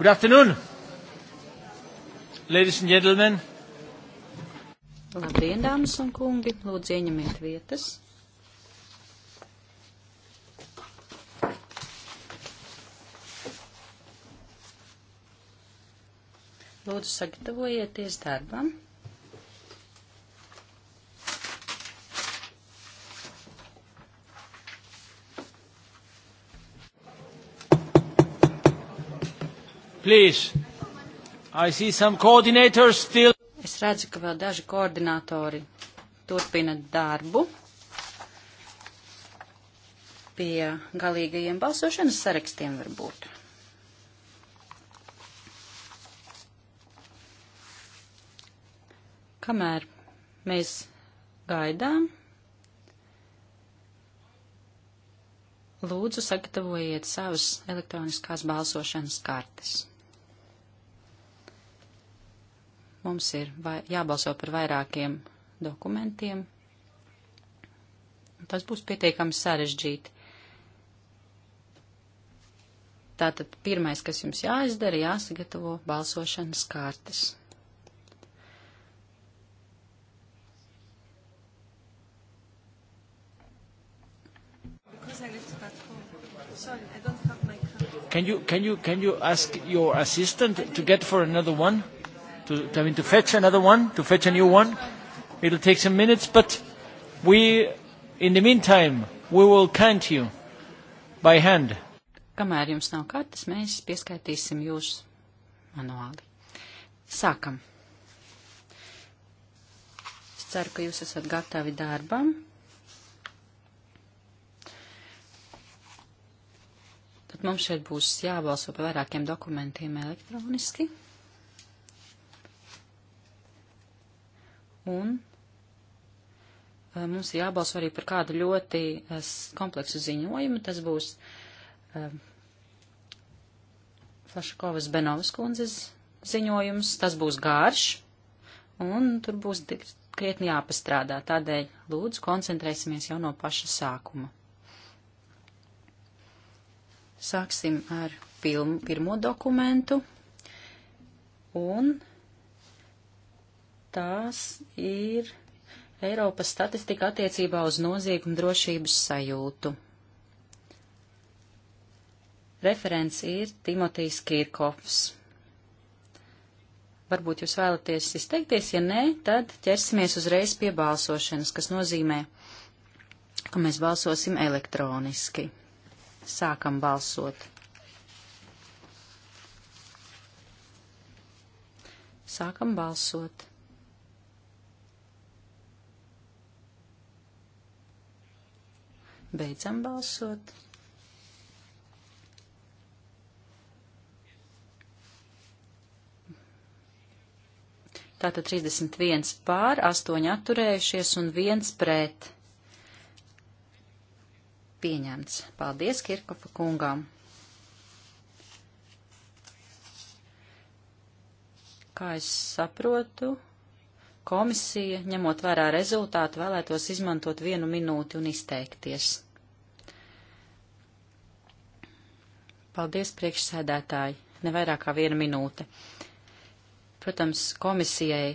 Good afternoon, ladies and gentlemen. Labdien, dāmas un kungi, lūdzu ieņemiet vietas. Lūdzu sagatavojieties darbam. Please. I see some coordinators still. Es redzu, ka vēl daži koordinatori turpina darbu pie galīgajiem balsošanas sarakstiem varbūt. Kamēr mēs gaidām, lūdzu sagatavojiet savas elektroniskās balsošanas kartes. Mums ir vai, jābalso par vairākiem dokumentiem. Tas būs pietiekami sarežģīti. Tātad pirmais, kas jums jāizdara, jāsagatavo balsošanas kartes. Sorry, I don't have my card. Can you, can you, can you ask your assistant to get for another one? to, I mean, to fetch another one, to fetch a new one. It'll take some minutes, but we, in the meantime, we will count you by hand. Kamēr jums nav kartes, mēs pieskaitīsim jūs manuāli. Sākam. Es ceru, ka jūs esat gatavi darbam. Tad mums šeit būs jābalso par vairākiem dokumentiem elektroniski. Un eh, mums ir jābalso arī par kādu ļoti eh, kompleksu ziņojumu. Tas būs eh, Flašakovas Benovas kundzes ziņojums. Tas būs garš, un tur būs krietni jāpastrādā. Tādēļ lūdzu koncentrēsimies jau no paša sākuma. Sāksim ar pilmu, pirmo dokumentu. Un tās ir Eiropas statistika attiecībā uz noziegumu drošības sajūtu. Referents ir Timotejs Kirkovs. Varbūt jūs vēlaties izteikties, ja nē, tad ķersimies uzreiz pie balsošanas, kas nozīmē, ka mēs balsosim elektroniski. Sākam balsot. Sākam balsot. Beidzam balsot. Tātad 31 pār, 8 atturējušies un 1 pret. Pieņemts. Paldies Kirkofa kungām. Kā es saprotu, Komisija, ņemot vērā rezultātu, vēlētos izmantot vienu minūti un izteikties. Paldies, priekšsēdētāji, ne vairāk kā viena minūte. Protams, komisijai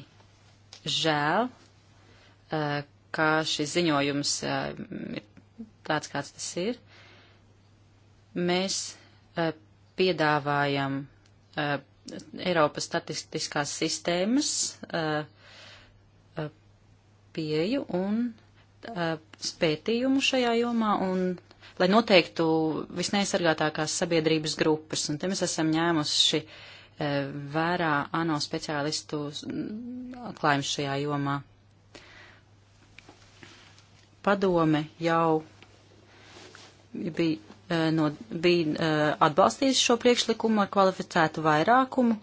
žēl, eh, ka šis ziņojums eh, ir tāds, kāds tas ir. Mēs eh, piedāvājam Eiropas statistiskās sistēmas uh, pieju un spētījumu šajā jomā un lai noteiktu visneaizsargātākās sabiedrības grupas. Un te mēs esam ņēmuši vērā ANO speciālistu atklājumus šajā jomā. Padome jau bija, no, bija atbalstījusi šo priekšlikumu ar kvalificētu vairākumu.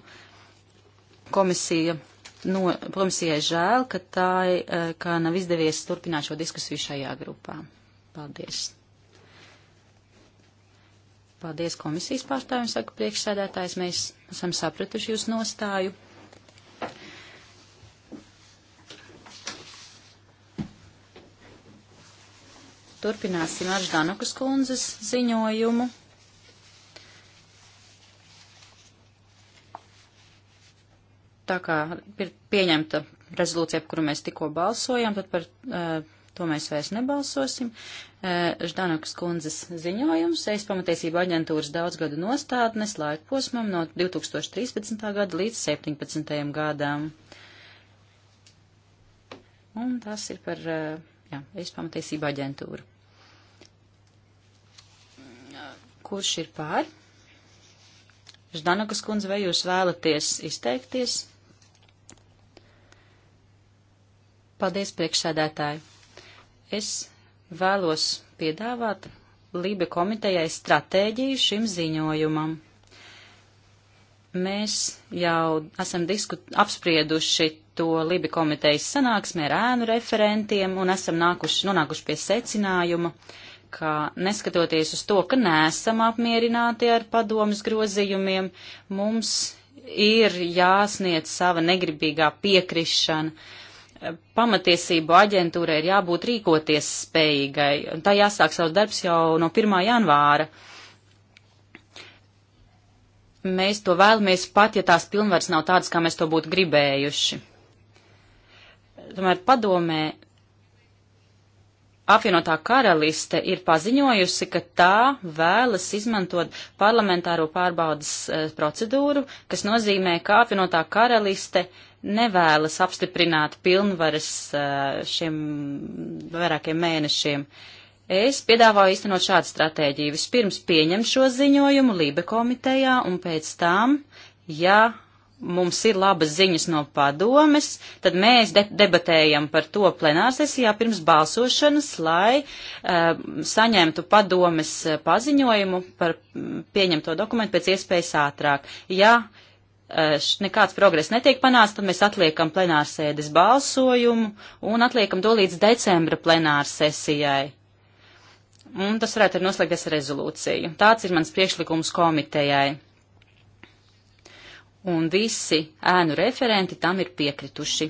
Komisija No, komisijai žēl, ka tā eh, ka nav izdevies turpināt šo diskusiju šajā grupā. Paldies. Paldies komisijas pārstāvjiem, saka priekšsēdētājs. Mēs esam sapratuši jūsu nostāju. Turpināsim ar Ždanukas kundzes ziņojumu. tā kā ir pieņemta rezolūcija, par kuru mēs tikko balsojam, tad par uh, to mēs vairs nebalsosim. Uh, Ždanakas kundzes ziņojums, es pamatiesību aģentūras daudzgadu nostādnes laika posmam no 2013. gada līdz 17. gadām. Un tas ir par, uh, jā, es pamatiesību aģentūru. Kurš ir pār? Ždanakas kundze, vai jūs vēlaties izteikties? Paldies, priekšsēdētāji. Es vēlos piedāvāt Lībe komitejai stratēģiju šim ziņojumam. Mēs jau esam diskut, apsprieduši to Lībe komitejas sanāksmē ar ēnu referentiem un esam nākuši, nonākuši pie secinājuma, ka neskatoties uz to, ka nesam apmierināti ar padomus grozījumiem, mums ir jāsniedz sava negribīgā piekrišana pamatiesību aģentūrai ir jābūt rīkoties spējīgai, un tā jāsāk savs darbs jau no 1. janvāra. Mēs to vēlamies pat, ja tās pilnvaras nav tādas, kā mēs to būtu gribējuši. Tomēr padomē apvienotā karaliste ir paziņojusi, ka tā vēlas izmantot parlamentāro pārbaudas uh, procedūru, kas nozīmē, ka apvienotā karaliste nevēlas apstiprināt pilnvaras uh, šiem vairākiem mēnešiem. Es piedāvāju īstenot šādu stratēģiju. Vispirms pieņem šo ziņojumu Lībe komitejā un pēc tam, ja mums ir labas ziņas no padomes, tad mēs de debatējam par to plenārsesijā pirms balsošanas, lai uh, saņemtu padomes eh, paziņojumu par mm, pieņemto dokumentu pēc iespējas ātrāk. Ja uh, nekāds progress netiek panāsts, tad mēs atliekam plenārsēdes balsojumu un atliekam to līdz decembra plenārsesijai. Un tas varētu arī noslēgties ar rezolūciju. Tāds ir mans priekšlikums komitejai un visi ēnu referenti tam ir piekrituši.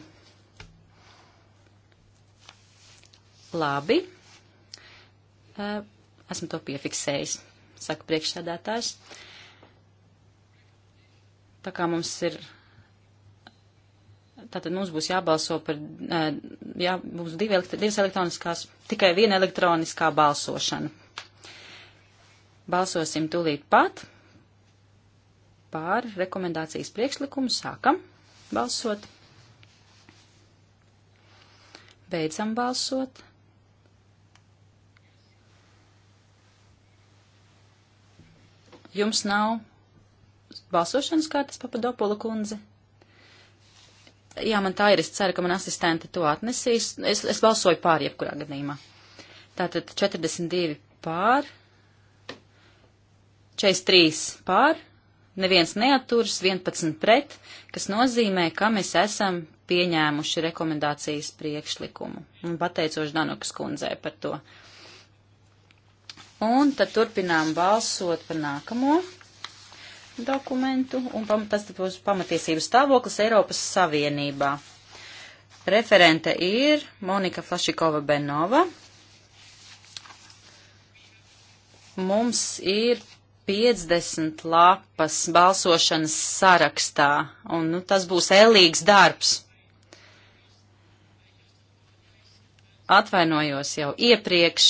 Labi, esmu to piefiksējis, saka priekšsēdētājs. Tā kā mums ir, tātad mums būs jābalso par, jā, mums divi elektri, divas elektroniskās, tikai viena elektroniskā balsošana. Balsosim tūlīt pat pār rekomendācijas priekšlikumu. Sākam balsot. Beidzam balsot. Jums nav balsošanas kārtas, Papadopola kundze? Jā, man tā ir. Es ceru, ka man asistente to atnesīs. Es, es balsoju pār jebkurā gadījumā. Tātad 42 pār, 43 pār, neviens neaturas, 11 pret, kas nozīmē, ka mēs esam pieņēmuši rekomendācijas priekšlikumu. Un pateicoši Danukas kundzē par to. Un tad turpinām balsot par nākamo dokumentu, un pam, tas būs pamatiesības stāvoklis Eiropas Savienībā. Referente ir Monika Flašikova Benova. Mums ir 50 lapas balsošanas sarakstā, un nu, tas būs ēlīgs darbs. Atvainojos jau iepriekš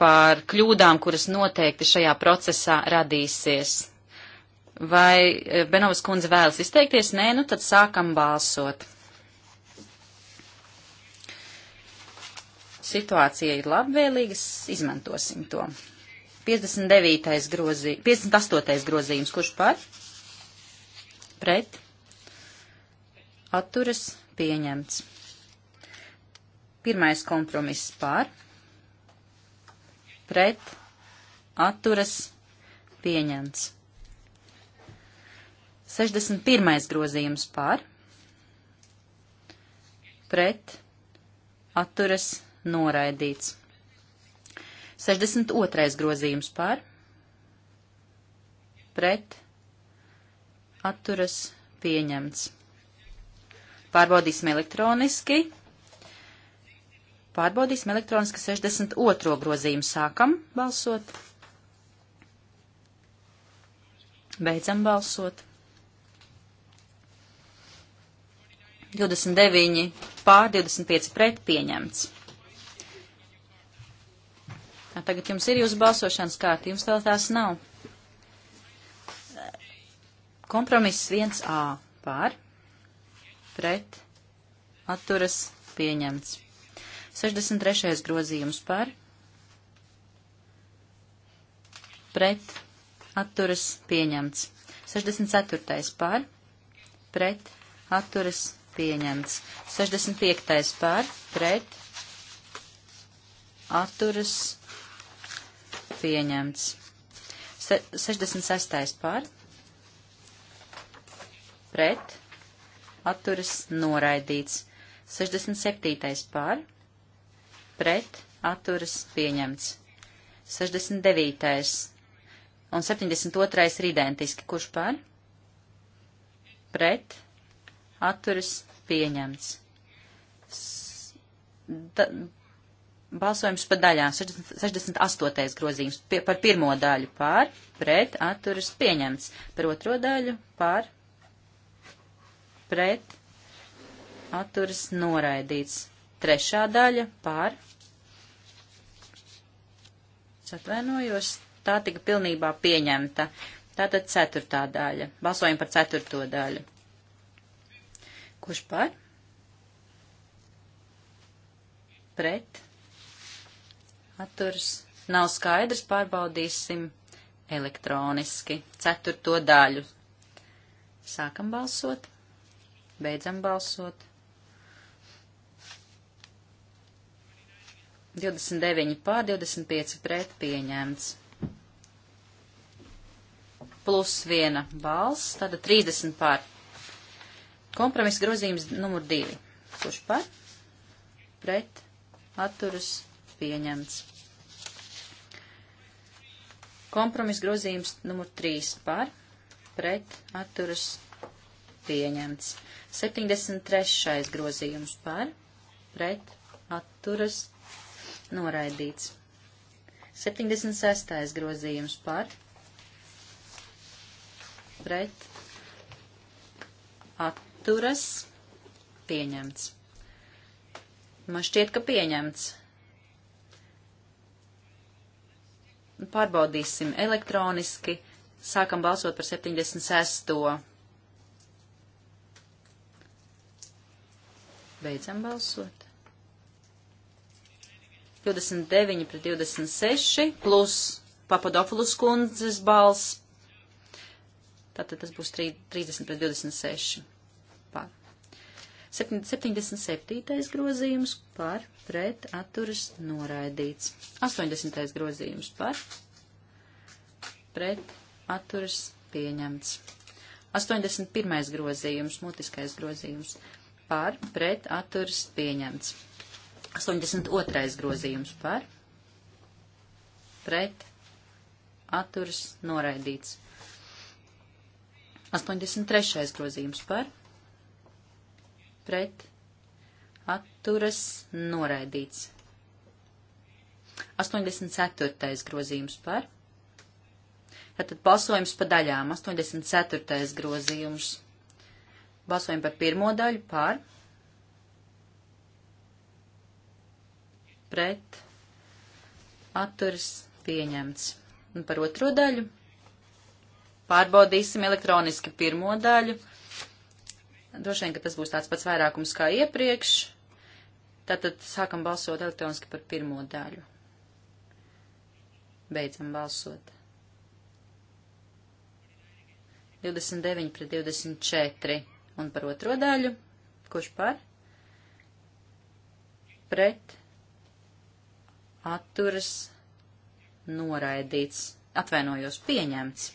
par kļūdām, kuras noteikti šajā procesā radīsies. Vai e, Benovas kundze vēlas izteikties? Nē, nu tad sākam balsot. Situācija ir labvēlīga, izmantosim to. 59. grozī, 58. grozījums, kurš par? Pret. Atturas pieņemts. Pirmais kompromiss par. Pret. Atturas pieņemts. 61. grozījums par. Pret. Atturas noraidīts. 62. grozījums par, pret, atturas, pieņemts. Pārbaudīsim elektroniski. Pārbaudīsim elektroniski 62. grozījumu. Sākam balsot. Beidzam balsot. 29 pār 25 pret pieņemts. Tā, tagad jums ir jūsu balsošanas kārta, jums vēl tās nav. Kompromiss 1A pār, pret, atturas, pieņemts. 63. grozījums par, pret, atturas, pieņemts. 64. par, pret, atturas, pieņemts. 65. par, pret, atturas, pieņemts. Se 66. par, pret, atturas noraidīts. 67. par, pret, atturas pieņemts. 69. un 72. ir identiski. Kurš par? Pret, atturas pieņemts. S da Balsojums pa daļām. 68. grozījums pie, par pirmo daļu pār, pret, atturas pieņemts. Par otro daļu pār, pret, atturas noraidīts. Trešā daļa pār. Es atvainojos, tā tika pilnībā pieņemta. Tātad ceturtā daļa. Balsojam par ceturto daļu. Kurš pār? Pret atturas nav skaidrs, pārbaudīsim elektroniski. Ceturto daļu. Sākam balsot, beidzam balsot. 29 pār 25 pret pieņemts. Plus viena balss, tāda 30 pār. Kompromisa grozījums numur 2. Kurš par? Pret atturas pieņemts. Kompromis grozījums numur 3 par, pret, atturas, pieņemts. 73. grozījums par, pret, atturas, noraidīts. 76. grozījums par, pret, atturas, pieņemts. Man šķiet, ka pieņemts. Pārbaudīsim elektroniski. Sākam balsot par 76. Beidzam balsot. 29 pret 26 plus Papadopulus kundzes balss. Tātad tas būs 30 pret 26. Pār. 77. grozījums par pret atturas noraidīts. 80. grozījums par pret atturas pieņemts. 81. grozījums, mutiskais grozījums par pret atturas pieņemts. 82. grozījums par pret atturas noraidīts. 83. grozījums par pret atturas noraidīts. 84. grozījums par. Tātad balsojums pa daļām. 84. grozījums. Balsojam par pirmo daļu par. Pret atturas pieņemts. Un par otro daļu. Pārbaudīsim elektroniski pirmo daļu. Droši vien, ka tas būs tāds pats vairākums kā iepriekš. Tātad sākam balsot elektroniski par pirmo daļu. Beidzam balsot. 29 pret 24 un par otro daļu. Kurš par? Pret atturas noraidīts. Atvainojos, pieņemts.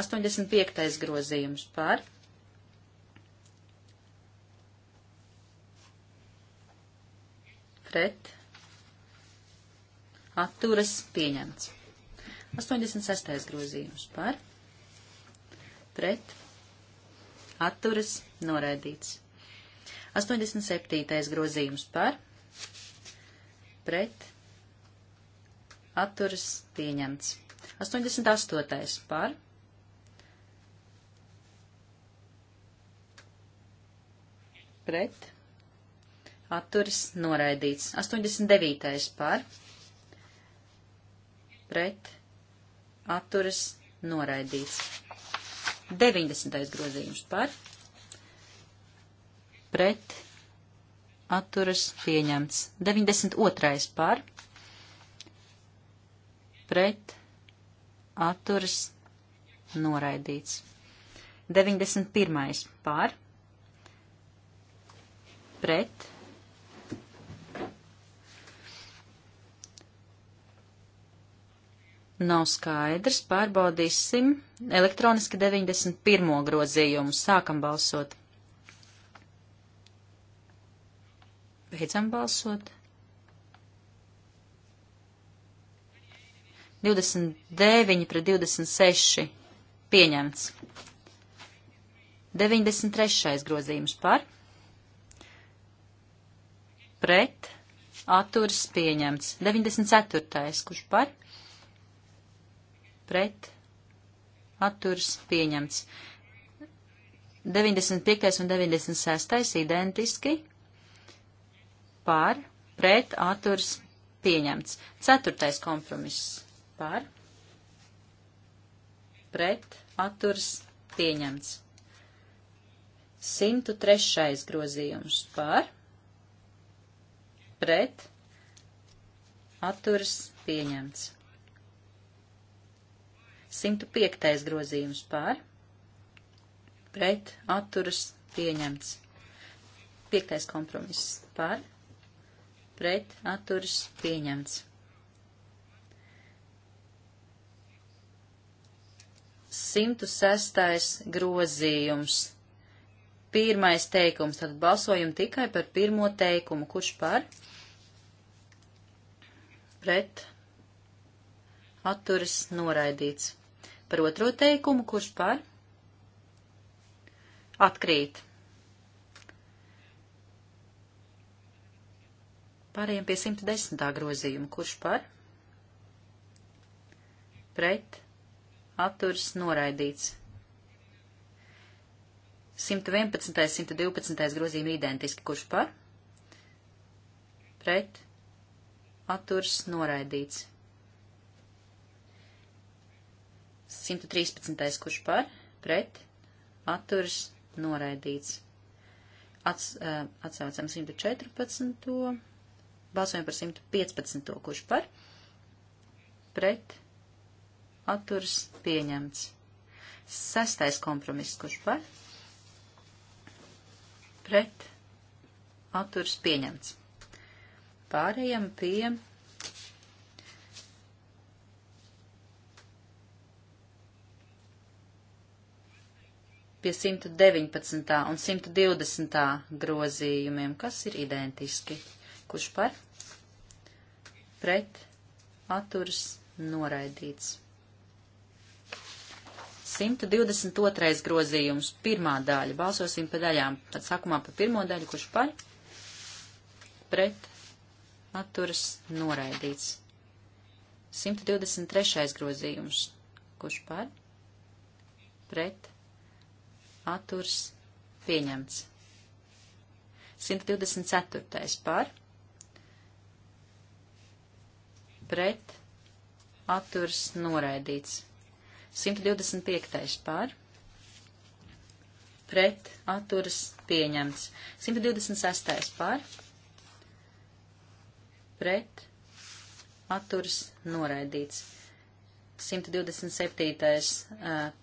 85. grozījums par pret, atturas pieņemts. 86. grozījums par, pret, atturas noraidīts. 87. grozījums par, pret, atturas pieņemts. 88. par, pret, atturis noraidīts. 89. par pret atturis noraidīts. 90. grozījums par pret atturis pieņemts. 92. par pret atturis noraidīts. 91. par pret nav skaidrs. Pārbaudīsim elektroniski 91. grozījumu. Sākam balsot. Beidzam balsot. 29 pret 26 pieņemts. 93. grozījums par pret atturas pieņemts. 94. kurš par pret atturs pieņemts. 95. un 96. identiski par pret atturs pieņemts. Ceturtais kompromiss par pret atturs pieņemts. 103. grozījums par pret atturs pieņemts. 105. grozījums pār, pret, atturas, pieņemts. 5. kompromiss pār, pret, atturas, pieņemts. 106. grozījums. Pirmais teikums, tad balsojam tikai par pirmo teikumu. Kurš par? Pret. Atturis noraidīts. Par otro teikumu, kurš par? Atkrīt. Pārējiem pie 110. grozījuma, kurš par? Pret. Atturs noraidīts. 111. 112. grozījumi identiski, kurš par? Pret. Atturs noraidīts. 113. kurš par, pret, atturas, noraidīts. Ats, atsaucam 114. Balsojam par 115. kurš par, pret, atturas, pieņemts. Sestais kompromiss, kurš par, pret, atturas, pieņemts. Pārējam pie pie 119. un 120. grozījumiem, kas ir identiski. Kurš par? Pret atturas noraidīts. 122. grozījums, pirmā daļa. Balsosim pa daļām. Tad sākumā pa pirmo daļu, kurš par? Pret atturas noraidīts. 123. grozījums, kurš par? Pret atturs pieņemts. 124. par pret atturs noraidīts. 125. par pret atturs pieņemts. 126. par pret atturs noraidīts. 127.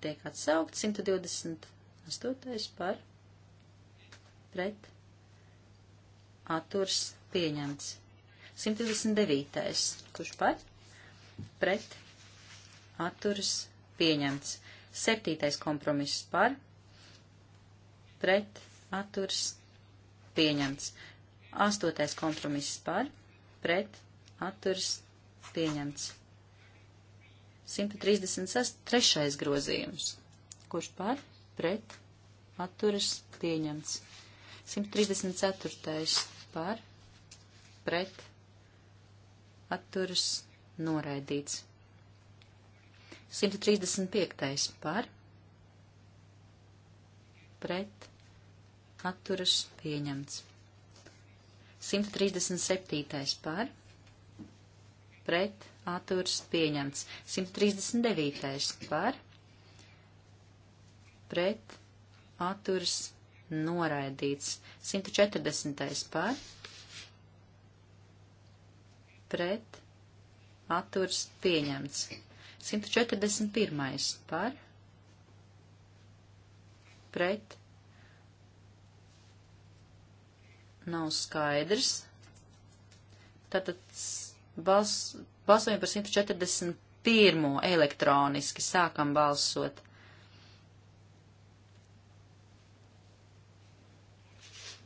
tiek atsaukt, 120. Astotais par pret atturs pieņemts. 129. Kurš par pret atturs pieņemts. Septītais kompromiss par pret atturs pieņemts. Astotais kompromiss par pret atturs pieņemts. 136. grozījums. Kurš par? pret, atturas, pieņemts. 134. par, pret, atturas, noraidīts. 135. par, pret, atturas, pieņemts. 137. par, pret, atturas, pieņemts. 139. par, pret atturs noraidīts. 140. par pret atturs pieņemts. 141. par pret nav skaidrs. Tātad bals, balsojam par 141. elektroniski sākam balsot.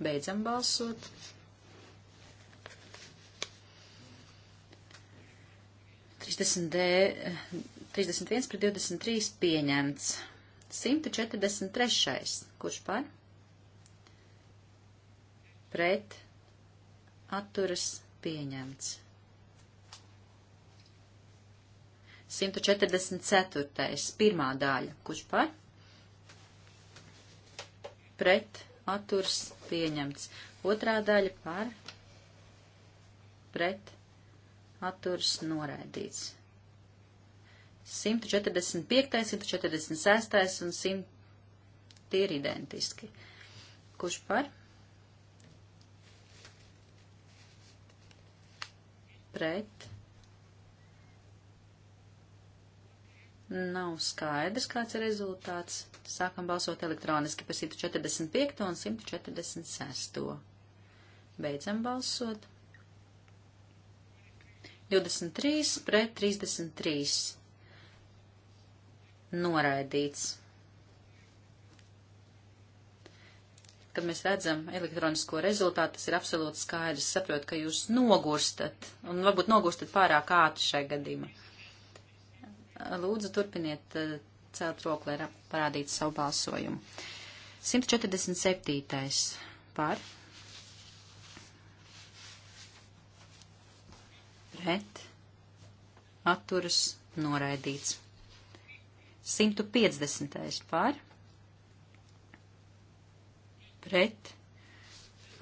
Beidzam balsot. Trīsdesmit 31 pret 23 pieņemts. 143. Kurš par? Pret atturas pieņemts. 144. Pirmā daļa. Kurš par? Pret atturas pieņemts. Otrā daļa par pret atturs noraidīts. 145, 146 un 100 ir identiski. Kurš par? Pret Nav skaidrs, kāds ir rezultāts. Sākam balsot elektroniski par 145 un 146. Beidzam balsot. 23 pret 33. Noraidīts. Kad mēs redzam elektronisko rezultātu, tas ir absolūti skaidrs. Saprot, ka jūs nogurstat, un varbūt nogurstat pārāk ātri šai gadījumā. Lūdzu, turpiniet eh, celt roku, lai parādītu savu balsojumu. 147. par. Pret. Atturas noraidīts. 150. par. Pret.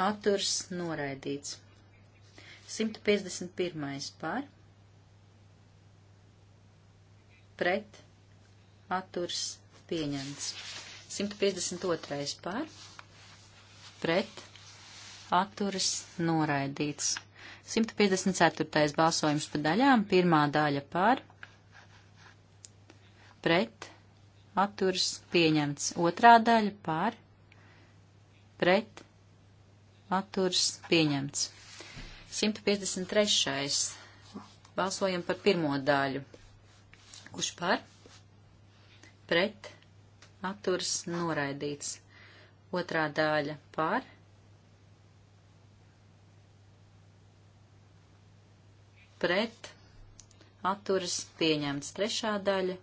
Atturas noraidīts. 151. par pret atturs pieņemts. 152. par pret atturs noraidīts. 154. balsojums pa daļām, pirmā daļa par pret atturs pieņemts. Otrā daļa par pret atturs pieņemts. 153. Balsojam par pirmo daļu Kurš par? Pret. Atturs noraidīts. Otrā daļa par. Pret. Atturs pieņemts. Trešā daļa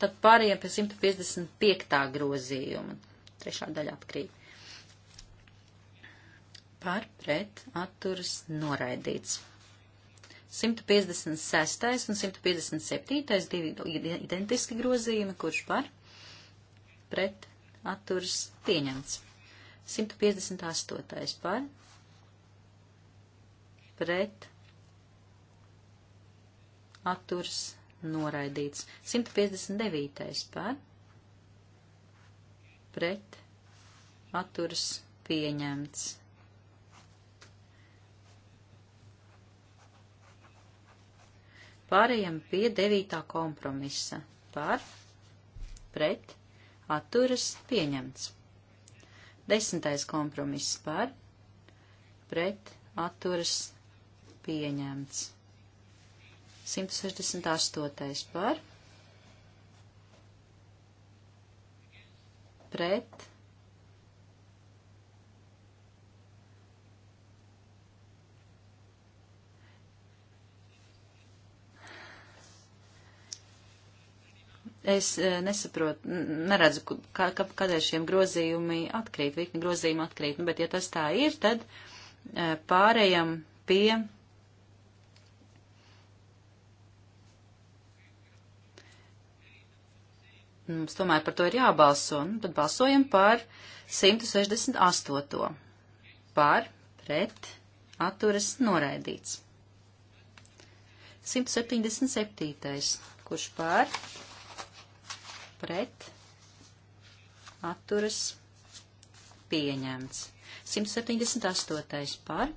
tad pārējiem pie 155. grozījuma. Trešā daļa atkrīt par pret atturas noraidīts. 156. un 157. divi identiski grozījumi, kurš par pret atturas pieņemts. 158. par pret atturas noraidīts. 159. par pret atturas pieņemts. Pārējām pie 9. kompromisa par pret atturas pieņemts. 10. kompromiss par pret atturas pieņemts. 168. par pret Es e, nesaprotu, neredzu, kā, kā, kādēļ šiem grozījumi atkrīt, virkni grozījumi atkrīt, nu, bet ja tas tā ir, tad e, pārējam pie. Mums tomēr par to ir jābalso, nu, tad balsojam par 168. Par, pret, atturas, noraidīts. 177. Kurš par? pret, atturas, pieņemts. 178. par,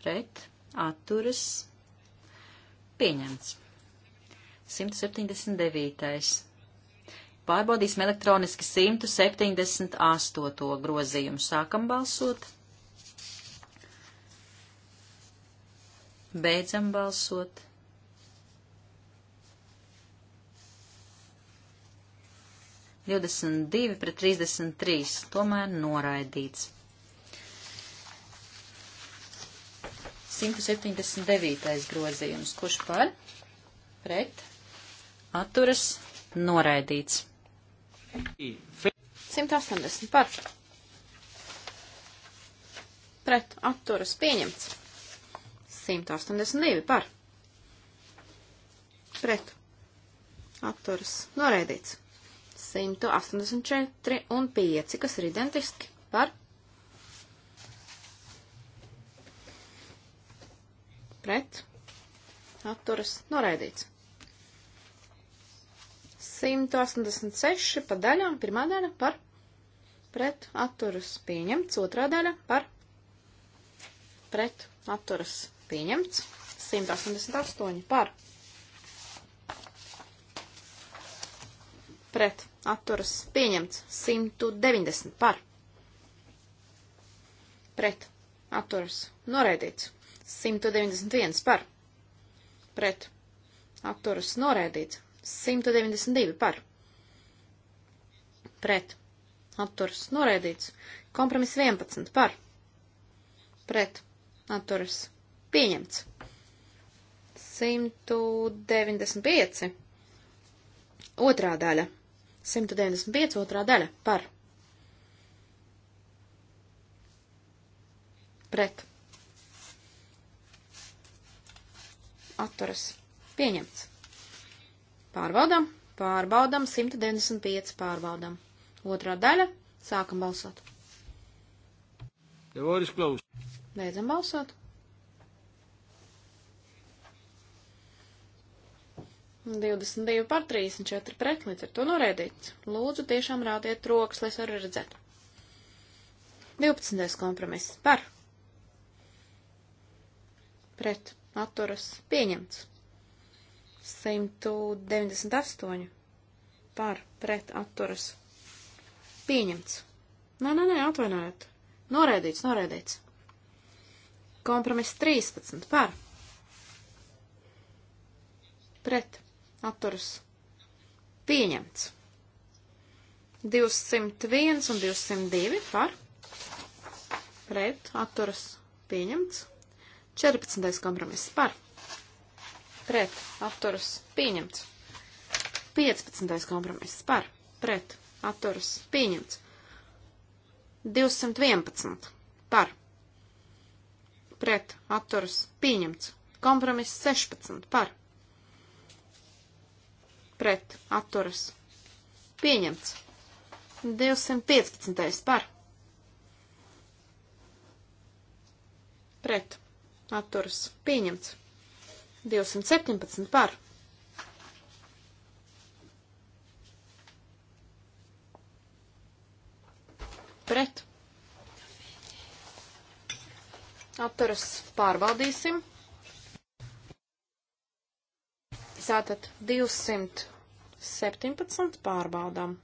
pret, atturas, pieņemts. 179. Pārbaudīsim elektroniski 178. grozījumu. Sākam balsot. Beidzam balsot. 22 pret 33, tomēr noraidīts. 179. grozījums, kurš par pret atturas noraidīts. 180 par pret atturas pieņemts. 182 par pret atturas noraidīts. 184 un 5, kas ir identiski par pret atturas noraidīts. 186 pa daļām, pirmā daļa par pret atturas pieņemts, otrā daļa par pret atturas pieņemts, 188 par pret atturas pieņemts 190 par. Pret atturas noraidīts 191 par. Pret atturas noraidīts 192 par. Pret atturas noraidīts kompromiss 11 par. Pret atturas pieņemts 195. Otrā daļa 195. otrā daļa par pret atturas pieņemts. Pārbaudam, pārbaudam, 195 pārbaudam. Otrā daļa, sākam balsot. Devoris klaus. Beidzam balsot. 22 par 34 pret, līdz ar to noraidīts. Lūdzu, tiešām rādiet rokas, lai es varu redzēt. 12. kompromiss par. Pret. Atturas. Pieņemts. 198. Par. Pret. Atturas. Pieņemts. Nē, nē, nē, atvainojiet. Noraidīts, noraidīts. Kompromiss 13. Par. Pret atturas pieņemts. 201 un 202 par pret atturas pieņemts. 14. kompromiss par pret atturas pieņemts. 15. kompromiss par pret atturas pieņemts. 211 par pret atturas pieņemts. Kompromiss 16 par pret pret atturas pieņemts. 215. par pret atturas pieņemts. 217 par pret. Atturas pārbaudīsim. Tātad 200. 17 pārbaudām.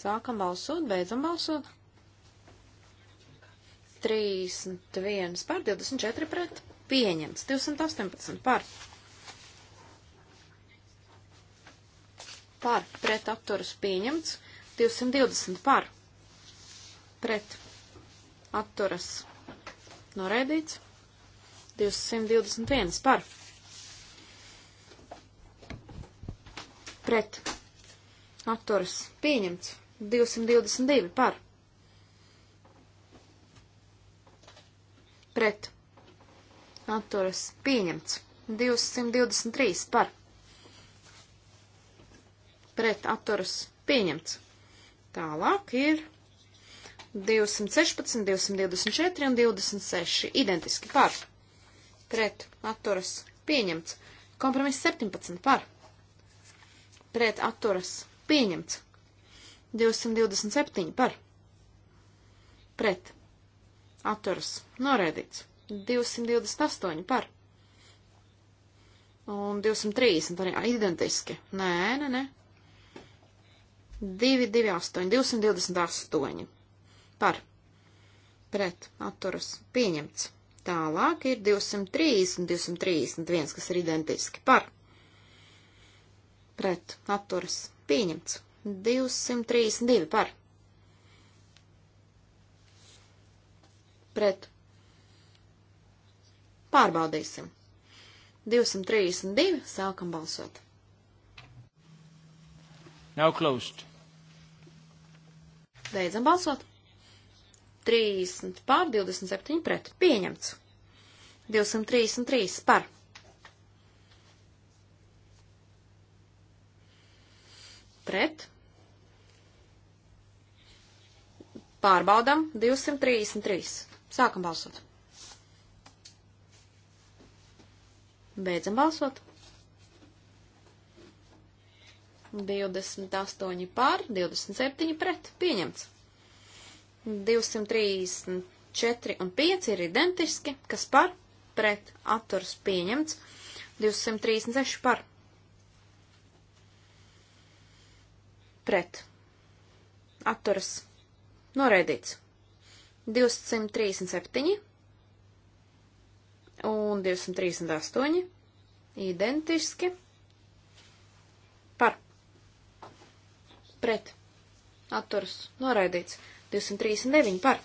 Sākam balsot, beidzam balsot. 31 par, 24 pret, pieņemts, 218 par. Par, pret apturus pieņemts, 220 par, pret apturas noraidīts, 221 par pret atturas pieņemts 222 par pret atturas pieņemts 223 par pret atturas pieņemts. Tālāk ir 216, 224 un 26 identiski par pret atturas pieņemts. Kompromiss 17 par pret atturas pieņemts. 227 par pret atturas norēdīts. 228 par un 230 arī identiski. Nē, nē, nē. 228, 228 par pret atturas pieņemts. Tālāk ir 230 un 231, kas ir identiski par pret pret atturas pieņemts. 232 par pret. Pārbaudīsim. 232 sākam balsot. Now closed. Beidzam balsot. 30 pār 27 pret. Pieņemts. 233 par. Pārbaudam 233. Sākam balsot. Beidzam balsot. 28 pār, 27 pret. Pieņemts. 234 un 5 ir identiski, kas par, pret, atturs pieņemts. 236 par. Pret. Atturs pieņemts Noraidīts. 237 un 238 identiski par pret atturas noraidīts 239 par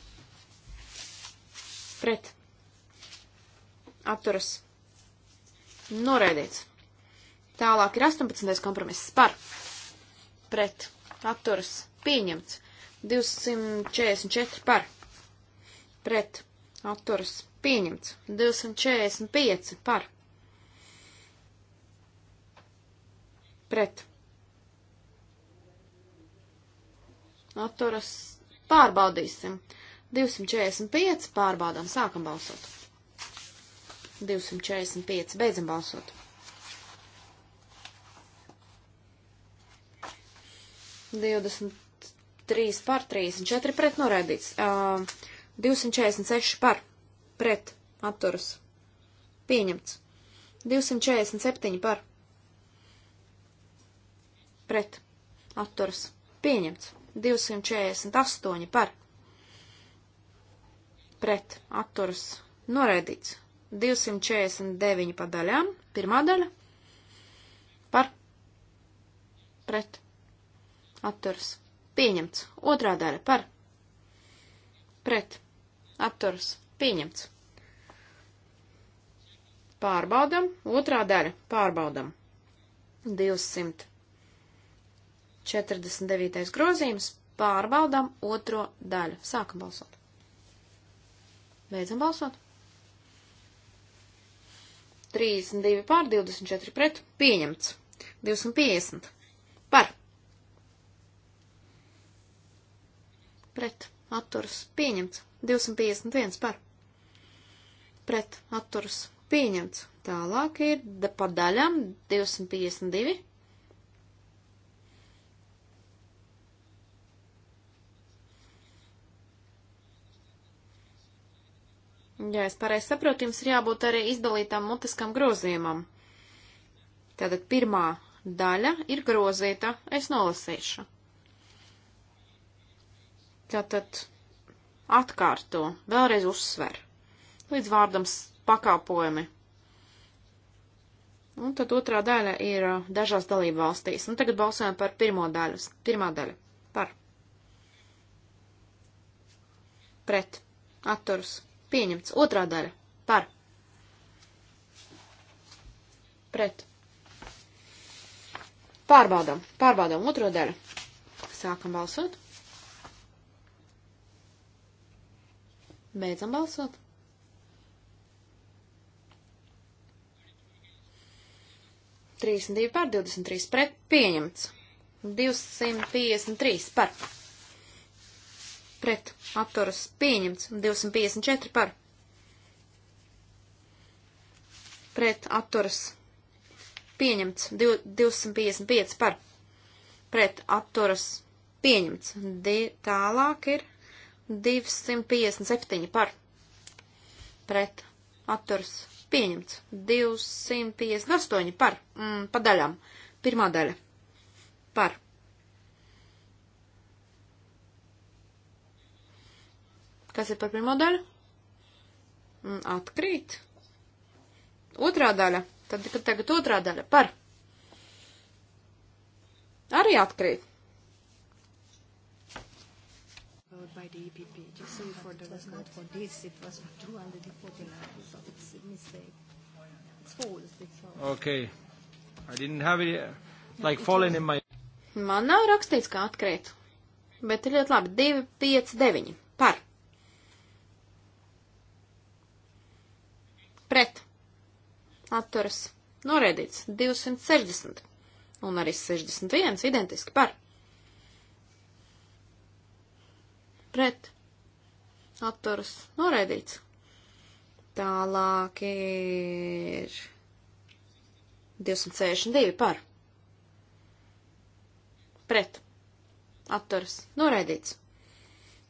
pret atturas noraidīts. Tālāk ir 18. kompromiss par pret atturas pieņemts. 244 par pret atturas pieņemts. 245 par pret atturas pārbaudīsim. 245 pārbaudām, sākam balsot. 245 beidzam balsot. 20 3 par 34 pret noraidīts. Uh, 246 par pret atturas. Pieņemts. 247 par pret atturas. Pieņemts. 248 par pret atturas. Noraidīts. 249 pa daļām. Pirmā daļa par pret atturas Pieņemts. Otrā daļa par. Pret. Atturas. Pieņemts. Pārbaudam. Otrā daļa. Pārbaudam. 249. grozījums. Pārbaudam otro daļu. Sākam balsot. Beidzam balsot. 32 pār 24 pret. Pieņemts. 250. Par. pret atturas pieņemts. 251 par pret atturas pieņemts. Tālāk ir da, par daļām 252. Ja es pareizi saprotu, jums ir jābūt arī izdalītām mutiskām grozījumam. Tātad pirmā daļa ir grozīta, es nolasīšu. Tātad atkārto, vēlreiz uzsver, līdz vārdam pakalpojumi. Un tad otrā daļa ir uh, dažās dalību valstīs. Un nu, tagad balsojam par pirmo daļu. Pirmā daļa. Par. Pret. Atturus. Pieņemts. Otrā daļa. Par. Pret. Pārbaudam. Pārbaudam otro daļu. Sākam balsot. Beidzam balsot. Trīsdesmit divi par, divdesmit trīs pret, pieņemts. 253 par. Pret apturas pieņemts 254 par. Pret apturas pieņemts 255 par. Pret apturas pieņemts. Tālāk ir 257 par pret atturs pieņemts. 258 par mm, pa daļām. Pirmā daļa par. Kas ir par pirmo daļu? Mm, atkrīt. Otrā daļa. Tad, kad tagad otrā daļa par. Arī atkrīt. by the EPP, just so for the record. It was not for this, it was for 249, so it's a mistake. It's false, it's false. Okay. I didn't have it, uh, like, fallen in my... Man nav rakstīts, kā atkrīt, bet ir ļoti labi. 2, 5, 9. Par. Pret. Atturas. Noreidīts. 260. Un arī 61. Identiski par. Par pret atturas noraidīts. Tālāk ir 262 par pret atturas noraidīts.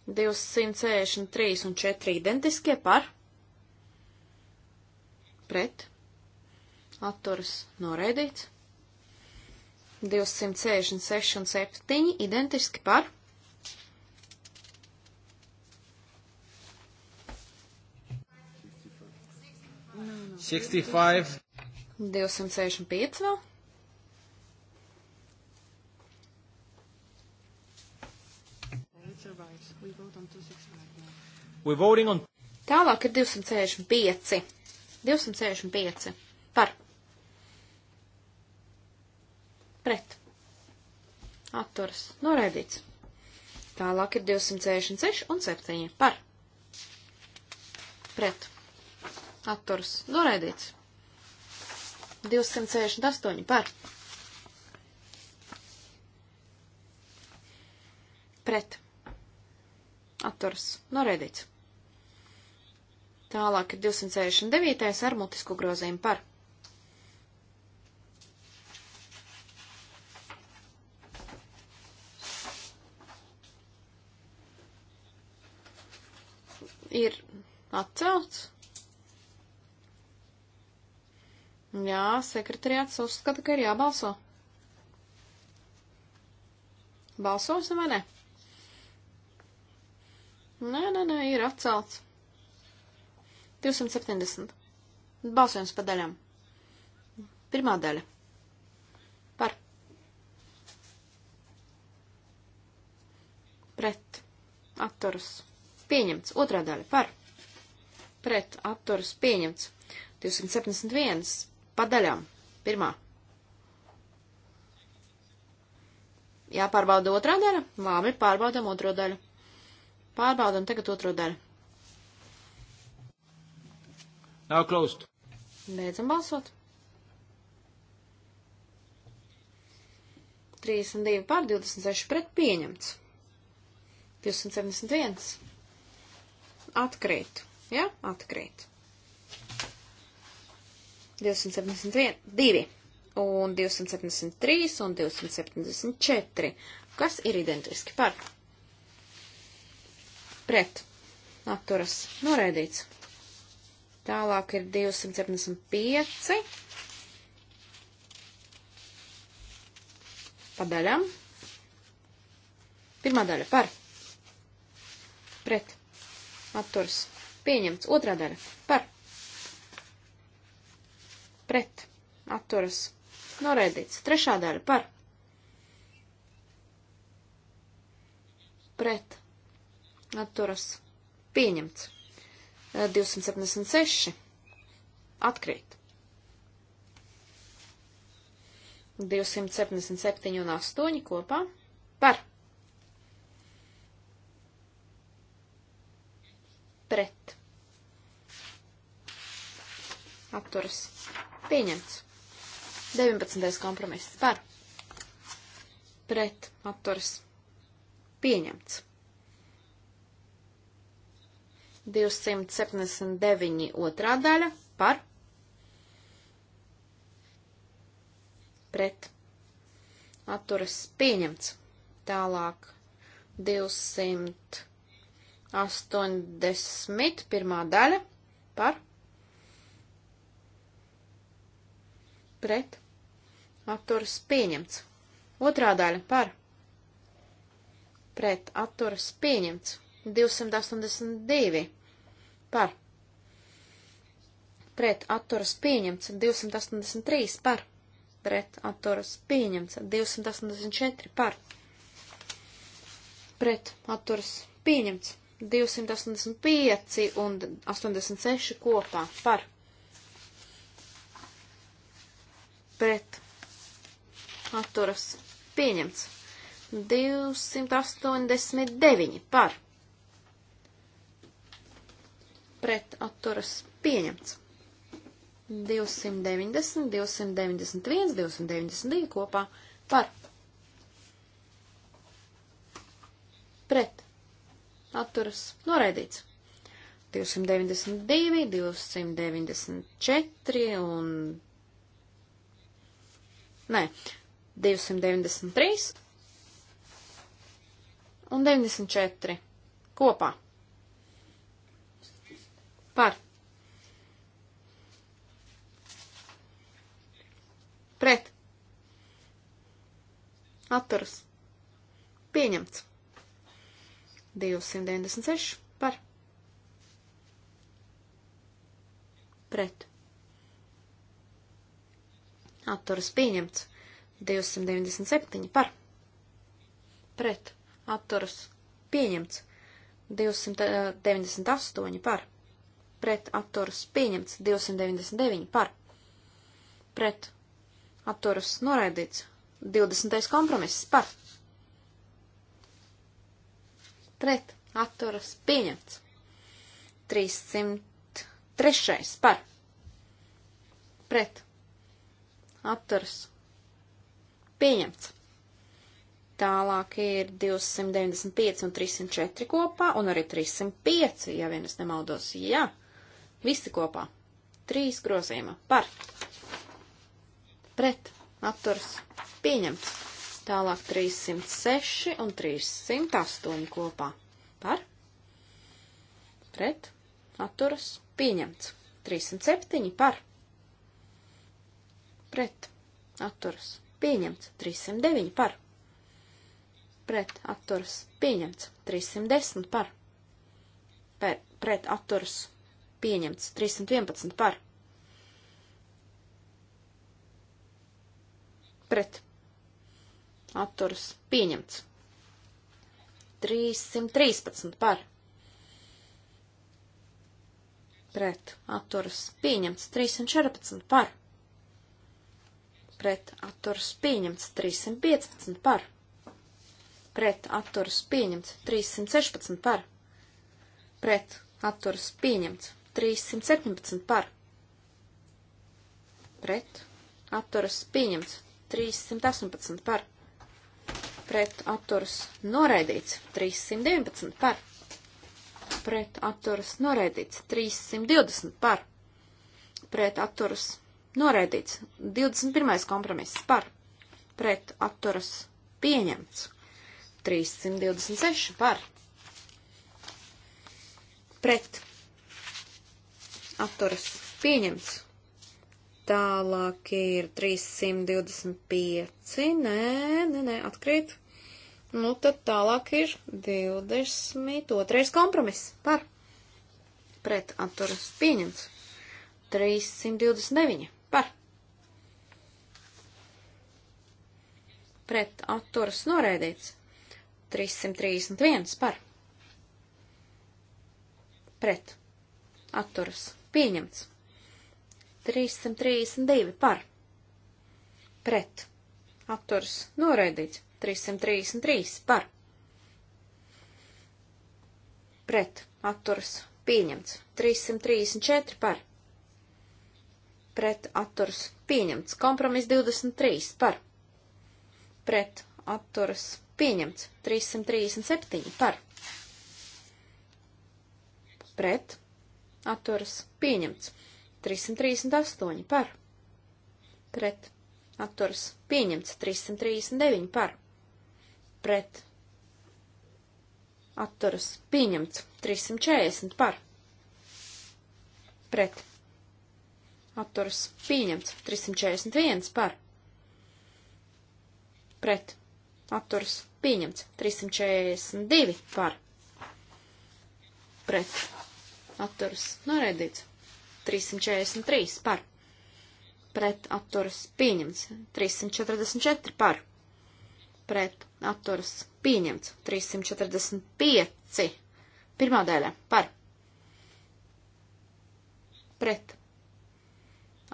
263 un 4 identiskie par pret atturas noraidīts. 266 un 7 identiski par pret 65. 265 vēl. On... Tālāk ir 265. 265 par. Pret. Atturas. Noraidīts. Tālāk ir 266 un 7 par. Pret atturs noraidīts. 268 par. Pret. Atturs noraidīts. Tālāk ir 269. ar mutisku grozījumu par. Ir atcelts. Jā, sekretariāts uzskata, ka ir jābalso. Balsosim vai ne? Nē, nē, nē, ir atcelts. 270. Balsojums pa daļām. Pirmā daļa. Par. Pret. Atturas. Pieņemts. Otrā daļa. Par. Pret. Atturas. Pieņemts. 271 pa daļām. Pirmā. Jāpārbauda otrā daļa? Labi, pārbaudam otro daļu. Pārbaudam tagad otro daļu. Nav klaust. Beidzam balsot. 32 pār 26 pret pieņemts. 271. Atkrīt. Ja? Atkrīt. 272 un 273 un 274, kas ir identiski par pret atturas noraidīts. Tālāk ir 275 padaļām. Pirmā daļa par pret atturas pieņemts, otrā daļa par pret pret, atturas, noraidīts. Trešā daļa par, pret, atturas, pieņemts. 276 eh, atkrīt. 277 un 8 kopā par. Pret. Atturas. Pieņemts. 19. kompromiss par. Pret atturas. Pieņemts. 279. otrā daļa par. Pret atturas. Pieņemts. Tālāk 281. daļa par pret, atturas pieņemts. Otrā daļa par, pret, atturas pieņemts. 282 par, pret, atturas pieņemts. 283 par, pret, atturas pieņemts. 284 par, pret, atturas pieņemts. 285 un 86 kopā par pret atturas pieņemts. 289 par pret atturas pieņemts. 290, 291, 292 kopā par pret atturas noraidīts. 292, 294 un Nē, 293 un 94 kopā. Par. Pret. Atturas. Pieņemts. 296 par. Pret atturas pieņemts. 297 par. Pret atturas pieņemts. 298 par. Pret atturas pieņemts. 299 par. Pret atturas noraidīts. 20. kompromiss par. Pret atturas pieņemts. 303 par. Pret apturs pieņemts. Tālāk ir 295 un 304 kopā, un arī 305, ja vien es nemaldos. Jā, visi kopā. Trīs grozījuma par. Pret. Apturs pieņemts. Tālāk 306 un 308 kopā. Par. Pret. Apturs pieņemts. 307 par pret atturas pieņemts 309 par, pret atturas pieņemts 310 par, per, pret atturas pieņemts 311 par, pret atturas pieņemts 313 par, pret atturas pieņemts 314 par pret atturas pieņemts 315 par, pret atturas pieņemts 316 par, pret atturas pieņemts 317 par, pret atturas pieņemts 318 par, pret atturas noraidīts 319 par, pret atturas noraidīts 320 par, pret atturas noraidīts Noraidīts. 21. kompromiss par. Pret atturas pieņemts. 326 par. Pret atturas pieņemts. Tālāk ir 325. Nē, nē, nē, atkrīt. Nu, tad tālāk ir 22. kompromiss par. Pret atturas pieņemts. 329 par pret atturas noraidīts. 331 par pret atturas pieņemts. 332 par pret atturas noraidīts. 333 par pret atturas pieņemts. 334 par pret atturas pieņemts. Kompromis 23 par pret atturas pieņemts. 337 par pret atturas pieņemts. 338 par pret atturas pieņemts. 339 par pret atturas pieņemts. 340 par pret atturas pieņemts. 341 par pret atturas pieņemts. 342 par pret atturas noraidīts. 343 par pret atturas pieņemts. 344 par pret atturas pieņemts. 345 pirmā daļa par pret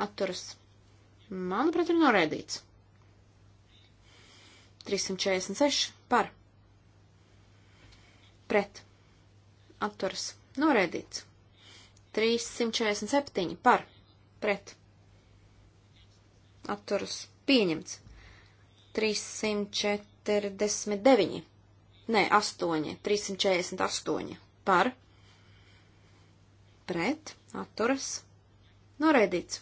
atturas. Manuprāt, ir noraidīts. 346 par. Pret. Atturas. Noraidīts. 347 par. Pret. Atturas. Pieņemts. 349. Nē, 8. 348 par. Pret. Atturas. Noraidīts.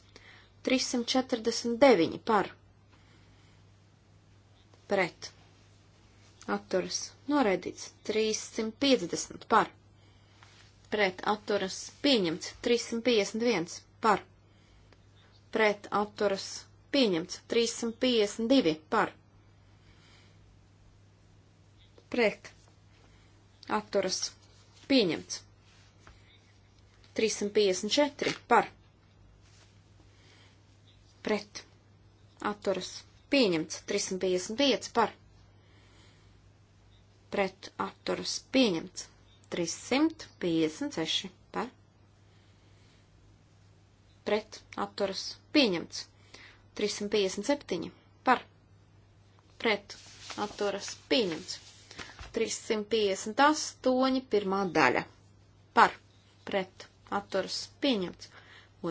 349 par pret atturas noraidīts 350 par pret atturas pieņemts 351 par pret atturas pieņemts 352 par pret atturas pieņemts 354 par pret pret atturas pieņemts. 355 par pret atturas pieņemts. 356 par pret atturas pieņemts. 357 par pret atturas pieņemts. 358 pirmā daļa par pret atturas pieņemts.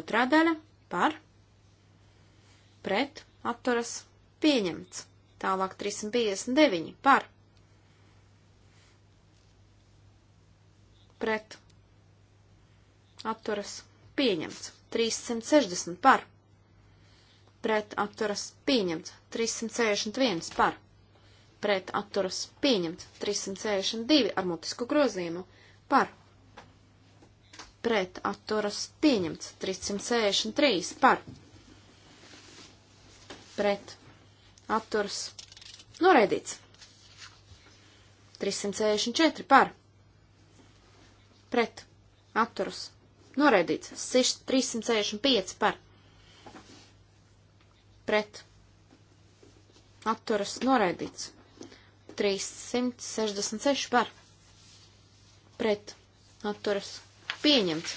Otrā daļa par pret pret, atturas, pieņemts. Tālāk 359 par, pret, atturas, pieņemts. 360 par, pret, atturas, pieņemts. 361 par, pret, atturas, pieņemts. 362 ar mutisku grozījumu par, pret, atturas, pieņemts. 363 par, pret, atturas, pieņemts pret atturs noraidīts. 364 par pret atturs noraidīts. 365 par pret atturs noraidīts. 366 par pret atturas pieņemts.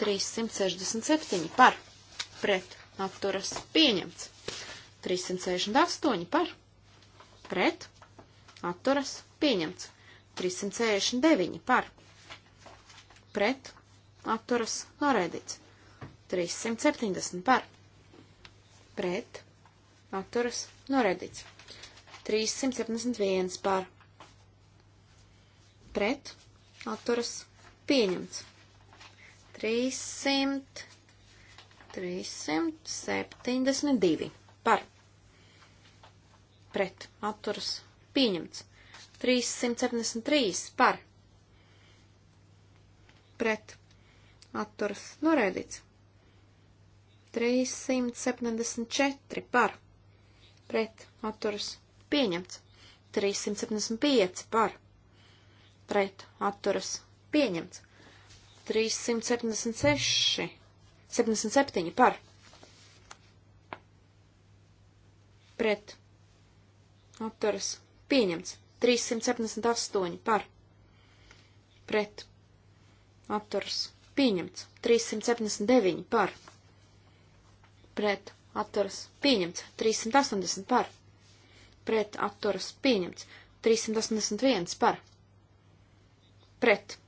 367 par pret atturas pieņemts. 368 par, pret, atturas, pieņemts. 369 par, pret, atturas, noraidīts. 370 par, pret, atturas, noraidīts. 371 par, pret, atturas, pieņemts. 300, 372 par pret atturas pieņemts. 373 par pret atturas noraidīts. 374 par pret atturas pieņemts. 375 par pret atturas pieņemts. 376 77 par pret atturas pieņemts. 378 par pret atturas pieņemts. 379 par pret atturas pieņemts. 380 par pret atturas pieņemts. 381 par pret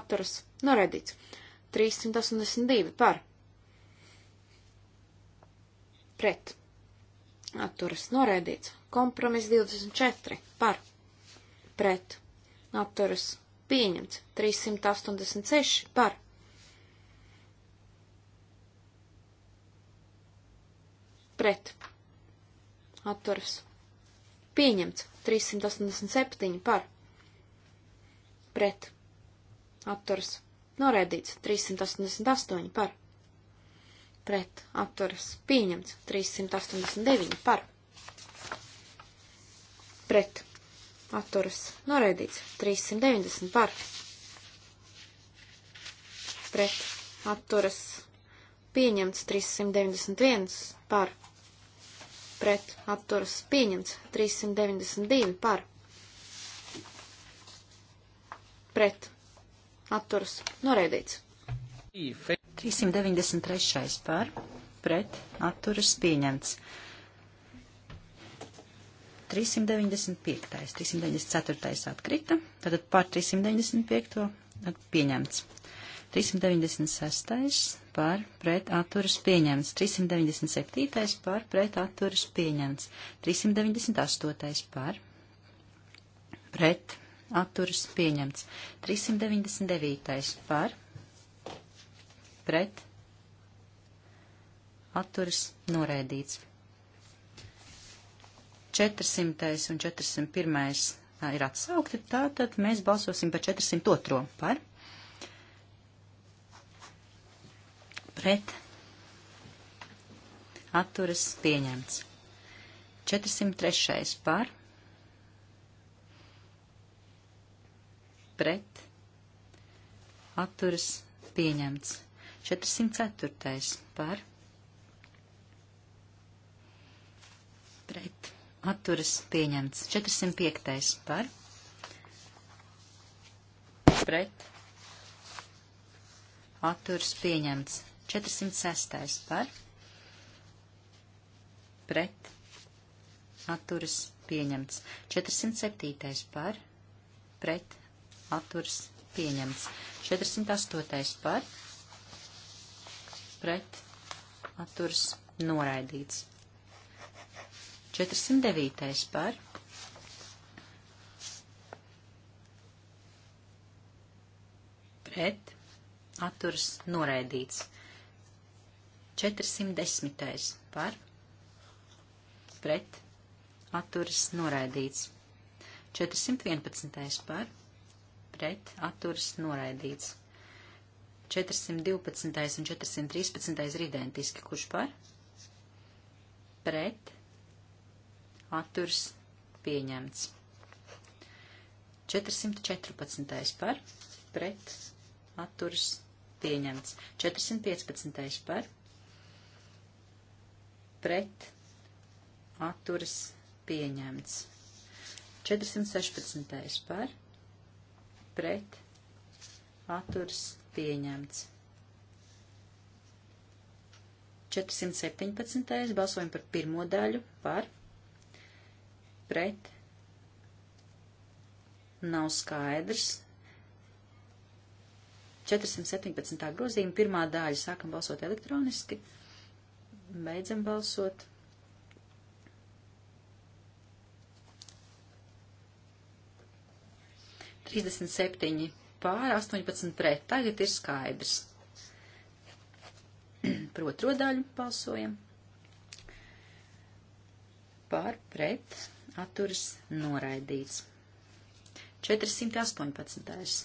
atturas noredīts. 382 par pret atturas noraidīts. Kompromiss 24 par pret atturas pieņemts. 386 par. Pret atturas pieņemts. 387 par. Pret atturas noraidīts. 388 par pret atturas pieņemts 389 par pret atturas noraidīts 390 par pret atturas pieņemts 391 par pret atturas pieņemts 392 par pret atturas noraidīts. 393. par pret atturas pieņemts. 395. 394. atkrita, tātad par 395. pieņemts. 396. par pret atturas pieņemts. 397. par pret atturas pieņemts. 398. par pret atturas pieņemts. 399. par pret pret, atturas noraidīts. 400. un 401. ir atsaukti, tātad mēs balsosim par 402. par pret atturas pieņemts. 403. par pret atturas pieņemts. 404. par pret atturas pieņemts. 405. par pret atturas pieņemts. 406. par pret atturas pieņemts. 407. par pret atturas pieņemts. 408. par pret pret atturs noraidīts. 409. par pret atturs noraidīts. 410. par pret atturs noraidīts. 411. par pret atturs noraidīts. 412. un 413. ir identiski. Kurš par? Pret. Atturs pieņemts. 414. par. Pret. Atturs pieņemts. 415. par. Pret. Atturs pieņemts. 416. par. Pret. Atturs pieņemts pieņemts. 417. balsojam par pirmo daļu, par, pret, nav skaidrs. 417. grozījuma pirmā daļa sākam balsot elektroniski, beidzam balsot. Trīsdesmit septiņi pār 18 pret. Tagad ir skaidrs. Par otro daļu balsojam. Pār pret atturas noraidīts. 418.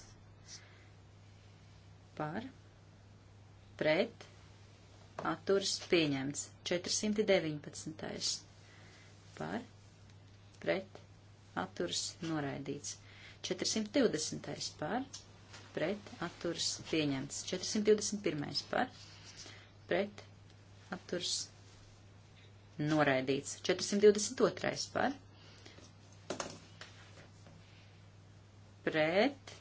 Pār pret atturas pieņemts. 419. Pār pret atturas noraidīts. 420. par pret atturs pieņemts. 421. par pret atturs noraidīts. 422. par pret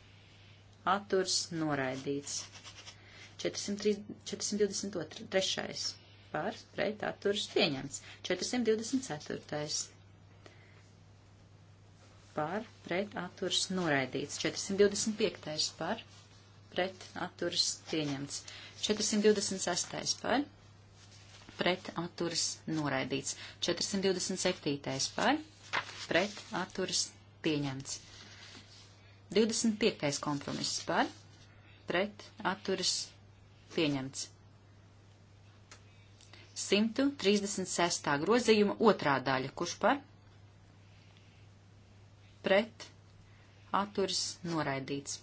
atturs noraidīts. 423. par pret atturs pieņemts. 424 par pret atturas noraidīts. 425. par pret atturas pieņemts. 426. par pret atturas noraidīts. 427. par pret atturas pieņemts. 25. kompromiss par pret atturas pieņemts. 136. grozījuma otrā daļa, kurš par pret, atturas noraidīts.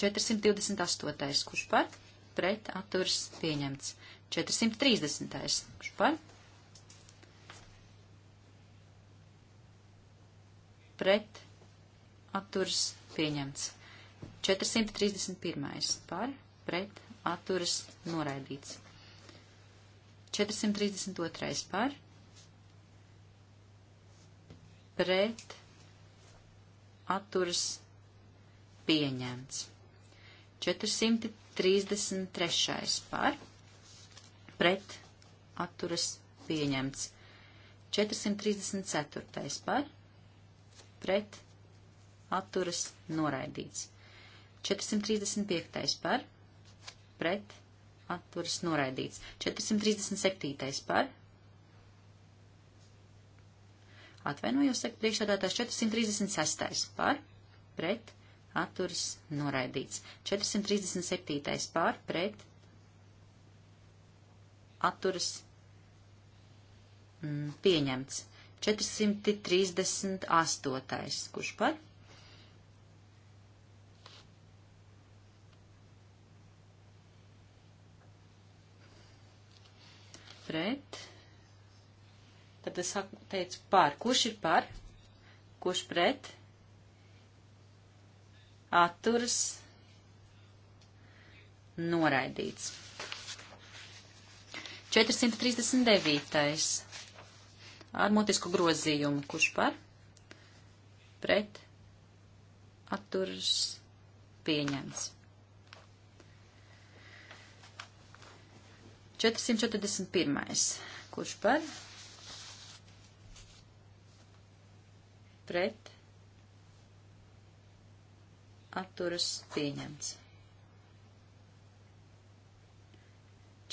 428. kurš par, pret, atturas pieņemts. 430. kurš par, pret, atturas pieņemts. 431. par, pret, atturas noraidīts. 432. par, pret atturas pieņemts. 433. par pret atturas pieņemts. 434. par pret atturas noraidīts. 435. par pret atturas noraidīts. 437. par Atvainojos, saka priekšsēdētājs 436. par, pret, atturs, noraidīts. 437. par, pret, atturs, mm, pieņemts. 438. kurš par? Pret. Tad es saku, teicu par. Kurš ir par? Kurš pret? Atturs. Noraidīts. 439. Ar mutisku grozījumu. Kurš par? Pret. Atturs. Pieņems. 441. Kurš par? pret atturas pieņemts.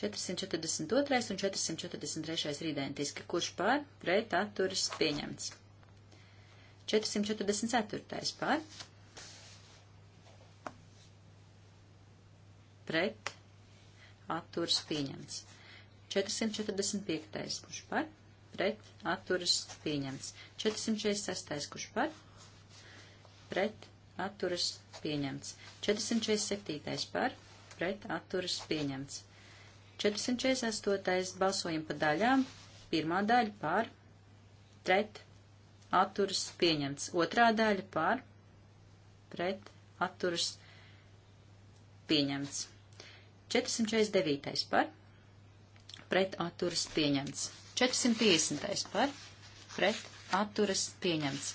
442. un 443. ir identiski, kurš par pret atturas pieņemts. 444. par pret atturas pieņemts. 445. kurš par pret, atturas pieņemts. 446. kurš par, pret, atturas pieņemts. 447. par, pret, atturas pieņemts. 448. balsojam pa daļām. Pirmā daļa par, pret, atturas pieņemts. Otrā daļa par, pret, atturas pieņemts. 449. par, pret, atturas pieņemts. 450. par pret atturas pieņemts.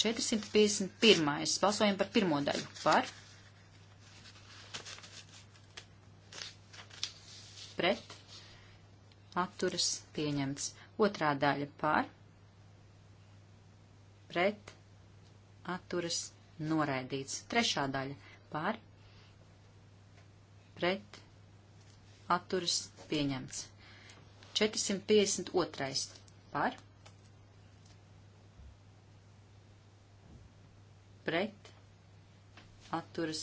451. Balsojam par pirmo daļu. Par. Pret. Atturas pieņemts. Otrā daļa par. Pret. Atturas noraidīts. Trešā daļa par. Pret. Atturas pieņemts. 452. par pret atturas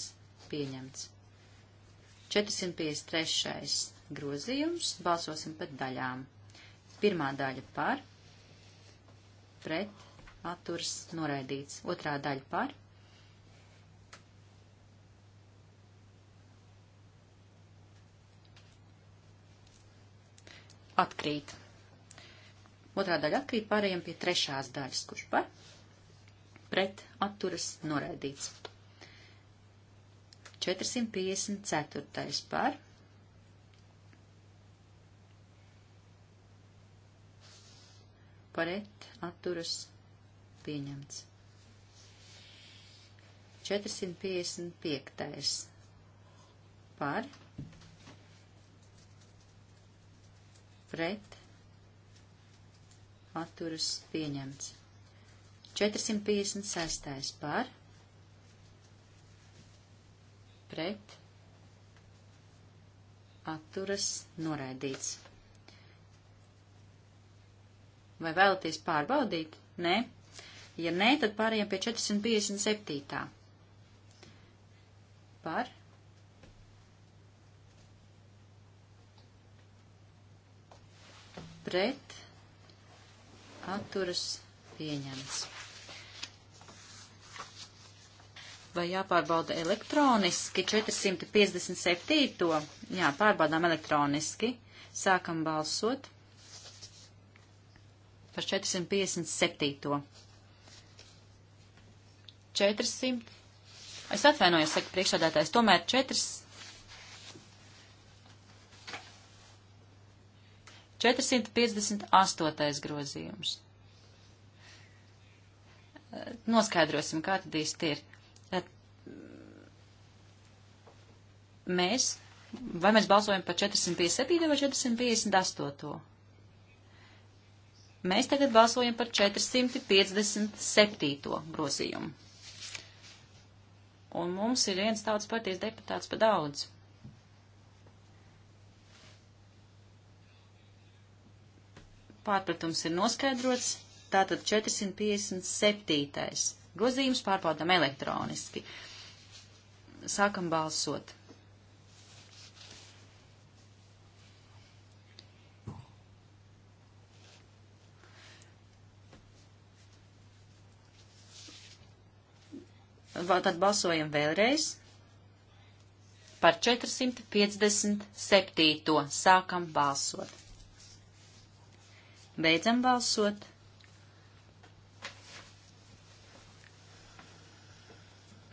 pieņemts. 453. grozījums. Balsosim par daļām. Pirmā daļa par pret atturas noraidīts. Otrā daļa par pret atkrīt. Otrā daļa atkrīt, pārējiem pie trešās daļas, kurš par pret atturas noraidīts. 454. par pret atturas pieņemts. 455. par pret pret atturas pieņemts. 456. par pret atturas noraidīts. Vai vēlaties pārbaudīt? Nē. Ja nē, tad pārējām pie 457. par pret atturas pieņemts. Vai jāpārbauda elektroniski 457. Jā, pārbaudām elektroniski. Sākam balsot par 457. 400. Es atvainojos, saka priekšādātājs, tomēr 400. 458. grozījums. Noskaidrosim, kā tad īsti ir. Mēs, vai mēs balsojam par 457 vai 458? Mēs tagad balsojam par 457. grozījumu. Un mums ir viens tautas partijas deputāts pa daudz. pārpratums ir noskaidrots, tātad 457. grozījums pārbaudām elektroniski. Sākam balsot. Tad balsojam vēlreiz par 457. sākam balsot. Beidzam balsot.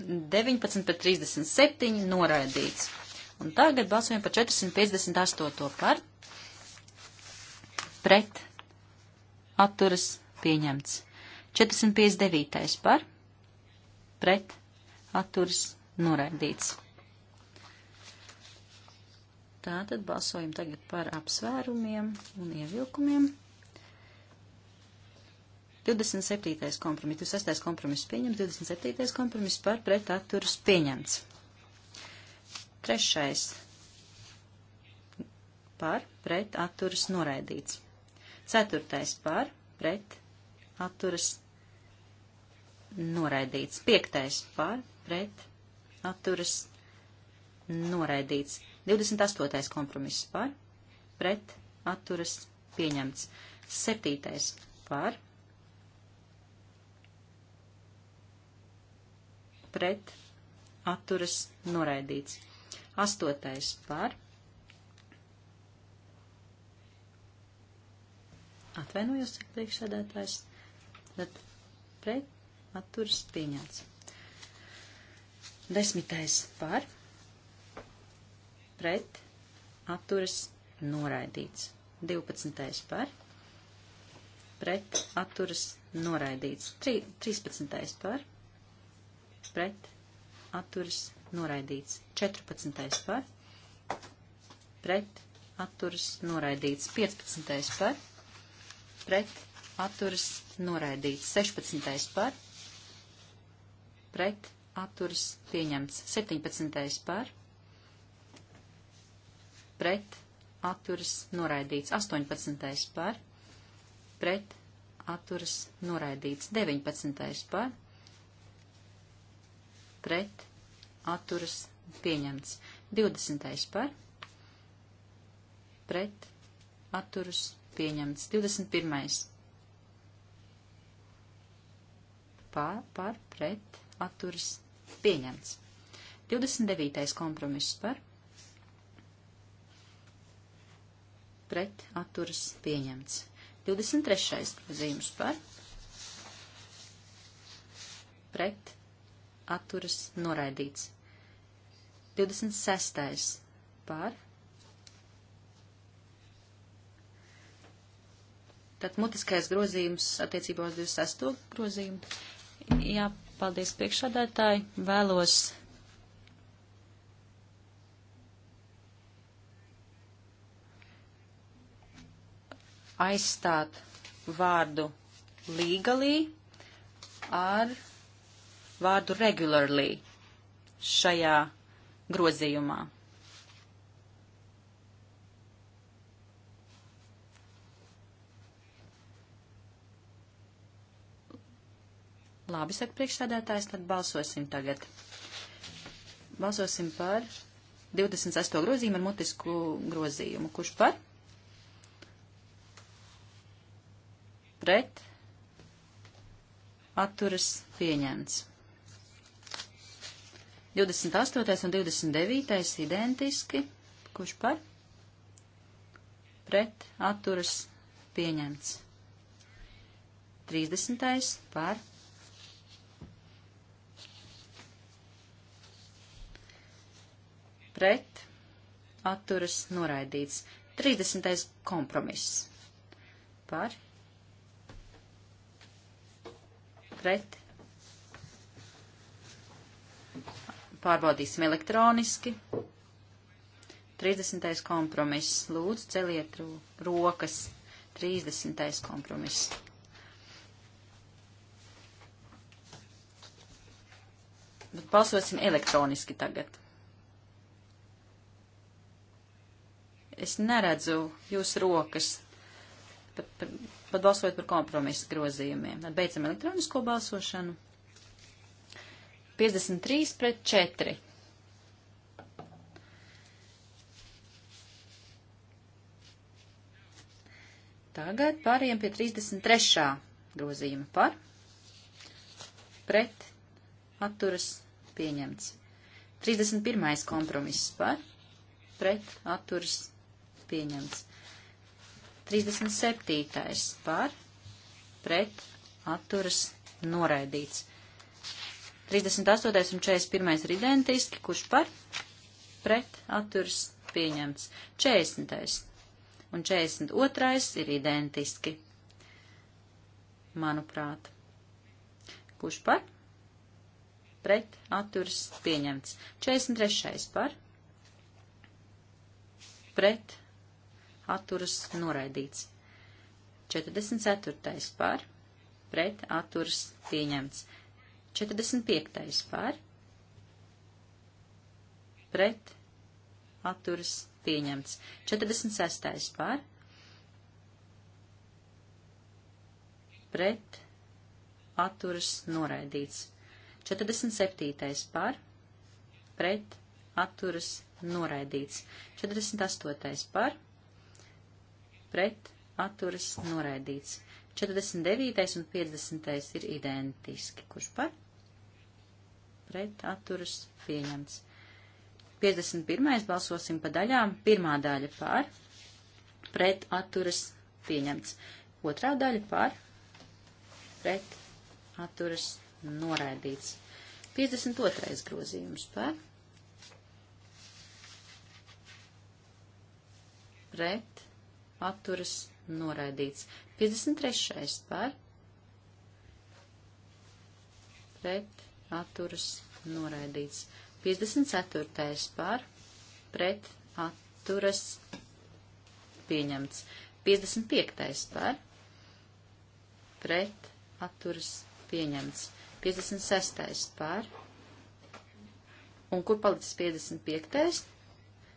Deviņpadsmit par trīsdesmit septiņi noraidīts. Un tagad balsojam par 458 par. Pret. Atturas pieņemts. 459 par. Pret. Atturas noraidīts. Tātad balsojam tagad par apsvērumiem un ievilkumiem. 27. kompromiss, 26. kompromiss pieņemts, 27. kompromiss par pret atturas pieņemts. Trešais par pret atturas noraidīts. Ceturtais par pret atturas noraidīts. Piektais par pret atturas noraidīts. 28. kompromiss par pret atturas pieņemts. Septītais par pret atturas noraidīts. Astotais par. Atvainojos, cik priekšsēdētājs. Tad pret atturas pieņemts. Desmitais par. Pret atturas noraidīts. Divpadsmitais par. Pret atturas noraidīts. Tri, 13. par pret atturas noraidīts. 14. par pret atturas noraidīts. 15. par pret atturas noraidīts. 16. par pret atturas pieņemts. 17. par pret atturas noraidīts. 18. par pret atturas noraidīts. 19. par pret pret, atturas, pieņemts. 20. par, pret, atturas, pieņemts. 21. par, par pret, atturas, pieņemts. 29. kompromiss par, pret, atturas, pieņemts. 23. grozījums par, pret, atturas noraidīts. 26. par. Tad mutiskais grozījums attiecībā uz 26. grozījumu. Jā, paldies priekšādātāji. Vēlos aizstāt vārdu līgalī ar vārdu regularly šajā grozījumā. Labi, saka priekšsēdētājs, tad balsosim tagad. Balsosim par 28. grozījumu ar mutisku grozījumu. Kurš par? Pret? Atturas pieņemts. 28. un 29. identiski, kurš par pret atturas pieņemts. 30. par pret atturas noraidīts. 30. kompromiss par pret Pārbaudīsim elektroniski. 30. kompromiss. Lūdzu, celiet rokas. 30. kompromiss. Bet balsosim elektroniski tagad. Es neredzu jūsu rokas, pat, pat, pat balsojot par kompromisu grozījumiem. Tad beidzam elektronisko balsošanu. 53 pret 4. Tagad pāriem pie 33. grozījuma par pret atturas pieņemts. 31. kompromiss par pret atturas pieņemts. 37. par pret atturas noraidīts. 38. un 41. ir identiski, kurš par pret atturs pieņemts. 40. un 42. ir identiski, manuprāt. Kurš par pret atturs pieņemts. 43. par pret atturs noraidīts. 44. par pret atturs pieņemts. 45. par pret atturas pieņemts. 46. par pret atturas noraidīts. 47. par pret atturas noraidīts. 48. par pret atturas noraidīts. 49. un 50. ir identiski. Kurš par? pret atturas pieņemts. 51. balsosim pa daļām. Pirmā daļa par pret atturas pieņemts. Otrā daļa par pret atturas noraidīts. 52. grozījums par pret atturas noraidīts. 53. par pret atturas noraidīts. 54. par pret atturas pieņemts. 55. par pret atturas pieņemts. 56. par un kur palicis 55.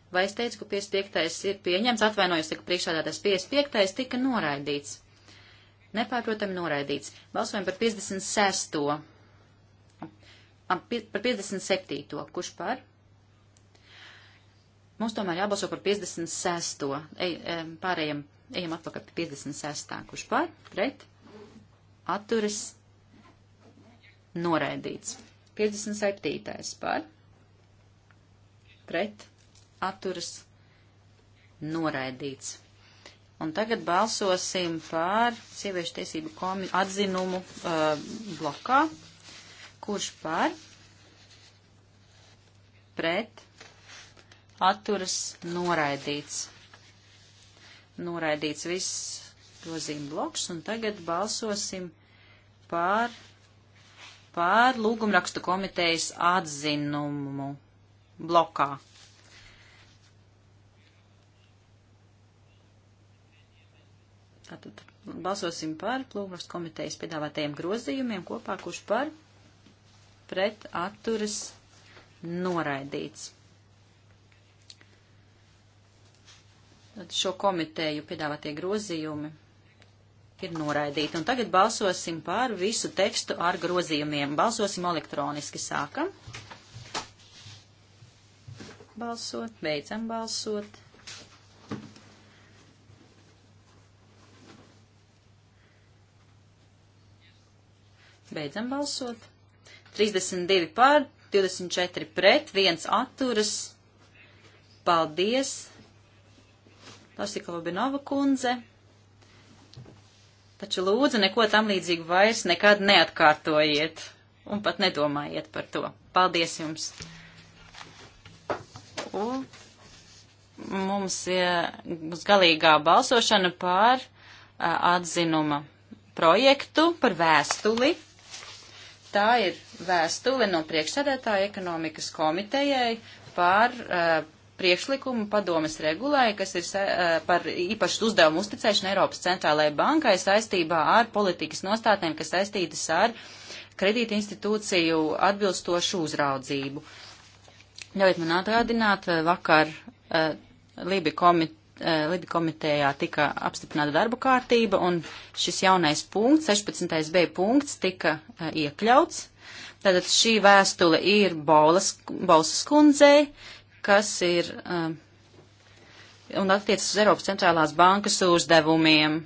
Vai es teicu, ka 55. ir pieņemts? Atvainojos, ka priekšādātais 55. tika noraidīts. Nepārprotami noraidīts. Balsojam par 56 par 57. Kurš par? Mums tomēr jābalso par 56. Ej, pārējiem, ejam atpakaļ pie 56. Kurš par? Pret? Atturas? Noraidīts. 57. par? Pret? Atturas? Noraidīts. Un tagad balsosim par sieviešu tiesību komi atzinumu uh, blokā. Kurš par? Pret. Atturas noraidīts. Noraidīts viss grozījuma bloks, un tagad balsosim par, par lūgumrakstu komitejas atzinumu blokā. Tātad balsosim par lūgumrakstu komitejas piedāvātajiem grozījumiem kopā, kurš par pret atturas noraidīts. Tad šo komiteju piedāvātie grozījumi ir noraidīti. Un tagad balsosim par visu tekstu ar grozījumiem. Balsosim elektroniski. Sākam. Balsot, beidzam balsot. Beidzam balsot. 32 pār, 24 pret, 1 atturas. Paldies! Lasikova Benova kundze. Taču lūdzu, neko tam līdzīgu vairs nekad neatkārtojiet un pat nedomājiet par to. Paldies jums! Un mums ir galīgā balsošana pār atzinuma projektu par vēstuli. Tā ir vēstule no priekšsēdētāja ekonomikas komitejai par uh, priekšlikumu padomes regulai, kas ir uh, par īpašu uzdevumu uzticēšanu Eiropas centrālajai bankai saistībā ar politikas nostātnēm, kas saistītas ar kredīti institūciju atbilstošu uzraudzību. Ļaujiet man atgādināt, eh, vakar uh, Lībi komit Eh, Libi komitejā tika apstiprināta darba kārtība, un šis jaunais punkts, 16. B punkts, tika eh, iekļauts. Tātad šī vēstule ir Bolas, Bolsas kundzei, kas ir um, un attiecas uz Eiropas centrālās bankas uzdevumiem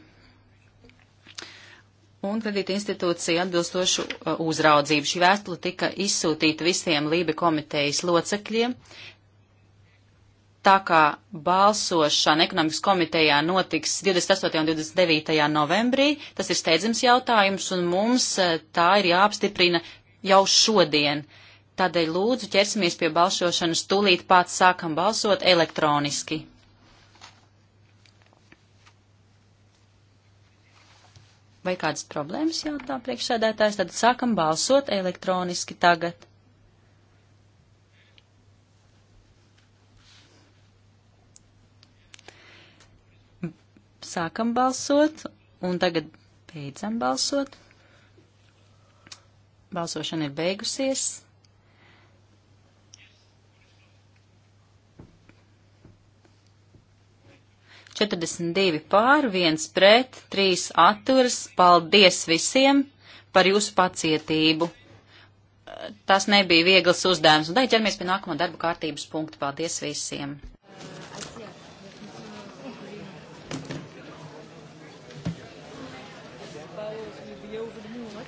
un kredīta institūcija atbilstošu uh, uzraudzību. Šī vēstule tika izsūtīta visiem Lība komitejas locekļiem tā kā balsošana ekonomikas komitejā notiks 28. un 29. novembrī, tas ir steidzams jautājums, un mums eh, tā ir jāapstiprina jau šodien. Tādēļ lūdzu ķersimies pie balsošanas, tūlīt pats sākam balsot elektroniski. Vai kādas problēmas jautā priekšsēdētājs, tad sākam balsot elektroniski tagad. Sākam balsot un tagad beidzam balsot. Balsošana ir beigusies. Četrdesmit divi pār, viens pret, trīs atturas. Paldies visiem par jūsu pacietību. Tas nebija viegls uzdevums. Un tagad ķeramies pie nākamā darba kārtības punkta. Paldies visiem!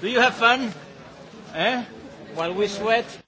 Do you have fun? Eh? While we sweat?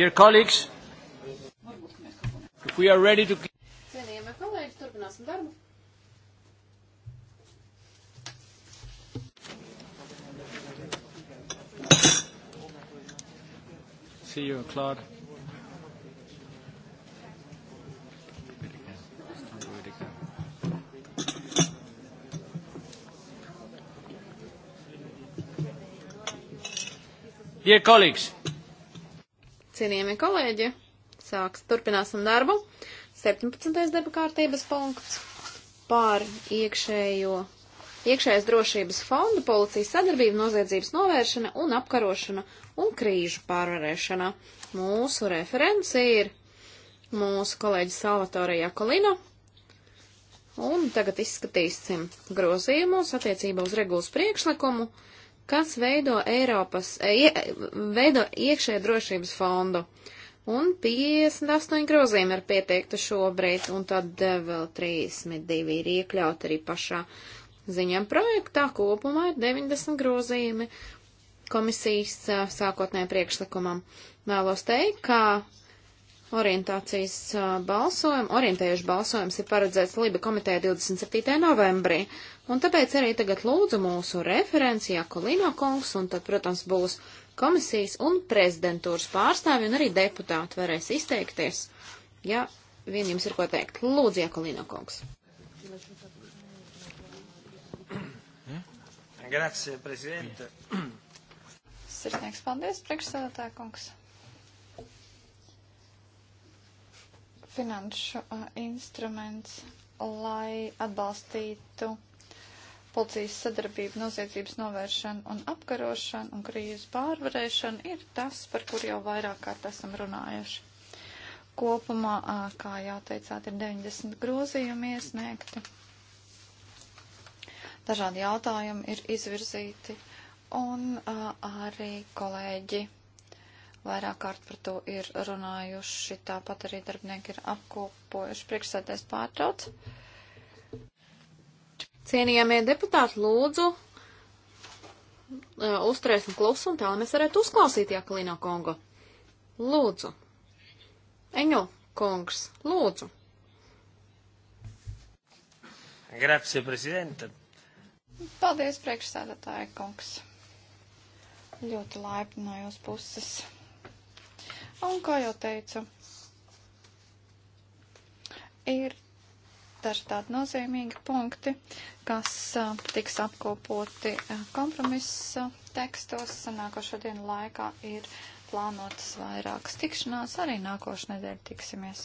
Dear colleagues, if we are ready to... Cienījamie kolēģi, turpināsim darbu. See you, Claude. Dear colleagues, Cienījamie kolēģi, sāks, turpināsim darbu. 17. darba kārtības punkts pār iekšējo, iekšējais drošības fondu, policijas sadarbību, noziedzības novēršana un apkarošana un krīžu pārvarēšana. Mūsu referenci ir mūsu kolēģi Salvatore Jakolino. Un tagad izskatīsim grozījumus attiecībā uz regulas priekšlikumu. Uh, kas veido Eiropas, e, veido iekšējo drošības fondu. Un 58 grozījumi ir pieteikti šobrīd, un tad e, vēl 32 ir iekļauti arī pašā ziņām projektā. Kopumā ir 90 grozījumi komisijas e, sākotnējā priekšlikumam. Vēlos teikt, ka orientācijas e, balsojums, orientējuši balsojums ir paredzēts Liba komiteja 27. novembrī. Un tāpēc arī tagad lūdzu mūsu referencijā Kolino kungs, un tad, protams, būs komisijas un prezidentūras pārstāvi, un arī deputāti varēs izteikties, ja vien jums ir ko teikt. Lūdzu, Jakolino kungs. Grazie, prezidente. Sirsnieks, paldies, priekšsēdētāja kungs. Finanšu uh, instruments, lai atbalstītu policijas sadarbība, noziedzības novēršana un apkarošana un krīzes pārvarēšana ir tas, par kur jau vairāk kārt esam runājuši. Kopumā, kā jau teicāt, ir 90 grozījumi iesniegti. Dažādi jautājumi ir izvirzīti un arī kolēģi vairāk kārt par to ir runājuši. Tāpat arī darbinieki ir apkopojuši priekšsēdēs pārtrauc. Cienījamie deputāti, lūdzu, uh, uzturēsim klusumu, tā lai mēs varētu uzklausīt Jakalino Kongo. Lūdzu. Eņu kungs, lūdzu. Grazie, prezidente. Paldies, priekšsēdētāja kungs. Ļoti laipni no jūsu puses. Un kā jau teicu, ir daži tādi nozīmīgi punkti, kas a, tiks apkopoti kompromisu tekstos. Nākošo dienu laikā ir plānotas vairākas tikšanās, arī nākošu nedēļu tiksimies.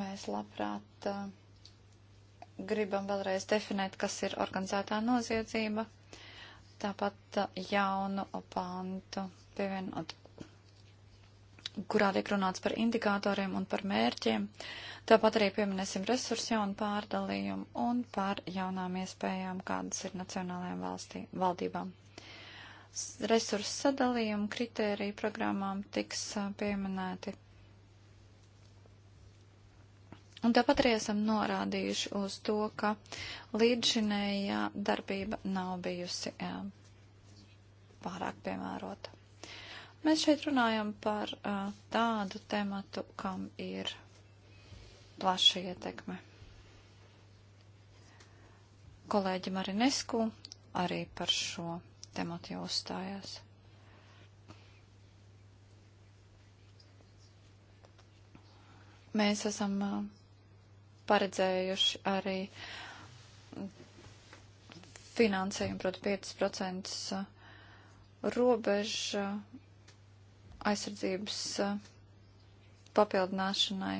Mēs labprāt a, gribam vēlreiz definēt, kas ir organizētā noziedzība, tāpat a, jaunu pantu pievienot kurā tiek runāts par indikatoriem un par mērķiem. Tāpat arī pieminēsim resursu jaunu pārdalījumu un par jaunām iespējām, kādas ir nacionālajām valstī, valdībām. Resursu sadalījumu kritēriju programmām tiks pieminēti. Un tāpat arī esam norādījuši uz to, ka līdzšinējā darbība nav bijusi jā, pārāk piemērota. Mēs šeit runājam par uh, tādu tematu, kam ir plaša ietekme. Kolēģi Marinesku arī par šo tematu jau uzstājās. Mēs esam uh, paredzējuši arī finansējumu, proti, 5% robeža aizsardzības eh, papildināšanai.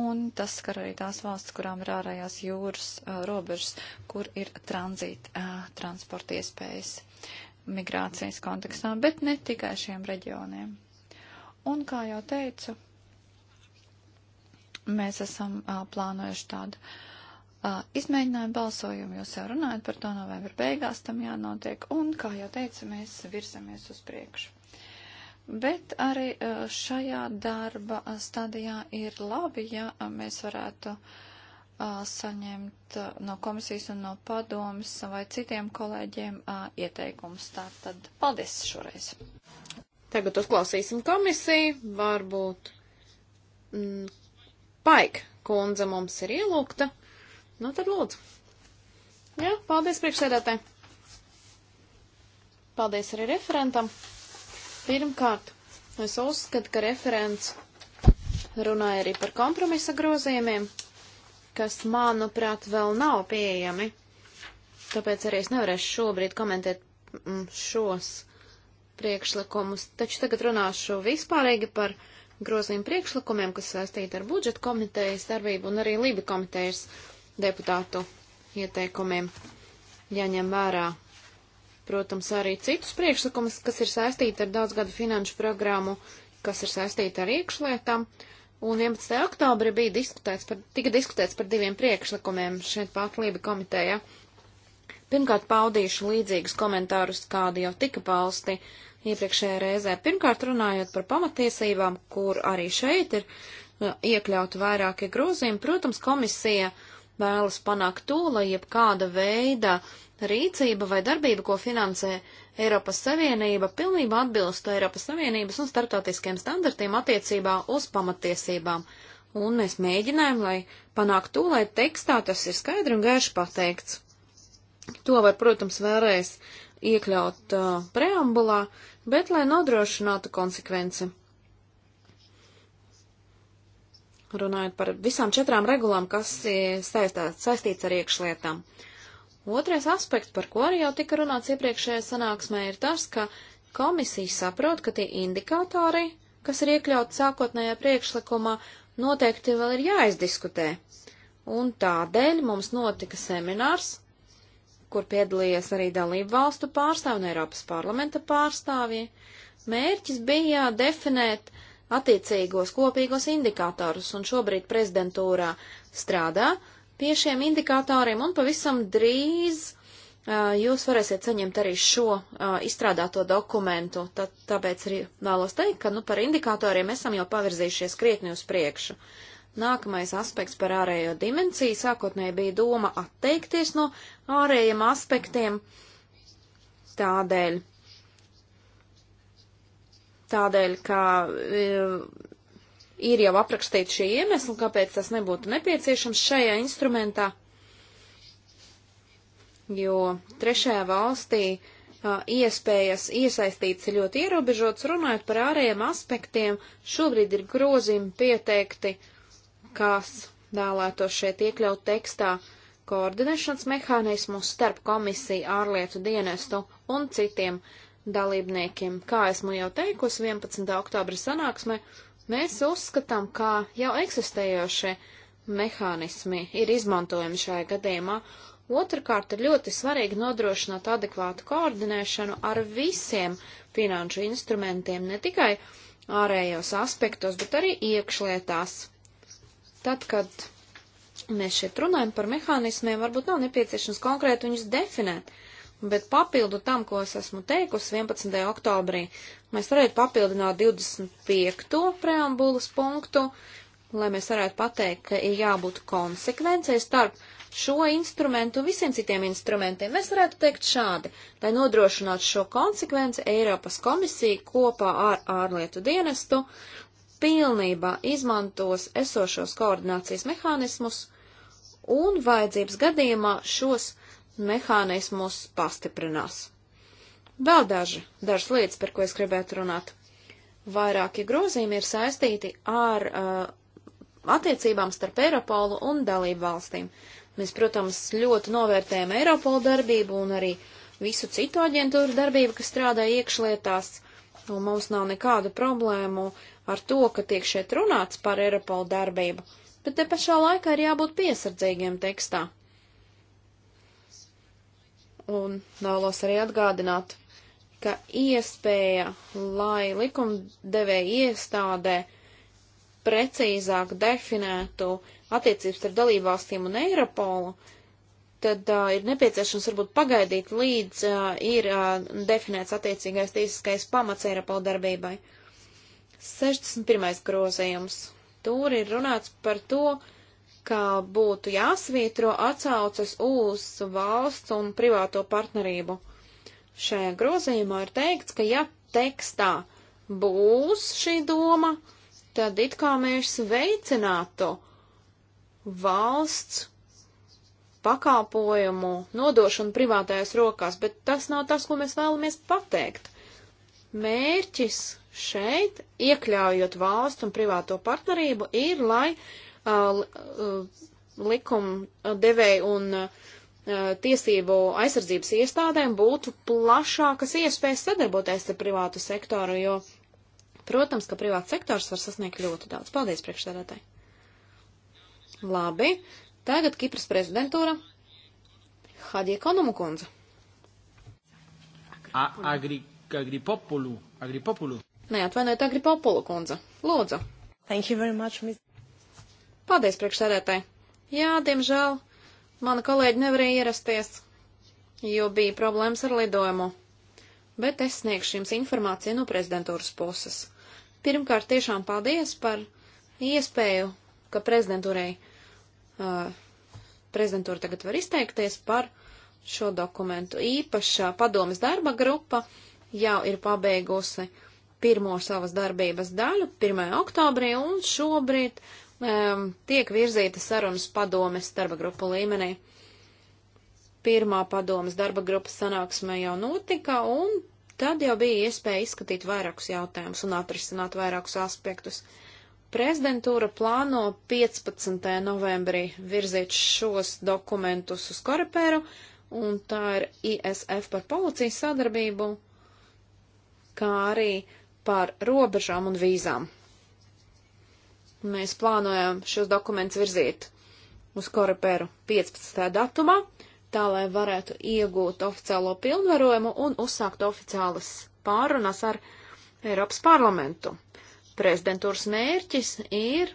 Un tas skar arī tās valsts, kurām ir ārējās jūras eh, robežas, kur ir tranzīta eh, transporta iespējas migrācijas kontekstā, bet ne tikai šiem reģioniem. Un, kā jau teicu, mēs esam a, plānojuši tādu a, izmēģinājumu balsojumu. Jūs jau runājat par to novembra beigās, tam jānotiek. Un, kā jau teicu, mēs virzamies uz priekšu. Bet arī e, šajā darba stadijā ir labi, ja mēs varētu e, saņemt e, no komisijas un no padomas vai citiem kolēģiem ieteikumus. Tātad paldies šoreiz. Tagad uzklausīsim komisiju. Varbūt m, mm, Paik kundze mums ir ielūgta. Nu tad lūdzu. Jā, paldies priekšsēdētāji. Paldies arī referentam. Pirmkārt, es uzskatu, ka referents runāja arī par kompromisa grozījumiem, kas, manuprāt, vēl nav pieejami. Tāpēc arī es nevarēšu šobrīd komentēt mm, šos priekšlikumus, taču tagad runāšu vispārīgi par grozījumu priekšlikumiem, kas saistīti ar budžeta komitejas darbību un arī Lība komitejas deputātu ieteikumiem, jaņem vērā protams, arī citus priekšlikumus, kas ir saistīti ar daudzgadu finanšu programmu, kas ir saistīti ar iekšlietām. Un 11. oktobrī bija diskutēts par, tika diskutēts par diviem priekšlikumiem šeit pārklība komitejā. Pirmkārt, paudīšu līdzīgus komentārus, kādi jau tika pausti iepriekšējā reizē. Pirmkārt, runājot par pamatiesībām, kur arī šeit ir uh, iekļauti vairākie grozījumi, protams, komisija uh, vēlas panākt to, lai jebkāda veida rīcība vai darbība, ko finansē Eiropas Savienība, pilnībā atbilstu Eiropas Savienības un starptautiskiem standartiem attiecībā uz pamatiesībām. Un mēs mēģinājām, lai panāktu to, lai tekstā tas ir skaidri un gaiši pateikts. To var, protams, vēlreiz iekļaut uh, preambulā, bet lai nodrošinātu konsekvenci. runājot par visām četrām regulām, kas saistā, saistīts ar iekšlietām. Otrais aspekts, par ko arī jau tika runāts iepriekšējā sanāksmē, ir tas, ka komisija saprot, ka tie indikātori, kas ir iekļauti sākotnējā priekšlikumā, noteikti vēl ir jāizdiskutē. Un tādēļ mums notika seminārs, kur piedalījies arī dalību valstu pārstāvi un Eiropas parlamenta pārstāvji. Mērķis bija definēt attiecīgos kopīgos indikātorus, un šobrīd prezidentūrā strādā pie šiem indikātoriem, un pavisam drīz uh, jūs varēsiet saņemt arī šo uh, izstrādāto dokumentu. Tad, tāpēc arī vēlos teikt, ka nu, par indikātoriem esam jau pavirzījušies krietni uz priekšu. Nākamais aspekts par ārējo dimensiju. Sākotnēji bija doma atteikties no ārējiem aspektiem. Tādēļ tādēļ, ka e, ir jau aprakstīti šie iemesli, kāpēc tas nebūtu nepieciešams šajā instrumentā, jo trešajā valstī e, iespējas iesaistīts ir ļoti ierobežots, runājot par ārējiem aspektiem, šobrīd ir grozījumi pieteikti, kas vēlētos šeit iekļaut tekstā koordinēšanas mehānismu starp komisiju, ārlietu dienestu un citiem uh, dalībniekiem. Kā esmu jau teikusi, 11. oktobra sanāksmē mēs uzskatām, ka jau eksistējošie mehānismi ir izmantojami šajā gadījumā. Otrakārt ir ļoti svarīgi nodrošināt adekvātu koordinēšanu ar visiem finanšu instrumentiem, ne tikai ārējos aspektos, bet arī iekšlietās. Tad, kad mēs šeit runājam par mehānismiem, varbūt nav nepieciešams konkrēti viņus definēt, Bet papildu tam, ko es esmu teikusi 11. oktobrī, mēs varētu papildināt 25. preambulas punktu, lai mēs varētu pateikt, ka ir jābūt konsekvencei starp šo instrumentu un visiem citiem instrumentiem. Mēs varētu teikt šādi, lai nodrošinātu šo konsekvenci Eiropas komisija kopā ar ārlietu dienestu pilnībā izmantos esošos koordinācijas mehānismus un vajadzības gadījumā šos mehānismus pastiprinās. Vēl daži, dažas lietas, par ko es gribētu runāt. Vairākie grozījumi ir saistīti ar uh, attiecībām starp Eiropolu un dalību valstīm. Mēs, protams, ļoti novērtējam Eiropolu darbību un arī visu citu aģentūru darbību, kas strādā iekšlietās, un mums nav nekādu problēmu ar to, ka tiek šeit runāts par Eiropolu darbību, bet te pašā laikā ir jābūt piesardzīgiem tekstā un vēlos arī atgādināt, ka iespēja, lai likumdevēja iestādē precīzāk definētu attiecības ar dalībvalstīm un Eiropolu, tad uh, ir nepieciešams varbūt pagaidīt, līdz uh, ir uh, definēts attiecīgais tiesiskais pamats Eiropola darbībai. 61. grozījums. Tur ir runāts par to, uh, ka būtu jāsvītro atsaucas uz valsts un privāto partnerību. Šajā grozījumā ir teikts, ka ja tekstā būs šī doma, tad it kā mēs veicinātu valsts pakalpojumu nodošanu privātajās rokās, bet tas nav tas, ko mēs vēlamies pateikt. Mērķis šeit, iekļaujot valstu un privāto partnerību, ir, lai uh, likuma devēju un tiesību aizsardzības iestādēm būtu plašākas iespējas sadarboties ar privātu sektoru, jo, protams, ka privāts sektors var sasniegt ļoti daudz. Paldies, priekšsēdētāji! Labi, tagad Kipras prezidentūra Hadie Konumu kundze. Agri, agripopulu, agripopulu. Nē, atvainojiet, Agripopulu kundze. Lūdzu. Thank you very much, Miss. Paldies, priekšsēdētāji. Jā, diemžēl mana kolēģi nevarēja ierasties, jo bija problēmas ar lidojumu. Bet es sniegšu jums informāciju no prezidentūras puses. Pirmkārt, tiešām paldies par iespēju, ka prezidentūrai, uh, prezidentūra tagad var izteikties par šo dokumentu. Īpašā padomas darba grupa jau ir pabeigusi pirmo savas darbības daļu 1. oktobrī, un šobrīd um, tiek virzīta sarunas padomes darba grupu līmenī. Pirmā padomes darba grupas sanāksme jau notika, un tad jau bija iespēja izskatīt vairākus jautājumus un atrisināt vairākus aspektus. Prezidentūra plāno 15. novembrī virzīt šos dokumentus uz Koreperu, un tā ir ISF par policijas sadarbību, kā arī par robežām un vīzām mēs plānojam šos dokumentus virzīt uz Koreperu 15. datumā, tā lai varētu iegūt oficiālo pilnvarojumu un uzsākt oficiālas pārunas ar Eiropas parlamentu. Prezidentūras mērķis ir,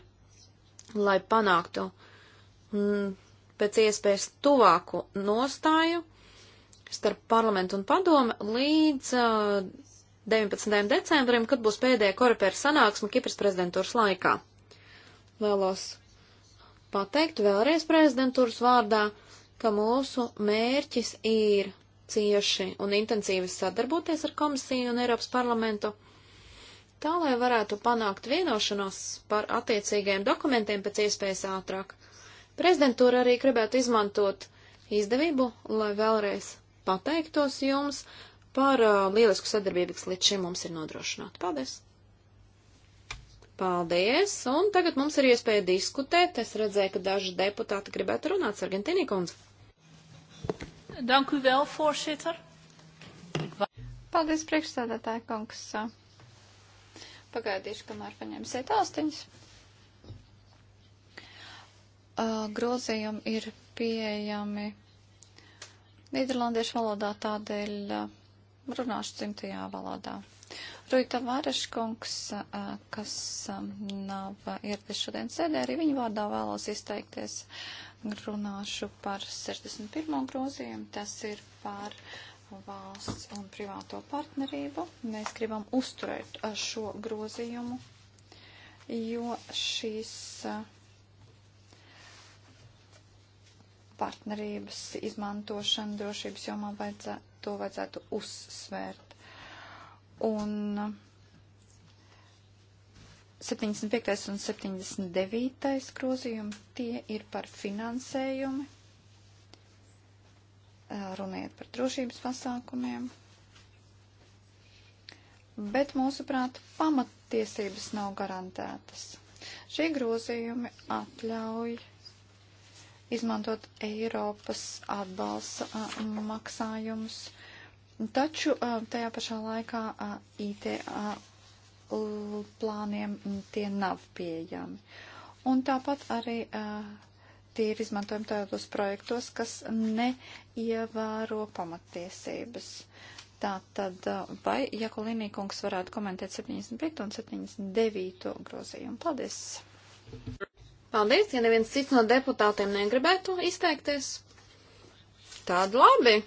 lai panāktu mm, pēc iespējas tuvāku nostāju starp parlamentu un padomu līdz uh, 19. decembrim, kad būs pēdējā korepēra sanāksme Kipras prezidentūras laikā. Vēlos pateikt vēlreiz prezidentūras vārdā, ka mūsu mērķis ir cieši un intensīvi sadarboties ar komisiju un Eiropas parlamentu, tā lai varētu panākt vienošanos par attiecīgajiem dokumentiem pēc iespējas ātrāk. Prezidentūra arī gribētu izmantot izdevību, lai vēlreiz pateiktos jums par uh, lielisku sadarbību, kas līdz šim mums ir nodrošināta. Paldies! Paldies, un tagad mums ir iespēja diskutēt. Es redzēju, ka daži deputāti gribētu runāt, Sargentīnī kundze. Dank u wel, voorzitter. Paldies, priekšstādātāja kungs. Pagaidīšu, kamēr paņemsiet austiņas. Grozījumi ir pieejami Nīderlandiešu valodā, tādēļ runāšu dzimtajā valodā. Ruita Vāreškungs, kas nav ieradies šodien sēdē, arī viņu vārdā vēlos izteikties. Runāšu par 61. grozījumu, tas ir par valsts un privāto partnerību. Mēs gribam uzturēt šo grozījumu, jo šīs partnerības izmantošana drošības jomā vajadzētu, to vajadzētu uzsvērt. Un 75. un 79. grozījumi tie ir par finansējumu. Runiet par drošības pasākumiem. Bet mūsuprāt, pamattiesības nav garantētas. Šie grozījumi atļauj izmantot Eiropas atbalsta maksājumus Nu, taču tajā pašā laikā IT plāniem tie nav pieejami. Un tāpat arī tie ir izmantojami tādos projektos, kas neievēro pamatiesības. Tātad, vai Jakolīnī kungs varētu komentēt 75 un 79 grozījumu? Paldies! Paldies, ja neviens cits no deputātiem negribētu izteikties. Tad labi,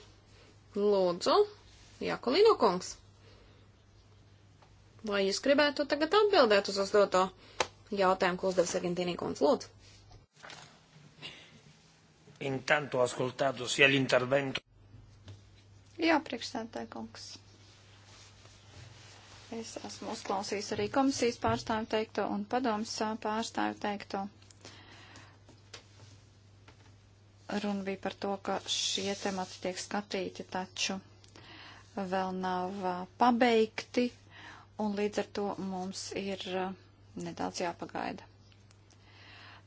lūdzu, Jakolino kungs. Vai jūs gribētu tagad atbildēt uz uzdoto jautājumu, ko uzdevis Argentīnī kungs? Lūdzu. Intanto ascoltato sia l'intervento. Jā, priekšstādātāji kungs. Es esmu uzklausījis arī komisijas pārstāvu teikto un padomas pārstāvu teikto. Runa bija par to, ka šie temati tiek skatīti, taču vēl nav pabeigti, un līdz ar to mums ir nedaudz jāpagaida.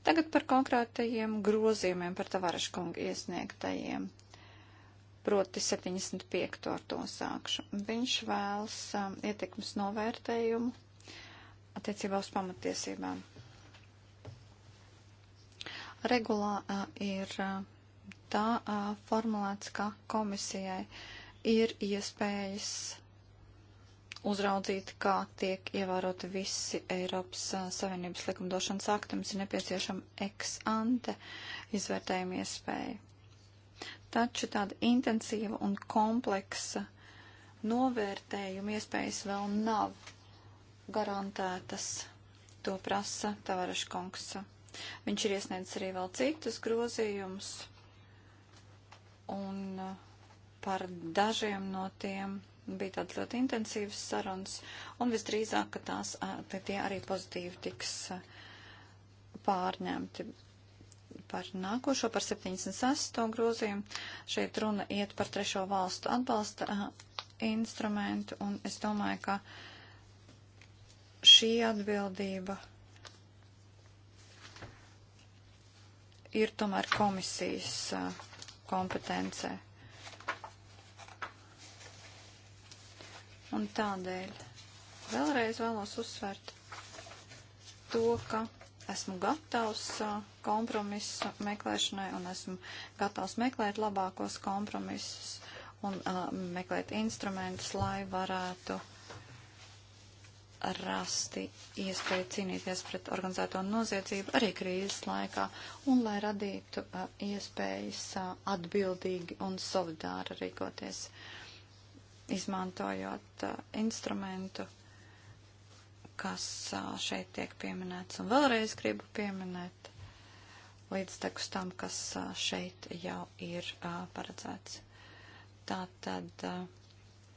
Tagad par konkrētajiem grozījumiem, par Tavareškunga iesniegtajiem. Proti 75. ar to sākšu. Viņš vēlas um, ietekmes novērtējumu attiecībā uz pamatiesībām. Regulā uh, ir uh, tā uh, formulēts, ka komisijai uh, ir iespējas uzraudzīt, kā tiek ievēroti visi Eiropas Savienības likumdošanas akti. Mums ir nepieciešama ex ante izvērtējuma iespēja. Taču tāda intensīva un kompleksa novērtējuma iespējas vēl nav garantētas. To prasa Tavaraškungs. Viņš ir iesniedzis arī vēl citus grozījumus. Un uh, Par dažiem no tiem bija tādas ļoti intensīvas sarunas, un visdrīzāk, ka tās, tie arī pozitīvi tiks pārņemti. Par nākošo, par 76. grozījumu, šeit runa iet par trešo valstu atbalsta instrumentu, un es domāju, ka šī atbildība ir tomēr komisijas kompetencē. Un tādēļ vēlreiz vēlos uzsvērt to, ka esmu gatavs kompromisu meklēšanai un esmu gatavs meklēt labākos kompromisus un uh, meklēt instrumentus, lai varētu rasti iespēju cīnīties pret organizēto noziedzību arī krīzes laikā un lai radītu uh, iespējas uh, atbildīgi un solidāri rīkoties. Uh, izmantojot uh, instrumentu, kas uh, šeit tiek pieminēts. Un vēlreiz gribu pieminēt līdztekus tam, kas uh, šeit jau ir uh, paredzēts. Tā tad uh,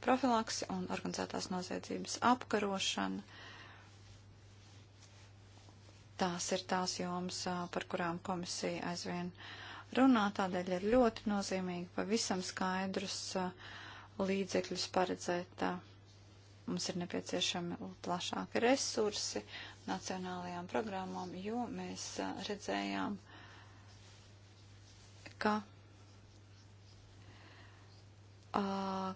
profilaksi un organizētās noziedzības apkarošana. Tās ir tās jomas, uh, par kurām komisija aizvien runā, tādēļ ir ļoti nozīmīgi pavisam skaidrus uh, līdzekļus paredzēt. Tā. Mums ir nepieciešami plašāki resursi nacionālajām programmām, jo mēs redzējām, ka uh,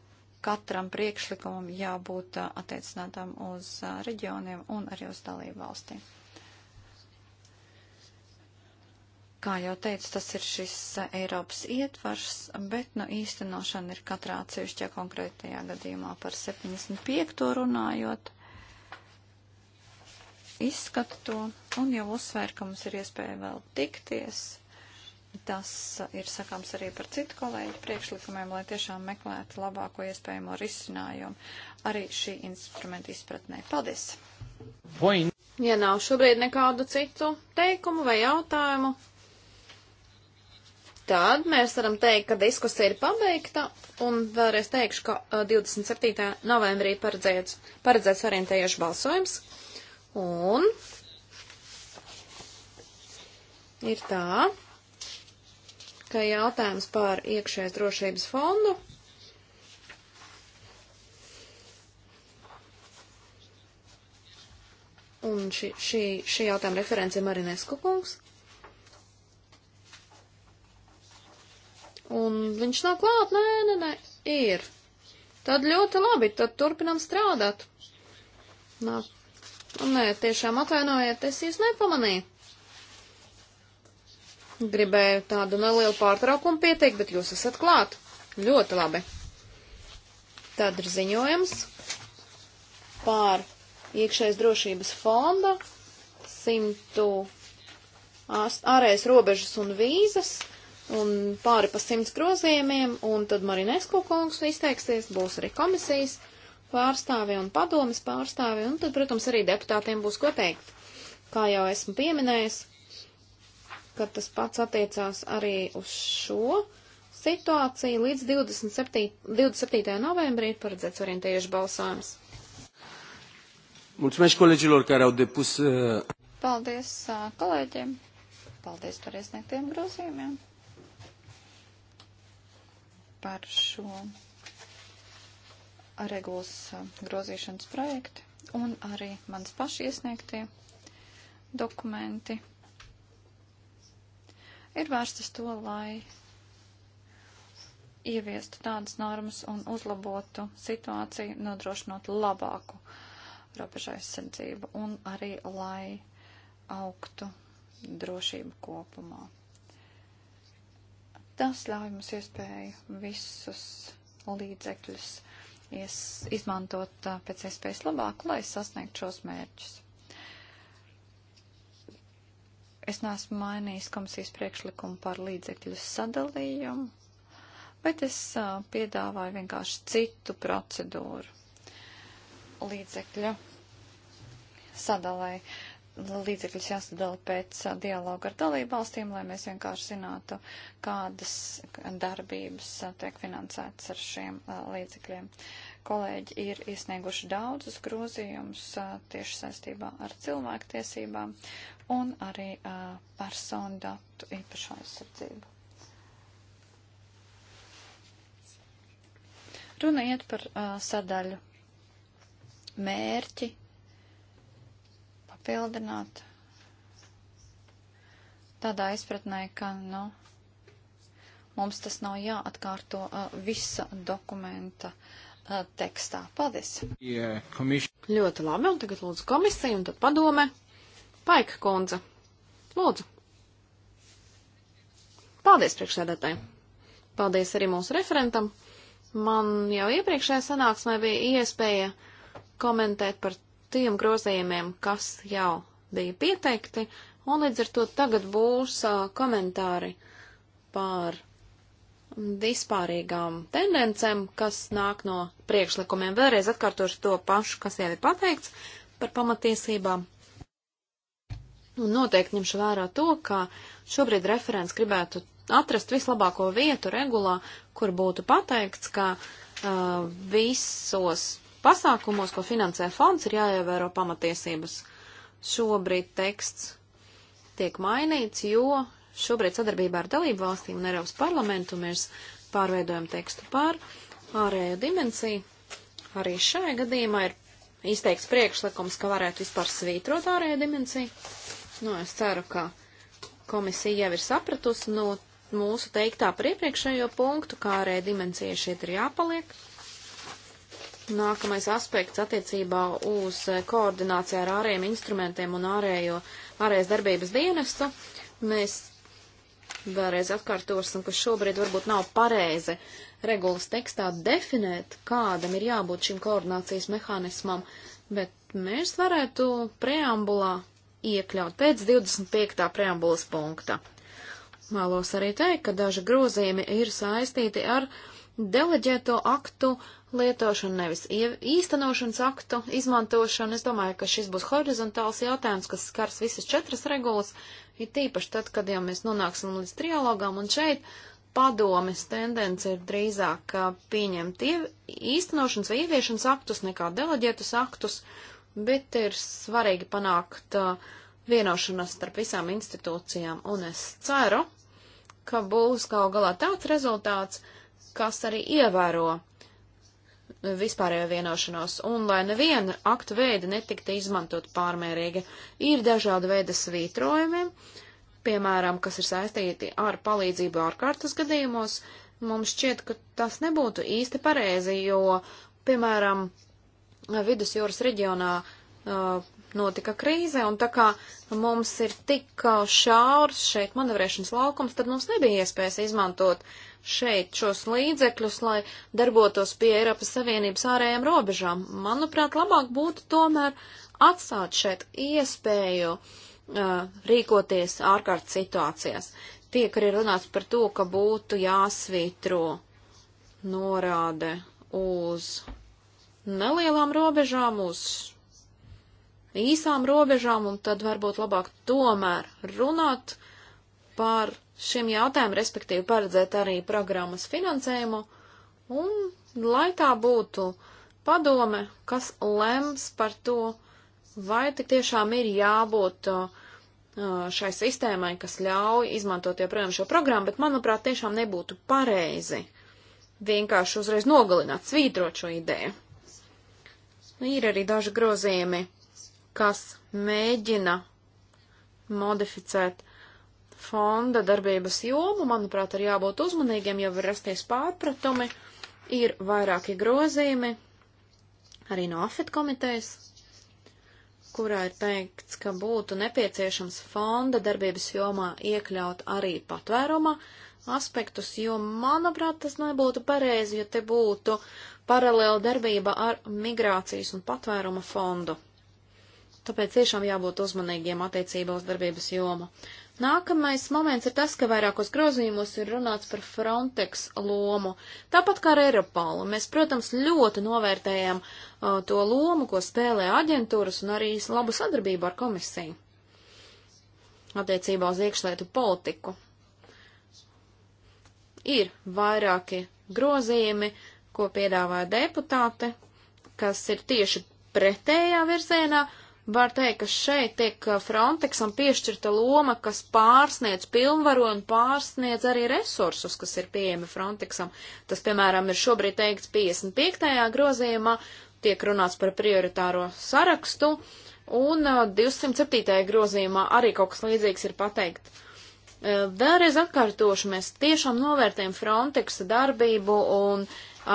katram priekšlikumam jābūt uh, attiecinātam uz uh, reģioniem un arī uz dalību valstīm. Kā jau teicu, tas ir šis eh, Eiropas ietvars, bet nu, īstenošana ir katrā atsevišķā konkrētajā gadījumā par 75. runājot. Izskatu to un jau uzsver, ka mums ir iespēja vēl tikties. Tas eh, ir sakāms arī par citu kolēģu priekšlikumiem, lai tiešām meklētu labāko iespējamo risinājumu arī šī instrumenta izpratnē. Paldies! Point. Ja nav šobrīd nekādu citu teikumu vai jautājumu, Tad mēs varam teikt, ka diskusija ir pabeigta, un vēlreiz teikšu, ka 27. novembrī paredzēts, paredzēts orientējuši balsojums, un ir tā, ka jautājums par iekšējais drošības fondu un šī, šī, šī jautājuma referents ir Marinesku kungs. Un viņš nav klāt, nē, nē, nē, ir. Tad ļoti labi, tad turpinam strādāt. Nā, nē, tiešām atvainojiet, es jūs nepamanīju. Gribēju tādu nelielu pārtraukumu pieteikt, bet jūs esat klāt. Ļoti labi. Tad ir ziņojums pār iekšējas drošības fonda, simtu ārējas robežas un vīzas un pāri pa simts grozījumiem, un tad Marinesko kungs izteiksies, būs arī komisijas pārstāvi un padomas pārstāvi, un tad, protams, arī deputātiem būs ko teikt. Kā jau esmu pieminējis, ka tas pats attiecās arī uz šo situāciju, līdz 27, 27. novembrī ir paredzēts orientējuši balsojums. Mulțumesc colegilor care au depus. Uh, Paldies kolēģiem. Uh, Paldies par iesniegtiem grozījumiem par šo regulas uh, grozīšanas projektu un arī mans paši iesniegtie dokumenti ir vērstas to, lai ieviestu tādas normas un uzlabotu situāciju, nodrošinot labāku robežu aizsardzību un arī, lai augtu drošību kopumā. Tas ļauj mums iespēju visus līdzekļus ies, izmantot pēc iespējas labāk, lai sasniegtu šos mērķus. Es neesmu mainījis komisijas priekšlikumu par līdzekļu sadalījumu, bet es a, piedāvāju vienkārši citu procedūru līdzekļu sadalēju līdzekļus jāsadala pēc dialoga ar dalību valstīm, lai mēs vienkārši zinātu, kādas darbības tiek finansētas ar šiem līdzekļiem. Kolēģi ir iesnieguši daudzus grozījumus tieši saistībā ar cilvēktiesībām un arī personu datu īpašo aizsardzību. Runa iet par sadaļu mērķi papildināt tādā izpratnē, ka, nu, mums tas nav jāatkārto uh, visa dokumenta uh, tekstā. Paldies! Yeah, Ļoti labi, un tagad lūdzu komisiju un tad padome. Paika kundze, lūdzu. Paldies priekšsēdētāji. Paldies arī mūsu referentam. Man jau iepriekšējā sanāksmē bija iespēja komentēt par tiem grozījumiem, kas jau bija pieteikti, un līdz ar to tagad būs uh, komentāri par vispārīgām tendencēm, kas nāk no priekšlikumiem. Vēlreiz atkārtošu to pašu, kas jau ir pateikts par pamatiesībām. Un noteikti ņemšu vērā to, ka šobrīd referents gribētu atrast vislabāko vietu regulā, kur būtu pateikts, ka uh, visos pasākumos, ko finansē fonds, ir jāievēro pamatiesības. Šobrīd teksts tiek mainīts, jo šobrīd sadarbībā ar dalību valstīm un Eiropas parlamentu mēs pārveidojam tekstu par ārējo dimensiju. Arī šajā gadījumā ir izteikts priekšlikums, ka varētu vispār svītrot ārējo dimensiju. Nu, es ceru, ka komisija jau ir sapratusi no mūsu teiktā par iepriekšējo punktu, kā ārēja dimensija šeit ir jāpaliek. Nākamais aspekts attiecībā uz eh, koordināciju ar ārējiem instrumentiem un ārējo, ārējas darbības dienestu. Mēs vēlreiz atkārtosim, ka šobrīd varbūt nav pareizi regulas tekstā definēt, kādam ir jābūt šim koordinācijas mehānismam, bet mēs varētu preambulā iekļaut pēc 25. preambulas punkta. Vēlos arī teikt, ka daži grozījumi ir saistīti ar uh, deleģēto aktu lietošanu, nevis īstenošanas aktu izmantošanu. Es domāju, ka šis būs horizontāls jautājums, kas skars visas četras regulas, ir tīpaši tad, kad jau mēs nonāksim līdz trialogām, un šeit padomes tendence ir drīzāk uh, pieņemt īstenošanas vai ieviešanas aktus nekā deleģētus aktus, bet ir svarīgi panākt uh, vienošanos starp visām institūcijām, un es ceru, ka būs gal galā tāds rezultāts, uh, kas arī ievēro vispārējo vienošanos, un lai neviena aktu veida netiktu izmantot pārmērīgi, ir dažāda veida svītrojumi, piemēram, kas ir saistīti ar palīdzību ārkārtas gadījumos, mums šķiet, ka tas nebūtu īsti pareizi, jo, piemēram, vidusjūras reģionā uh, notika krīze, un tā kā mums ir tik šaurs šeit manevrēšanas laukums, tad mums nebija iespējas izmantot uh, šeit šos līdzekļus, lai darbotos pie Eiropas Savienības ārējām robežām. Manuprāt, labāk būtu tomēr atstāt šeit iespēju uh, rīkoties ārkārtas situācijās. Tiek arī runāts par to, ka būtu jāsvītro norāde uz nelielām robežām, uz īsām robežām, un tad varbūt labāk tomēr runāt par šim jautājumam, respektīvi paredzēt arī programmas finansējumu, un lai tā būtu padome, kas lems par to, vai tik tiešām ir jābūt uh, šai sistēmai, kas ļauj izmantot joprojām šo programmu, bet, manuprāt, tiešām nebūtu pareizi vienkārši uzreiz nogalināt, svītrot šo ideju. Nu, ir arī daži grozījumi, kas mēģina modificēt fonda darbības jomu, manuprāt, ir jābūt uzmanīgiem, jau var rasties pārpratumi, ir vairāki grozījumi, arī no AFET komitejas, kurā ir teikts, ka būtu nepieciešams fonda darbības jomā iekļaut arī patvēruma aspektus, jo, manuprāt, tas nebūtu pareizi, ja te būtu paralēla darbība ar migrācijas un patvēruma fondu. Tāpēc tiešām jābūt uzmanīgiem attiecībā uz darbības jomu. Nākamais moments ir tas, ka vairākos grozījumos ir runāts par Frontex lomu. Tāpat kā ar Eiropolu, mēs, protams, ļoti novērtējam uh, to lomu, ko spēlē aģentūras un arī labu sadarbību ar komisiju attiecībā uz iekšlietu politiku. Ir vairāki grozījumi, ko piedāvāja deputāte, kas ir tieši pretējā virzienā, uh, Var teikt, ka šeit tiek Frontexam piešķirta loma, kas pārsniedz pilnvaru un pārsniedz arī resursus, kas ir pieejami Frontexam. Tas, piemēram, ir šobrīd teikts 55. grozījumā, tiek runāts par prioritāro sarakstu, un 207. grozījumā arī kaut kas līdzīgs ir pateikt. Vēlreiz atkārtošu, mēs tiešām novērtējam Frontexa darbību un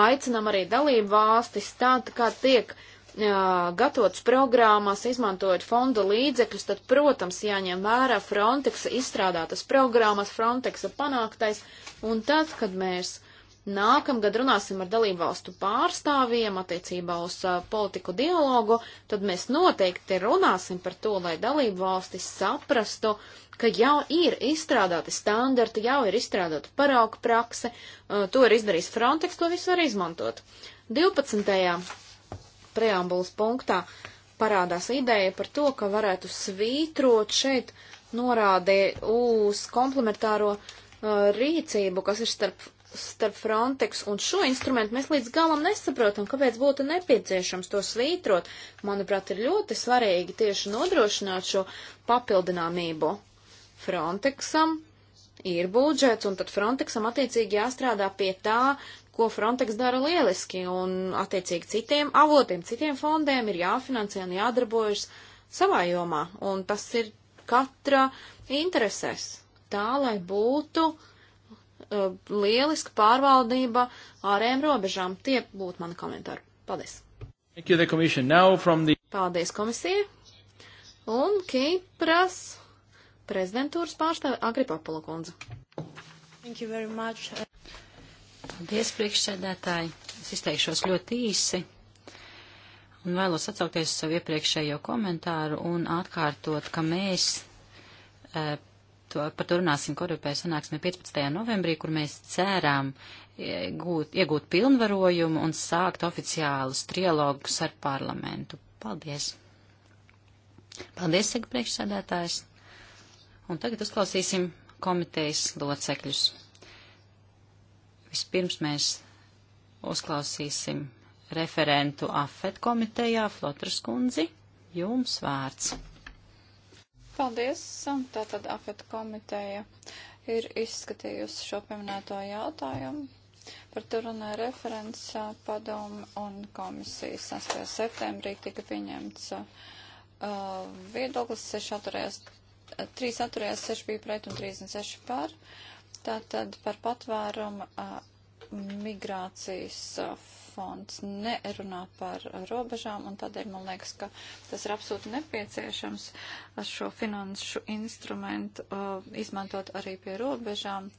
aicinam arī dalību valstis tad, kā tiek uh, gatavotas programmas, izmantojot fonda līdzekļus, tad, protams, jāņem vērā Frontexa izstrādātas programmas, Frontexa panāktais, un tad, kad mēs nākamgad runāsim ar dalību valstu pārstāvjiem attiecībā uz uh, politiku dialogu, tad mēs noteikti runāsim par to, lai dalību valstis saprastu, ka jau ir izstrādāti standarti, jau ir izstrādāta parauga prakse, uh, to ir izdarījis Frontex, to visu var izmantot. 12 preambulas punktā parādās ideja par to, ka varētu svītrot šeit norādi uz komplementāro uh, rīcību, kas ir starp, starp Frontex un šo instrumentu. Mēs līdz galam nesaprotam, kāpēc būtu nepieciešams to svītrot. Manuprāt, ir ļoti svarīgi tieši nodrošināt šo papildināmību Frontexam, ir budžets, un tad Frontexam attiecīgi jāstrādā pie tā, ko Frontex dara lieliski, un attiecīgi citiem avotiem, citiem fondiem ir jāfinansē un jādarbojas savā jomā, un tas ir katra interesēs, tā lai būtu uh, lieliska pārvaldība ārējiem robežām. Tie būtu mani komentāri. Paldies! You, the... Paldies komisija! Un Kipras prezidentūras pārstāve Agripapula kundze. Thank you very much. Paldies, priekšsēdētāji. Es izteikšos ļoti īsi un vēlos atsaukties uz savu iepriekšējo komentāru un atkārtot, ka mēs e, to, par to runāsim Korupē sanāksmē 15. novembrī, kur mēs cerām iegūt, iegūt pilnvarojumu un sākt oficiālus trialogus ar parlamentu. Paldies! Paldies, saka priekšsēdētājs! Un tagad uzklausīsim komitejas locekļus. Vispirms mēs uzklausīsim referentu AFET komitejā Flotras kundzi. Jums vārds. Paldies. Tātad AFET komiteja ir izskatījusi šo pieminēto jautājumu. Par to runāja referents padomu un komisijas 8. septembrī tika pieņemts uh, viedoklis, 6 atturējās, 3 atturējās, 6 bija pret un 36 par. Uh, Tātad par patvērumu migrācijas fonds nerunā par robežām, un tādēļ man liekas, ka tas ir absolūti nepieciešams šo finanšu instrumentu uh, izmantot arī pie robežām,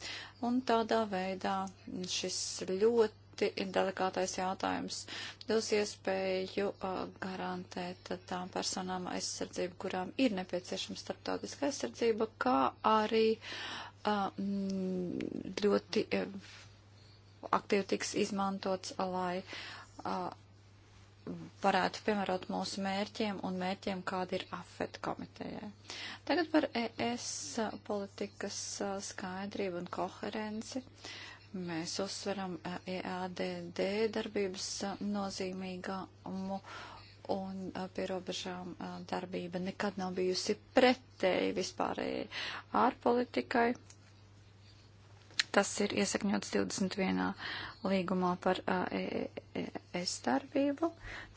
un tādā veidā šis ļoti delikātais jautājums dos iespēju uh, garantēt tām personām aizsardzību, kurām ir nepieciešama starptautiska aizsardzība, kā arī uh, Mm, ļoti e, aktīvi tiks izmantots, lai varētu piemērot mūsu mērķiem un mērķiem, kāda ir AFET komitejai. Tagad par ES politikas skaidrību un koherenci. Mēs uzsveram EADD darbības nozīmīgumu un pie robežām darbība nekad nav bijusi pretēji vispārēji ārpolitikai. Tas ir iesakņots 21. līgumā par e, e, e, ES darbību.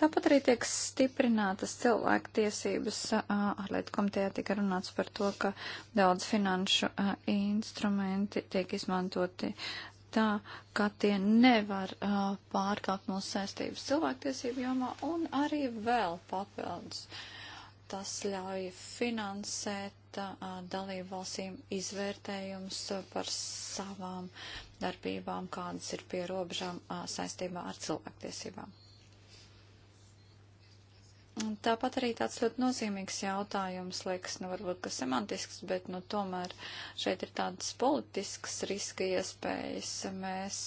Tāpat arī tiek stiprinātas cilvēktiesības. Ārlietu komitejā tika runāts par to, ka daudz finanšu instrumenti tiek izmantoti uh, tā, ka tie nevar uh, pārkāpt mūsu saistības cilvēktiesību jomā un arī vēl papildus. Tas ļauj finansēt uh, dalību valstīm izvērtējums uh, par savām darbībām, kādas ir pie robežām uh, saistībā ar cilvēktiesībām. Tāpat arī tāds ļoti nozīmīgs jautājums, liekas, nu varbūt, ka semantisks, bet, nu, tomēr šeit ir tādas politiskas riska iespējas. Mēs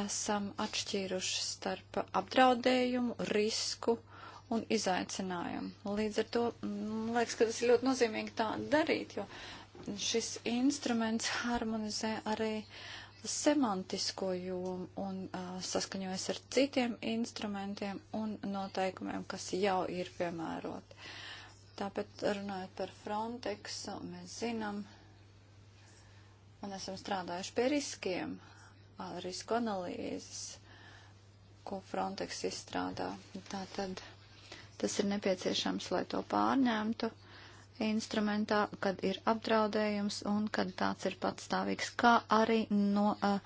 esam atšķīruši starp apdraudējumu, risku un izaicinājumu. Līdz ar to, mm, liekas, ka tas ir ļoti nozīmīgi tā darīt, jo šis instruments harmonizē arī uh, semantisko jomu un uh, saskaņojas ar citiem instrumentiem un noteikumiem, kas jau ir piemēroti. Tāpēc runājot par Frontex, mēs zinām un esam strādājuši pie riskiem, risku analīzes, ko Frontex izstrādā. Tātad tas ir nepieciešams, lai to pārņemtu instrumentā, kad ir apdraudējums un kad tāds ir patstāvīgs, kā arī no uh,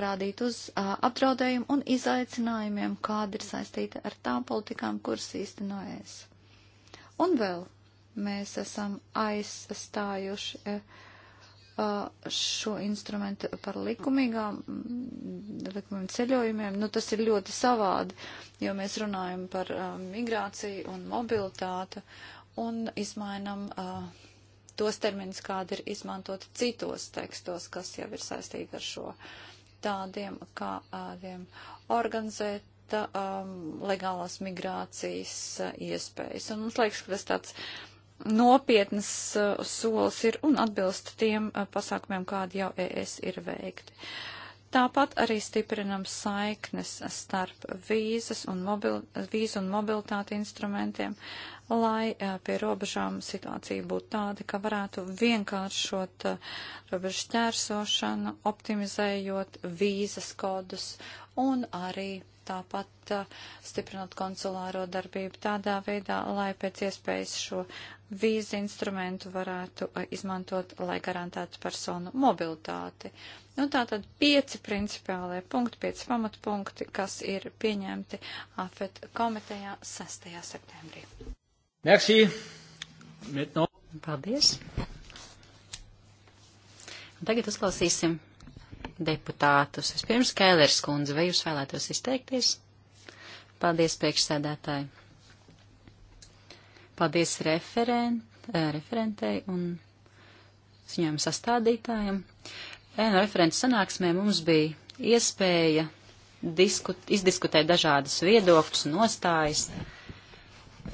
rādīt uz uh, apdraudējumu un izaicinājumiem, kāda ir saistīta ar tām politikām, kuras īstenojas. Un vēl mēs esam aizstājuši uh, šo instrumentu par likumīgām, likumiem ceļojumiem. Nu, tas ir ļoti savādi, jo mēs runājam par uh, migrāciju un mobilitātu, un izmainam uh, tos terminus, kādi ir izmantoti citos tekstos, kas jau ir saistīti ar šo tādiem kādiem organizēt um, legālās migrācijas uh, iespējas. Un mums liekas, ka tas tāds nopietnas uh, solis ir un atbilst tiem uh, pasākumiem, kādi jau ES ir veikti. Tāpat arī stiprinam saiknes starp vīzas un, mobil, vīzu un mobilitāti instrumentiem, lai pie robežām situācija būtu tāda, ka varētu vienkāršot robežu šķērsošanu, optimizējot vīzas kodus un arī tāpat stiprinot konsulāro darbību tādā veidā, lai pēc iespējas šo vīzu instrumentu varētu izmantot, lai garantētu personu mobilitāti. Nu, tātad pieci principiālie punkti, pieci pamatpunkti, kas ir pieņemti AFET komitejā 6. septembrī. Merci. Maintenant. Paldies. Un tagad uzklausīsim deputātus. Vispirms Kēlers kundze, vai jūs vēlētos izteikties? Paldies, priekšsēdētāji. Paldies referent, eh, referentei un ziņojuma sastādītājam. Ēnu eh, referents sanāksmē mums bija iespēja diskut, izdiskutēt dažādas viedokļus un nostājas. Uh,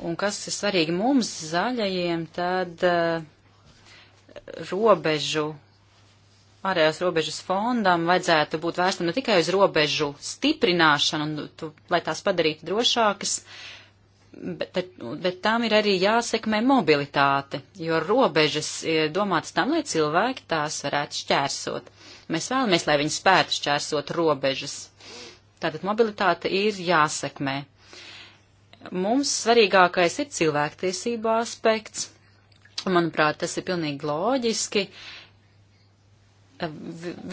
Un kas ir svarīgi mums, zaļajiem, tad uh, robežu, ārējās robežas fondam vajadzētu būt vērstam ne tikai uz robežu stiprināšanu, un, tu, lai tās padarītu drošākas, bet, bet tām ir arī jāsekmē mobilitāte, jo robežas ir domātas tam, lai cilvēki tās varētu šķērsot. Mēs vēlamies, lai viņi spētu šķērsot robežas. Tātad mobilitāte ir jāsekmē. Mums svarīgākais ir cilvēktiesība aspekts, un, manuprāt, tas ir pilnīgi loģiski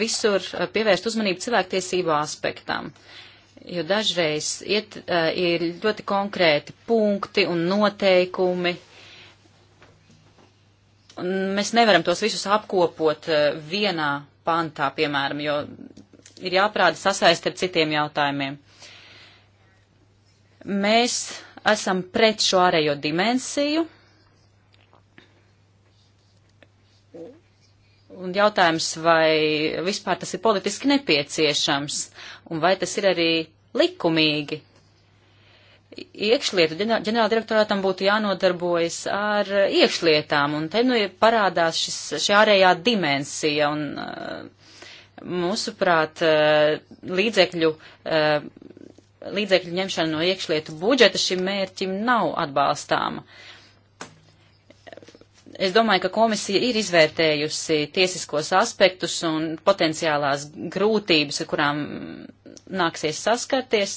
visur pievērst uzmanību cilvēktiesību aspektam. Jo dažreiz iet, ir ļoti konkrēti punkti un noteikumi, un mēs nevaram tos visus apkopot vienā pantā, piemēram, jo ir jāprāda sasaist ar citiem jautājumiem. Mēs esam pret šo ārējo dimensiju. Un jautājums, vai vispār tas ir politiski nepieciešams, un vai tas ir arī likumīgi. Iekšlietu ģenerāla direktorātam būtu jānodarbojas ar iekšlietām, un te nu parādās šis, šī ārējā dimensija, un uh, mūsuprāt, uh, līdzekļu uh, līdzekļu ņemšana no iekšlietu budžeta šim mērķim nav atbalstāma. Es domāju, ka komisija ir izvērtējusi tiesiskos aspektus un potenciālās grūtības, ar kurām nāksies saskarties.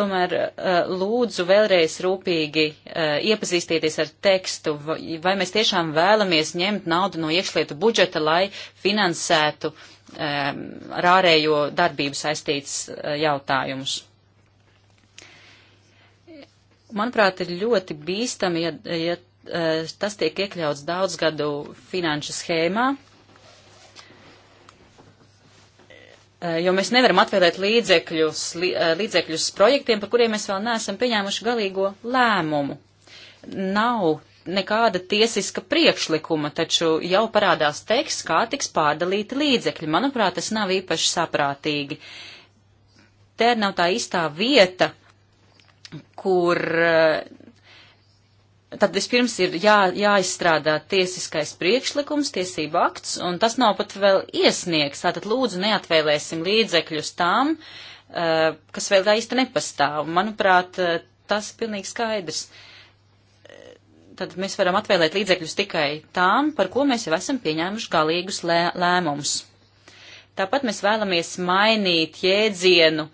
Tomēr eh, lūdzu vēlreiz rūpīgi eh, iepazīstieties ar tekstu, vai mēs tiešām vēlamies ņemt naudu no iekšlietu budžeta, lai finansētu uh, Um, ar ārējo darbību saistīts uh, jautājumus. Manuprāt, ir ļoti bīstami, ja, ja uh, tas tiek iekļauts daudzgadu finanšu schēmā, uh, jo mēs nevaram atvēlēt līdzekļus, līdzekļus projektiem, par kuriem mēs vēl neesam pieņēmuši galīgo lēmumu. Nav nekāda tiesiska priekšlikuma, taču jau parādās teksts, kā tiks pārdalīti līdzekļi. Manuprāt, tas nav īpaši saprātīgi. Te nav tā īstā vieta, kur eh, tad vispirms ir jā, jāizstrādā tiesiskais priekšlikums, tiesība akts, un tas nav pat vēl iesniegts. Tātad lūdzu neatvēlēsim līdzekļus tām, eh, kas vēl tā īsti nepastāv. Manuprāt, eh, tas ir pilnīgi skaidrs. Uh, tad mēs varam atvēlēt līdzekļus tikai tām, par ko mēs jau esam pieņēmuši galīgus lē, lēmumus. Tāpat mēs vēlamies mainīt jēdzienu,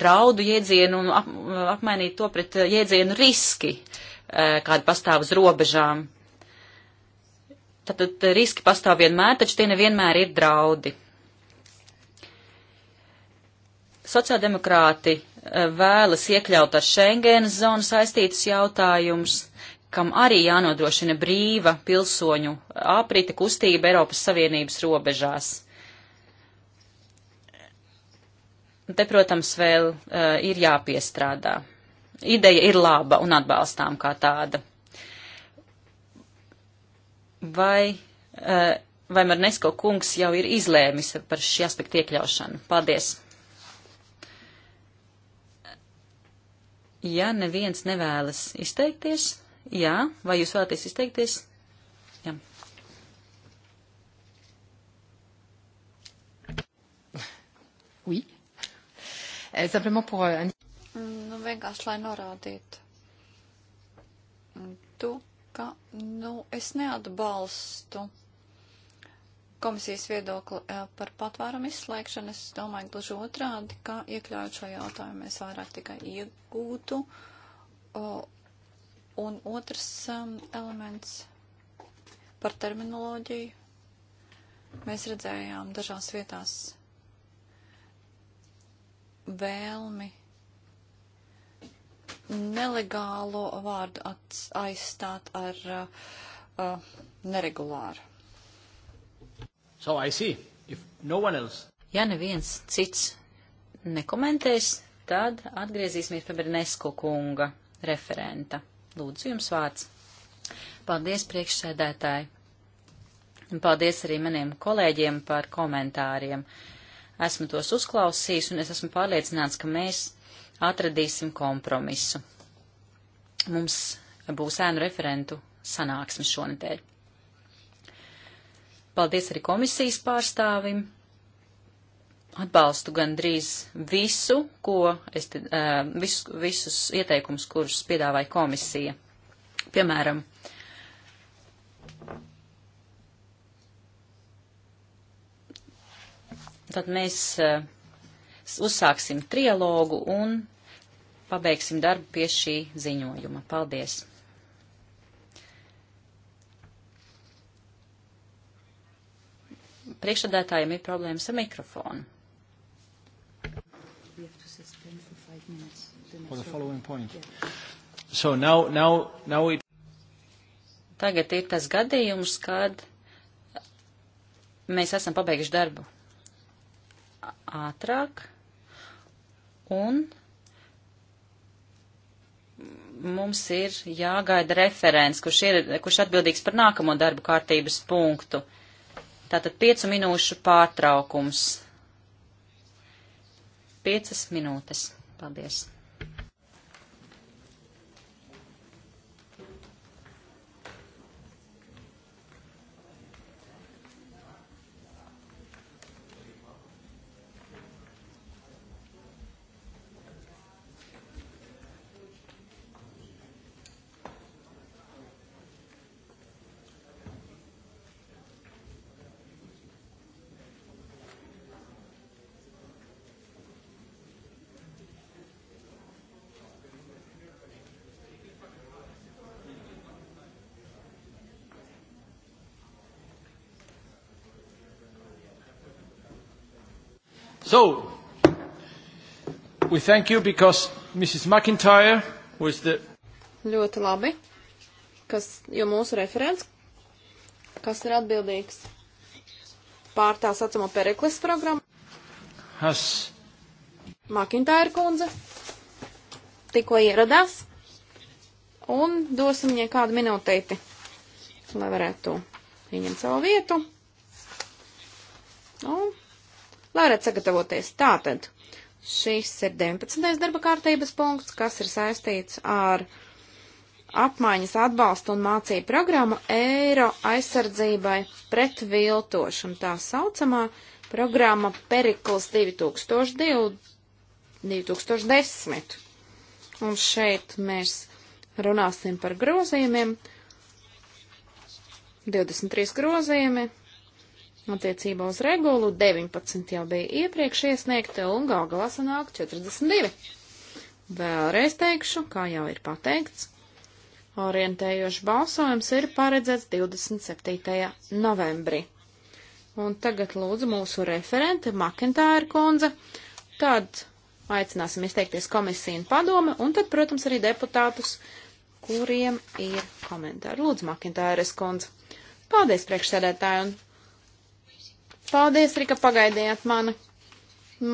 draudu jēdzienu un ap, apmainīt to pret jēdzienu riski, kāda pastāv uz robežām. Tātad riski pastāv vienmēr, taču tie nevienmēr ir draudi. Sociāldemokrāti vēlas iekļaut ar Schengenas zonu saistītus jautājumus, kam arī jānodrošina brīva pilsoņu aprite kustība Eiropas Savienības robežās. Te, protams, vēl uh, ir jāpiestrādā. Ideja ir laba un atbalstām kā tāda. Vai, uh, vai Marnesko kungs jau ir izlēmis par šī aspekta iekļaušanu? Paldies! Ja neviens nevēlas izteikties, jā, vai jūs vēlaties izteikties? Jā. Oui. Euh, simplement pour... Euh, nu, vienkārši, lai norādītu to, ka, nu, es neatbalstu komisijas viedokli eh, par patvērumu izslēgšanu. Es domāju, gluži otrādi, ka iekļaujot šo jautājumu mēs vairāk tikai iegūtu. Un otrs um, elements par terminoloģiju. Mēs redzējām dažās vietās vēlmi nelegālo vārdu aizstāt ar uh, uh neregulāru. So I see. If no one else. Ja neviens cits nekomentēs, tad atgriezīsimies pie Bernesko kunga referenta. Lūdzu, jums vārds. Paldies, priekšsēdētāji. Un paldies arī maniem kolēģiem par komentāriem. Esmu tos uzklausījis un es esmu pārliecināts, ka mēs atradīsim kompromisu. Mums būs ēnu referentu sanāksme šonedēļ. Paldies arī komisijas pārstāvim. Atbalstu gandrīz visu, ko es, te, eh, vis, visus ieteikumus, kurus piedāvāja komisija. Piemēram, tad mēs eh, uzsāksim trialogu un pabeigsim darbu pie šī ziņojuma. Paldies! priekšsēdētājiem ir problēmas ar mikrofonu. For the following point. So now, now, now it... Tagad ir tas gadījums, kad mēs esam pabeiguši darbu ātrāk un mums ir jāgaida referents, kurš, ir, kurš atbildīgs par nākamo darbu kārtības punktu. Tātad piecu minūšu pārtraukums. Piecas minūtes. Paldies. So, we thank you because Mrs. McIntyre was the. Ļoti labi. Kas, jo mūsu referents, kas ir atbildīgs pār tā saucamo Perekles programmu? Has. McIntyre kundze tikko ieradās un dosim viņai kādu minūteiti, lai varētu ieņemt savu vietu. Un lai varētu sagatavoties. Tātad šis ir 19. darba kārtības punkts, kas ir saistīts ar apmaiņas atbalstu un mācību programmu eiro aizsardzībai pret viltošanu. Tā saucamā programma Perikls 2002, 2010. Un šeit mēs runāsim par grozījumiem. 23 grozījumi, Attiecībā uz regulu 19 jau bija iepriekš iesniegta un gal galā sanāk 42. Vēlreiz teikšu, kā jau ir pateikts, orientējošs balsojums ir paredzēts 27. novembrī. Un tagad lūdzu mūsu referente Makentāra kundze, tad aicināsim izteikties komisiju un padome, un tad, protams, arī deputātus, kuriem ir komentāri. Lūdzu, Makentāres kundze. Paldies, priekšsēdētāji, un Paldies, Rika, pagaidījāt mani.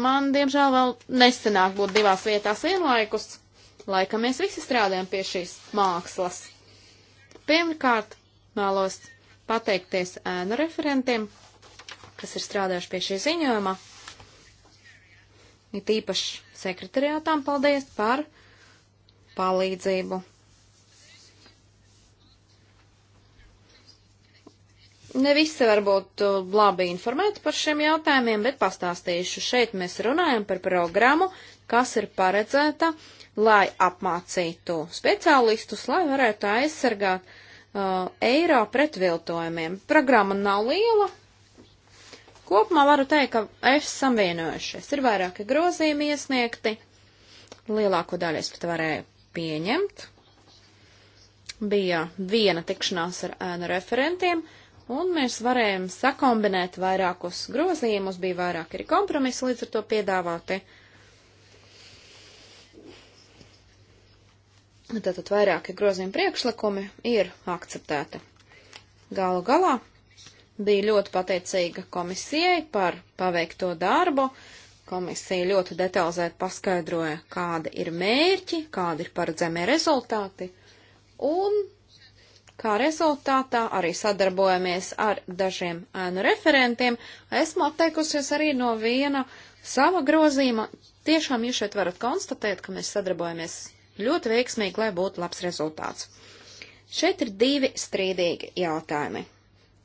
Man, diemžēl, vēl nesenāk būt divās vietās vienlaikus. Laikam mēs visi strādājam pie šīs mākslas. Pirmkārt, vēlos pateikties ēnu referentiem, kas ir strādājuši pie šī ziņojuma. Ir tīpaši sekretariātām paldies par palīdzību. Ne visi varbūt uh, labi informēti par šiem jautājumiem, bet pastāstīšu. Šeit mēs runājam par programmu, kas ir paredzēta, lai apmācītu speciālistus, lai varētu aizsargāt uh, eiro pret viltojumiem. Programma nav liela. Kopumā varu teikt, ka esam vienojušies. Ir vairāki grozījumi iesniegti. Lielāko daļu es pat varēju pieņemt. Bija viena tikšanās ar ēnu referentiem. Uh, un mēs varējām sakombinēt vairākus grozījumus, bija vairāk arī kompromisi līdz ar to piedāvāti. Tātad vairāki grozījumi priekšlikumi ir akceptēti. Galu galā bija ļoti pateicīga komisijai par paveikto darbu. Komisija ļoti detalizēti paskaidroja, kāda ir mērķi, kādi ir paredzēmie rezultāti, un Kā rezultātā arī sadarbojamies ar dažiem ēnu referentiem. Esmu atteikusies arī no viena sava grozījuma. Tiešām jūs šeit varat konstatēt, ka mēs sadarbojamies ļoti veiksmīgi, lai būtu labs rezultāts. Šeit ir divi strīdīgi jautājumi.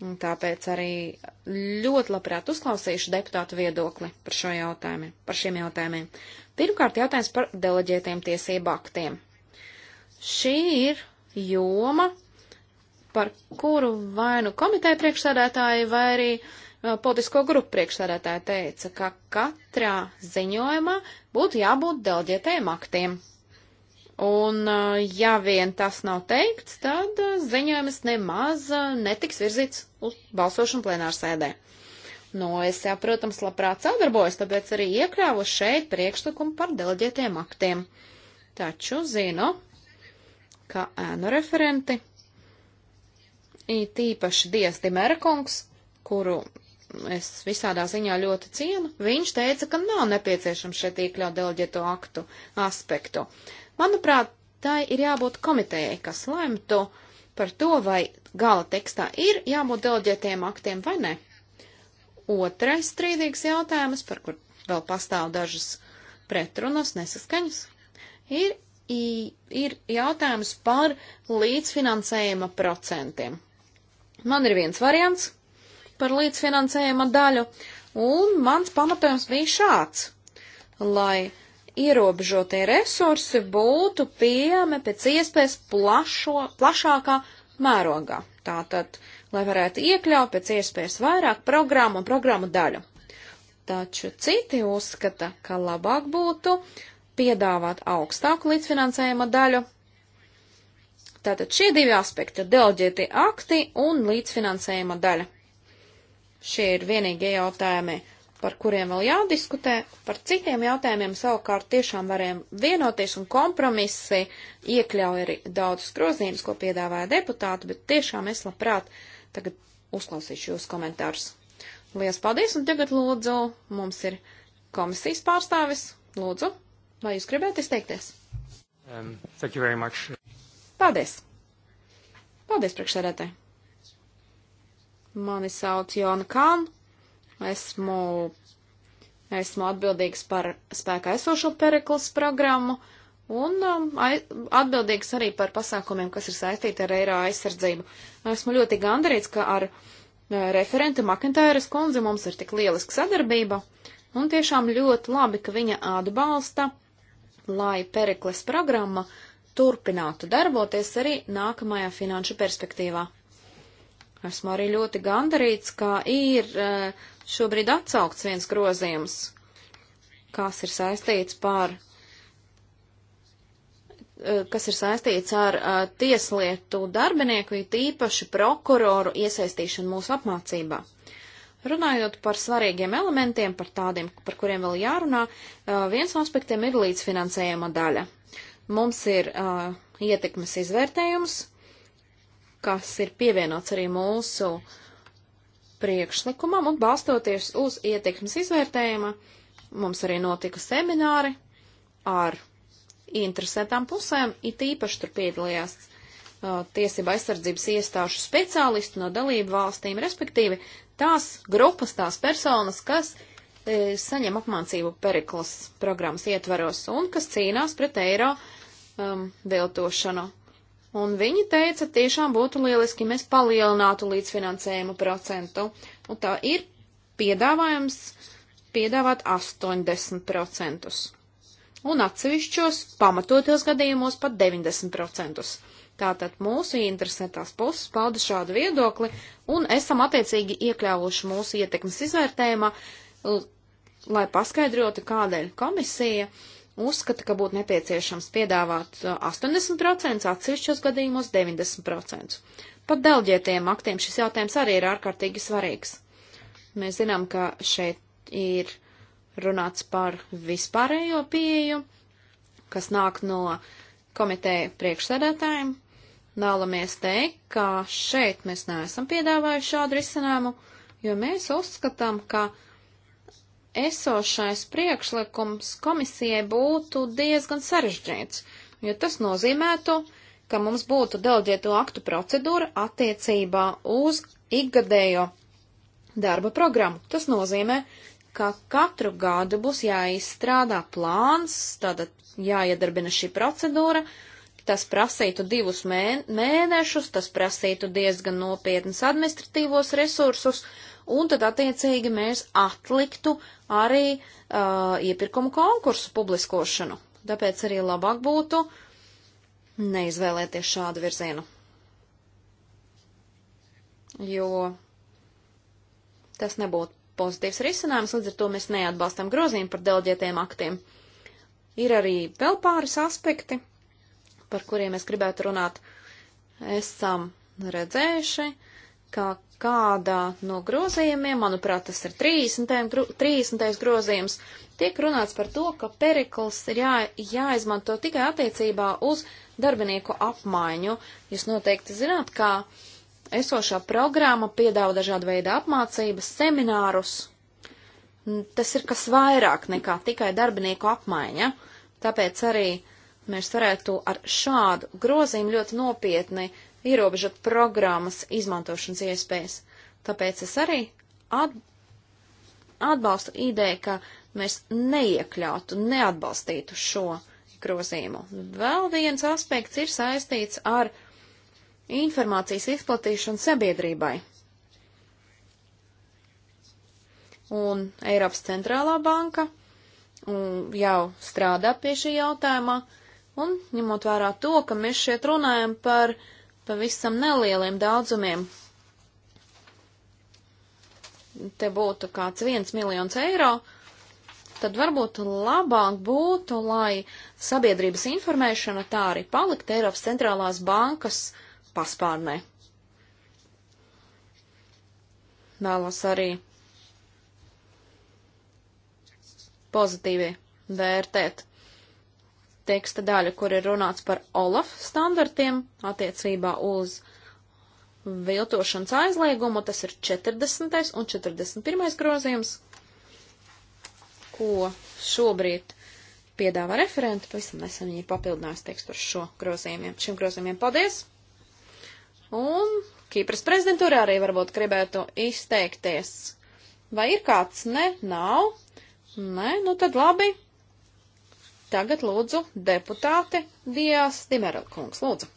Un tāpēc arī ļoti labprāt uzklausīšu deputātu viedokli par šo jautājumu, par šiem jautājumiem. Pirmkārt, jautājums par deleģētiem tiesību aktiem. Šī ir joma, par kuru vainu komiteja priekšsēdētāji vai arī uh, politisko grupu priekšsēdētāji teica, ka katrā ziņojumā būtu jābūt delģētējiem aktiem. Un, uh, ja vien tas nav teikts, tad uh, ziņojums nemaz uh, netiks virzīts uz balsošanu plenārsēdē. Nu, es, jā, protams, labprāt sadarbojos, tāpēc arī iekļāvu šeit priekšlikumu par delģētiem aktiem. Taču zinu, ka ēnu referenti It īpaši Dievs Dimerakungs, kuru es visādā ziņā ļoti cienu, viņš teica, ka nav nepieciešams šeit iekļaut deleģēto aktu aspektu. Manuprāt, tai ir jābūt komitejai, kas lemtu par to, vai gala tekstā ir jābūt deleģētiem aktiem vai ne. Otrais strīdīgs jautājums, par kur vēl pastāv dažas pretrunas, nesaskaņas, ir, ir jautājums par līdzfinansējuma procentiem. Man ir viens variants par līdzfinansējuma daļu, un mans pamatojums bija šāds, lai ierobežotie resursi būtu pieejami pēc iespējas plašo, plašākā mērogā. Tātad, lai varētu iekļaut pēc iespējas vairāk programmu un programmu daļu. Taču citi uzskata, ka labāk būtu piedāvāt augstāku līdzfinansējuma daļu Tātad šie divi aspekti ir delģēti akti un līdzfinansējuma daļa. Šie ir vienīgie jautājumi, par kuriem vēl jādiskutē. Par citiem jautājumiem savukārt tiešām varējām vienoties un kompromisi iekļauj arī daudzus grozījumus, ko piedāvāja deputāti, bet tiešām es labprāt tagad uzklausīšu jūs komentārus. Lielas paldies, un tagad lūdzu, mums ir komisijas pārstāvis. Lūdzu, vai jūs gribētu izteikties? Um, thank you very much. Paldies! Paldies, priekšsēdētāji! Mani sauc Jona Kalna. Esmu, esmu atbildīgs par spēkā esošo Perikls programmu un um, atbildīgs arī par pasākumiem, kas ir saistīti ar eiro aizsardzību. Esmu ļoti gandarīts, ka ar eh, referente Makintēras kundzi mums ir tik lieliska sadarbība, un tiešām ļoti labi, ka viņa atbalsta, lai Perikles programma turpinātu darboties arī nākamajā finanšu perspektīvā. Esmu arī ļoti gandarīts, ka ir eh, šobrīd atsaukts viens grozījums, kas ir saistīts par eh, kas ir saistīts ar uh, tieslietu darbinieku, it īpaši prokuroru iesaistīšanu mūsu apmācībā. Runājot par svarīgiem elementiem, par tādiem, par kuriem vēl jārunā, uh, viens no aspektiem ir līdzfinansējuma daļa. Mums ir uh, ietekmes izvērtējums, kas ir pievienots arī mūsu priekšlikumam, un balstoties uz ietekmes izvērtējuma, mums arī notika semināri ar interesētām pusēm, it īpaši tur piedalījās uh, tiesība aizsardzības iestāžu speciālisti no dalību valstīm, respektīvi tās grupas, tās personas, kas E, saņem apmācību Periklas programmas ietvaros un kas cīnās pret eiro um, viltošanu. Un viņi teica, tiešām būtu lieliski, ja mēs palielinātu līdzfinansējumu procentu. Un tā ir piedāvājums piedāvāt 80%. Un atsevišķos pamatotos gadījumos pat 90%. Tātad mūsu interesētās puses pauda šādu viedokli un esam attiecīgi iekļāvuši mūsu ietekmes izvērtējumā lai paskaidrotu, kādēļ komisija uzskata, ka būtu nepieciešams piedāvāt 80%, uh, atsevišķos gadījumos 90%. Pat delģētiem aktiem šis jautājums arī ir ārkārtīgi svarīgs. Mēs zinām, ka šeit ir runāts par vispārējo pieeju, kas nāk no komiteja priekšsēdētājiem. Nālamies teikt, ka šeit mēs neesam piedāvājuši šādu risinājumu, jo mēs uzskatām, ka uh, esošais priekšlikums komisijai būtu diezgan sarežģīts, jo tas nozīmētu, ka mums būtu delģieto aktu procedūra attiecībā uz ikgadējo darba programmu. Tas nozīmē, ka katru gadu būs jāizstrādā plāns, tātad jāiedarbina šī procedūra, Tas prasītu divus mēnešus, tas prasītu diezgan nopietnas administratīvos resursus, un tad attiecīgi mēs atliktu arī uh, iepirkumu konkursu publiskošanu. Tāpēc arī labāk būtu neizvēlēties šādu virzienu. Jo tas nebūtu pozitīvs risinājums, līdz ar to mēs neatbalstam grozījumu par delģētiem aktiem. Ir arī vēl pāris aspekti, par kuriem es gribētu runāt. Esam redzējuši, ka kādā no grozījumiem, manuprāt, tas ir 30. Gro, 30. grozījums, tiek runāts par to, ka perikls ir jā, jāizmanto tikai attiecībā uz darbinieku apmaiņu. Jūs noteikti zināt, kā esošā programma piedāva dažādu veidu apmācības, seminārus. Tas ir kas vairāk nekā tikai darbinieku apmaiņa, tāpēc arī mēs varētu ar šādu grozījumu ļoti nopietni uh, ierobežot programmas izmantošanas iespējas. Tāpēc es arī atbalstu ideju, ka mēs neiekļautu, neatbalstītu šo grozījumu. Vēl viens aspekts ir saistīts ar informācijas izplatīšanu sabiedrībai. Un Eiropas centrālā banka jau strādā pie šī jautājuma, un ņemot vērā to, ka mēs šeit runājam par uh, pavisam nelieliem daudzumiem. Te būtu kāds viens miljons eiro, tad varbūt labāk būtu, lai sabiedrības informēšana tā arī palikt Eiropas centrālās bankas paspārnē. Vēlos arī pozitīvi vērtēt teksta daļa, kur ir runāts par OLAF standartiem attiecībā uz viltošanas aizliegumu, tas ir 40. un 41. grozījums, ko šobrīd piedāvā referenti, pavisam nesen viņi papildinās tekstu ar šo grozījumiem. Šiem grozījumiem paldies! Un Kīpras prezidentūra arī varbūt gribētu izteikties. Vai ir kāds? Ne, nav. Nē, nu tad labi. Tagad lūdzu deputāte Dijas Dimerot kungs, lūdzu.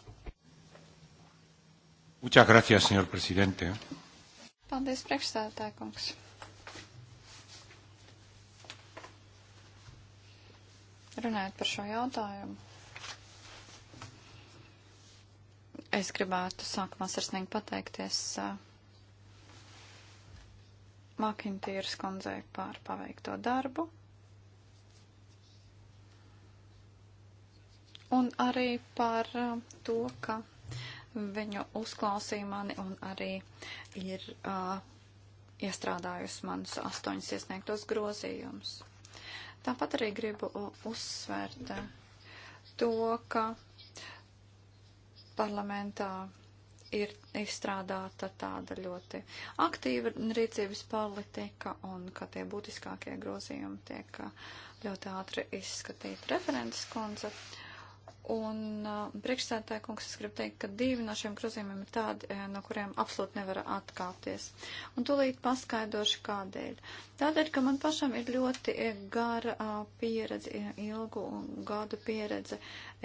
Muchas gracias, señor presidente. Paldies, priekšstādātāja kungs. Runājot par šo jautājumu, es gribētu sākumā sirsnīgi pateikties uh, Makintīras kundzei par paveikto darbu. un arī par uh, to, ka viņu uzklausīja mani un arī ir uh, iestrādājusi manus astoņus iesniegtos grozījumus. Tāpat arī gribu uh, uzsvērt uh, to, ka parlamentā ir izstrādāta tāda ļoti aktīva rīcības politika un ka tie būtiskākie grozījumi tiek ļoti ātri izskatīti referents koncepts Un uh, priekšsēdētāji kungs, es gribu teikt, ka divi no šiem grozījumiem ir tādi, no kuriem absolūti nevar atkāpties. Un tūlīt paskaidrošu kādēļ. Tādēļ, ka man pašam ir ļoti gara uh, pieredze, ilgu gadu pieredze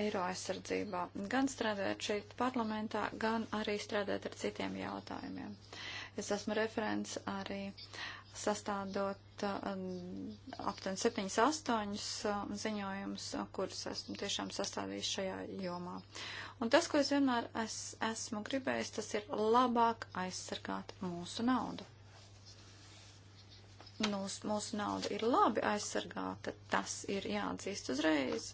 eiro aizsardzībā. Gan strādājot šeit parlamentā, gan arī strādājot ar citiem jautājumiem. Es esmu referents arī. Uh, sastādot eh, aptuveni 7-8 eh, ziņojumus, eh, kurus esmu tiešām sastādījis šajā jomā. Un tas, ko es vienmēr es, esmu gribējis, tas ir labāk aizsargāt mūsu naudu. Mūs, mūsu nauda ir labi aizsargāta, tas ir jāatzīst uzreiz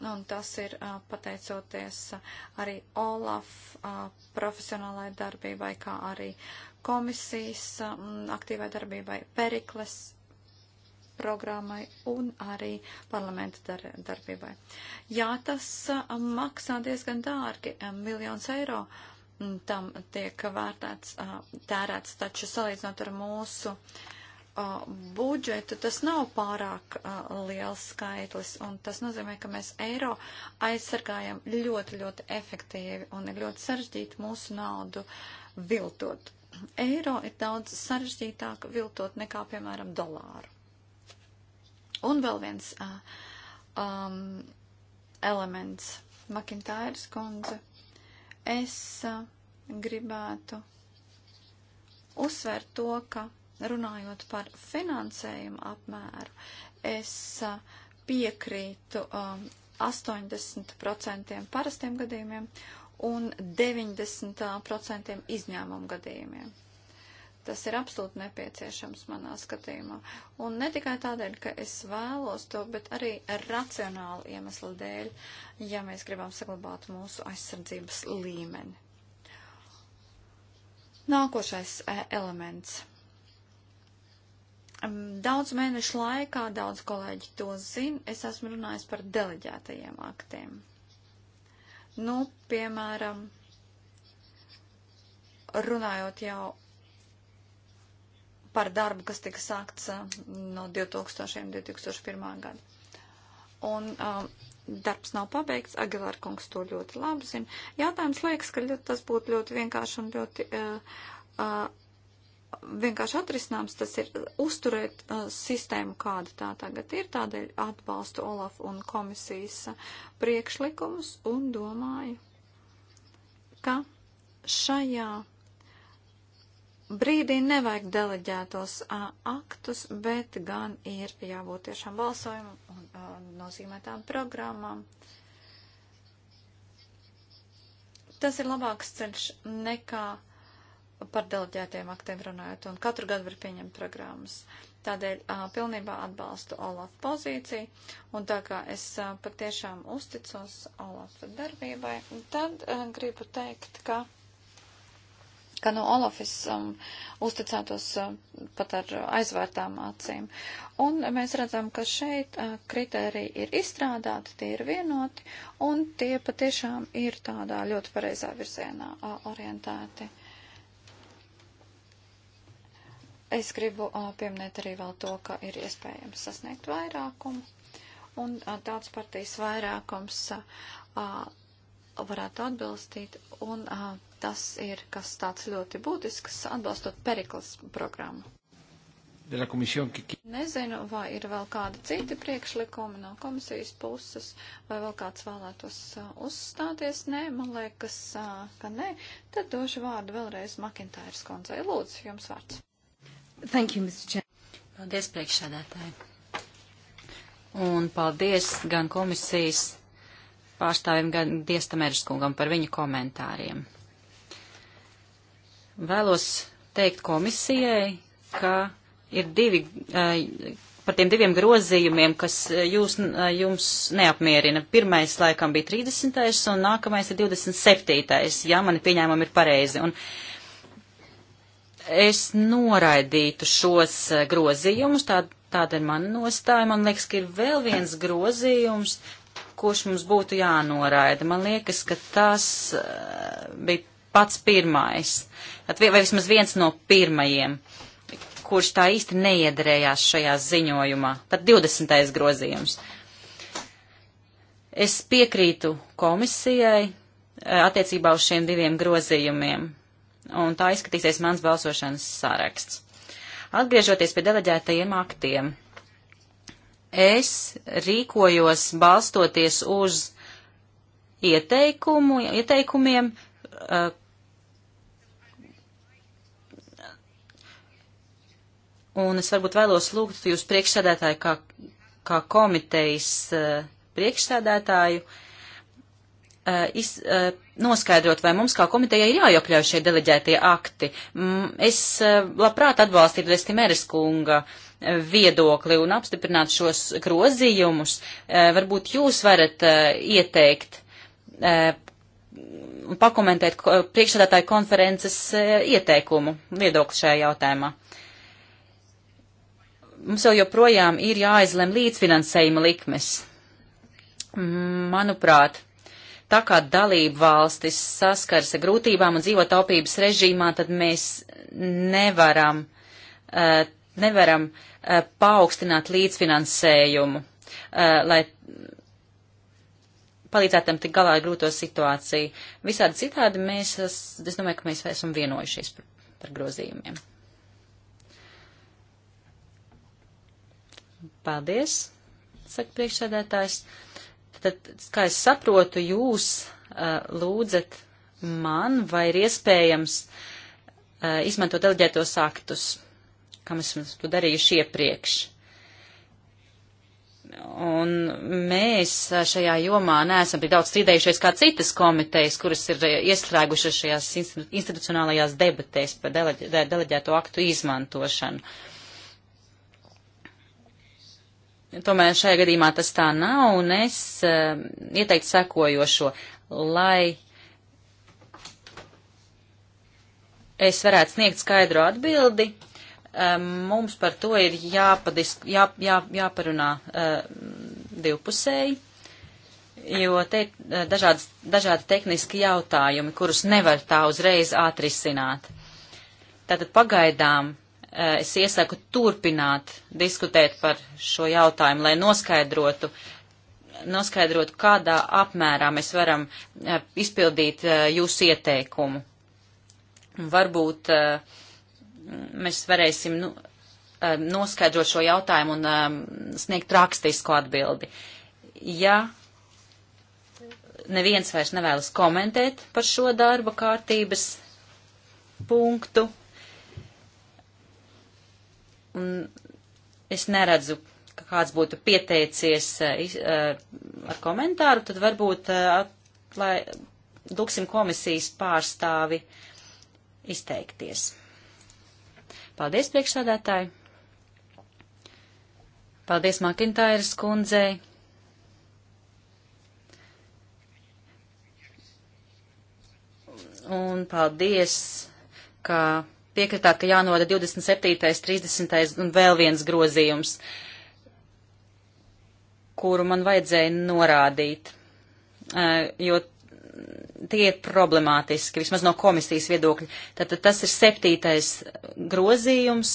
un tas ir pateicoties arī Olaf profesionālai darbībai, kā arī komisijas um, aktīvai darbībai, Perikles programmai un arī parlamenta dar darbībai. Jā, tas um, maksā diezgan dārgi, um, miljons eiro tam tiek vērtēts, uh, tērēts, taču salīdzinot ar mūsu uh, budžetu, tas nav pārāk uh, liels skaitlis, un tas nozīmē, ka mēs eiro aizsargājam ļoti, ļoti efektīvi, un ir ļoti sarežģīti mūsu naudu viltot. Eiro ir daudz sarežģītāk viltot nekā, piemēram, dolāru. Un vēl viens uh, um, elements. Makintājas kundze, es uh, gribētu uzsvērt to, ka runājot par finansējumu apmēru, es uh, piekrītu um, 80% parastiem gadījumiem un 90% izņēmumu gadījumiem. Tas ir absolūti nepieciešams manā skatījumā. Un ne tikai tādēļ, ka es vēlos to, bet arī racionālu iemeslu dēļ, ja mēs gribam saglabāt mūsu aizsardzības līmeni. Nākošais e, elements. Mm, daudz mēnešu laikā, daudz kolēģi to zina, es esmu runājis par deleģētajiem aktiem. Nu, piemēram, runājot jau par darbu, kas tika sākts uh, no 2000. 2001. gada. Un um, darbs nav pabeigts, Agilāra kungs to ļoti labi zina. Jautājums liekas, ka ļoti, tas būtu ļoti vienkārši un ļoti uh, uh, vienkārši atrisināms, tas ir uzturēt uh, sistēmu, kāda tā tagad ir. Tādēļ atbalstu Olaf un komisijas uh, priekšlikumus un domāju, ka šajā brīdī nevajag deleģētos uh, aktus, bet gan ir jābūt tiešām balsojumam un uh, nozīmētām programmām. Tas ir labāks ceļš nekā par deleģētiem aktiem runājot, un katru gadu var pieņemt programmas. Tādēļ a, pilnībā atbalstu Olaf pozīciju, un tā kā es a, patiešām uzticos Olafa darbībai, tad a, gribu teikt, ka, ka no Olafa es um, uzticētos a, pat ar aizvērtām acīm. Un mēs redzam, ka šeit a, kriteriji ir izstrādāti, tie ir vienoti, un tie patiešām ir tādā ļoti pareizā virzienā a, orientēti. Es gribu pieminēt arī vēl to, ka ir iespējams sasniegt vairākumu, un tāds partijas vairākums varētu atbilstīt, un tas ir kas tāds ļoti būtisks, atbalstot Periklas programmu. Nezinu, vai ir vēl kādi citi priekšlikumi no komisijas puses, vai vēl kāds vēlētos uzstāties. Nē, man liekas, ka nē. Tad došu vārdu vēlreiz Makintājas kundzei. Lūdzu, jums vārds. Thank you, Mr. Chair. Paldies, priekšsēdētāji. Un paldies gan komisijas pārstāvim, gan Diestamērs kungam par viņu komentāriem. Vēlos teikt komisijai, ka ir divi, eh, par tiem diviem grozījumiem, kas eh, jūs, eh, jums neapmierina. Pirmais laikam bija 30. un nākamais ir 27. ja mani pieņēmumi ir pareizi. Un es noraidītu šos eh, grozījumus, tā, tāda ir mana nostāja. Man liekas, ka ir vēl viens grozījums, kurš mums būtu jānoraida. Man liekas, ka tas eh, bija pats pirmais, vai vismaz viens no pirmajiem, kurš tā īsti neiederējās šajā ziņojumā. Tad 20. grozījums. Es piekrītu komisijai eh, attiecībā uz šiem diviem grozījumiem un tā izskatīsies mans balsošanas saraksts. Atgriežoties pie deleģētajiem aktiem, es rīkojos balstoties uz ieteikumu, ieteikumiem, uh, un es varbūt vēlos lūgt jūs priekšsēdētāju kā, kā komitejas uh, priekšsēdētāju uh, iz, uh, noskaidrot, vai mums kā komitejai ir jāiekļauj šie deleģētie akti. Mm, es eh, labprāt atbalstītu Destimeres kunga eh, viedokli un apstiprināt šos grozījumus. Eh, varbūt jūs varat ieteikt un pakomentēt priekšsēdētāju konferences ieteikumu viedokli šajā jautājumā. Mums jau joprojām ir jāizlem līdzfinansējuma likmes. Manuprāt, Tā kā dalību valstis saskars ar grūtībām un dzīvo taupības režīmā, tad mēs nevaram, uh, nevaram uh, paaugstināt līdzfinansējumu, uh, lai palīdzētu tam tik galā ar grūto situāciju. Visādi citādi mēs, es domāju, ka mēs esam vienojušies par, par grozījumiem. Paldies, saka priekšsēdētājs. Tad, kā es saprotu, jūs uh, lūdzat man, vai ir iespējams uh, izmantot deleģētos aktus, kam es to darījuši iepriekš. Un mēs uh, šajā jomā neesam tik daudz strīdējušies kā citas komitejas, kuras ir uh, iestrēgušas šajās institucionālajās debatēs par deleģēto aktu izmantošanu. Uh, Tomēr šajā gadījumā tas tā nav, un es uh, ieteiktu sekojošo, lai es varētu sniegt skaidru atbildi. Um, mums par to ir jāpadisk, jā, jā, jāparunā uh, divpusēji, jo te ir dažādas, dažādi tehniski jautājumi, kurus nevar tā uzreiz atrisināt. Tātad pagaidām Eh, es iesaku turpināt diskutēt par šo jautājumu, lai noskaidrotu, noskaidrotu kādā apmērā mēs varam eh, izpildīt eh, jūsu ieteikumu. Varbūt mēs varēsim nu, noskaidrot šo jautājumu un sniegt rakstisku atbildi. Ja neviens vairs nevēlas komentēt par šo darba kārtības punktu, Un es neredzu, ka kāds būtu pieteicies eh, eh, ar komentāru, tad varbūt eh, lai lūksim komisijas pārstāvi izteikties. Paldies, priekšsādātāji! Paldies Makintājas kundzei! Un paldies, ka piekritāt, ka jānoda 27., 30. un vēl viens grozījums, kuru man vajadzēja norādīt, jo tie ir problemātiski, vismaz no komisijas viedokļa. Tātad tas ir septītais grozījums,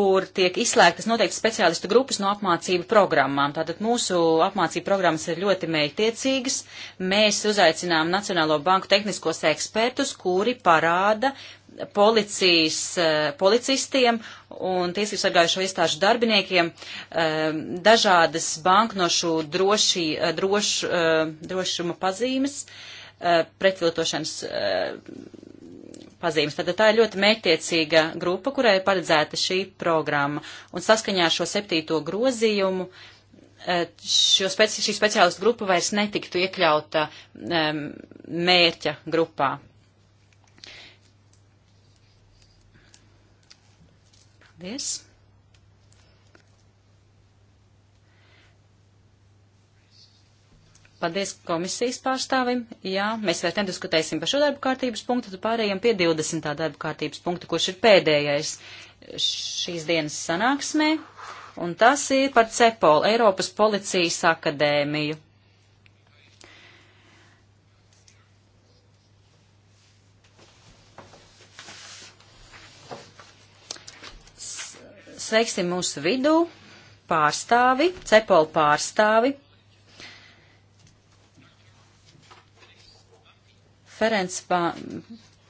kur tiek izslēgtas noteikti speciālistu grupas no apmācību programmām. Tātad mūsu apmācību programmas ir ļoti mērķtiecīgas. Mēs uzaicinām Nacionālo banku tehniskos ekspertus, kuri parāda policijas, eh, policistiem un tiesības sargājušo iestāžu darbiniekiem eh, dažādas banknošu droši, eh, droš, drošuma pazīmes pretviltošanas pazīmes. Tad tā ir ļoti mērķtiecīga grupa, kurai ir paredzēta šī programma. Un saskaņā ar šo septīto grozījumu eh, šo speci šī speciālistu grupa vairs netiktu iekļauta um, mērķa grupā. Paldies! Paldies komisijas pārstāvim. Jā, mēs vairs nediskutēsim par šo darbu kārtības punktu, tad pārējiem pie 20. darbu kārtības punktu, kurš ir pēdējais šīs dienas sanāksmē, un tas ir par CEPOL, Eiropas policijas akadēmiju. Sveiksim mūsu vidū pārstāvi, CEPOL pārstāvi, Ferenc Ban,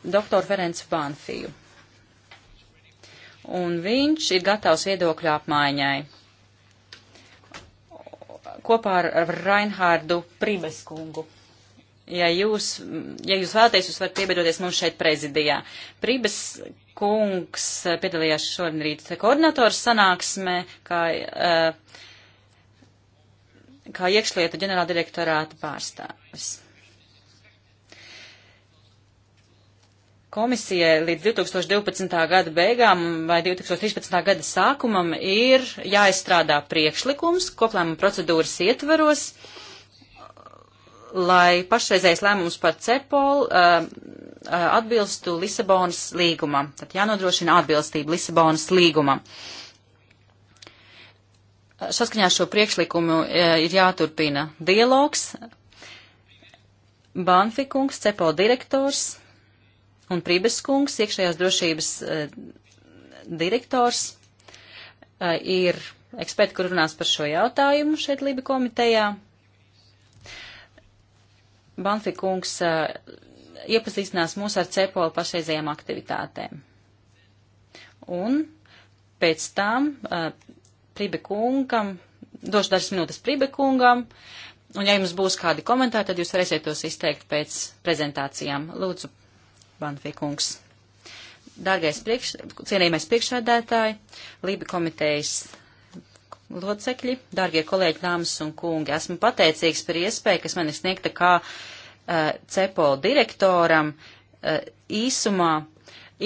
doktoru Ferenc Banfiju. Un viņš ir gatavs viedokļu apmaiņai kopā ar Reinhārdu Pribeskungu. Ja jūs, ja jūs vēlaties, jūs varat piebiedroties mums šeit prezidijā. Pribes kungs eh, piedalījās šodien rīt koordinatoru sanāksmē, kā, eh, kā iekšlietu ģenerāldirektorāta pārstāvis. Komisijai līdz 2012. gada beigām vai 2013. gada sākumam ir jāizstrādā priekšlikums koplēmuma procedūras ietvaros, lai pašreizējais lēmums par CEPOL uh, uh, atbilstu Lisabonas līgumam. Tad jānodrošina atbilstība Lisabonas līgumam. Saskaņā ar šo priekšlikumu uh, ir jāturpina dialogs. Banfikungs, CEPOL direktors, un Prības kungs, iekšējās drošības eh, direktors, eh, ir eksperti, kur runās par šo jautājumu šeit Lība komitejā. Banfi kungs eh, iepazīstinās mūs ar CEPOL pašreizējām aktivitātēm. Un pēc tam Pribe kungam, došu dažas minūtes Pribe kungam, un ja jums būs kādi komentāri, tad jūs varēsiet tos izteikt pēc prezentācijām. Lūdzu, Banfikungs. Dārgais priekš, cienījamais priekšsēdētāji, Lība komitejas locekļi, dārgie kolēģi, dāmas un kungi, esmu pateicīgs par iespēju, kas man ir sniegta kā uh, eh, CEPO direktoram uh, īsumā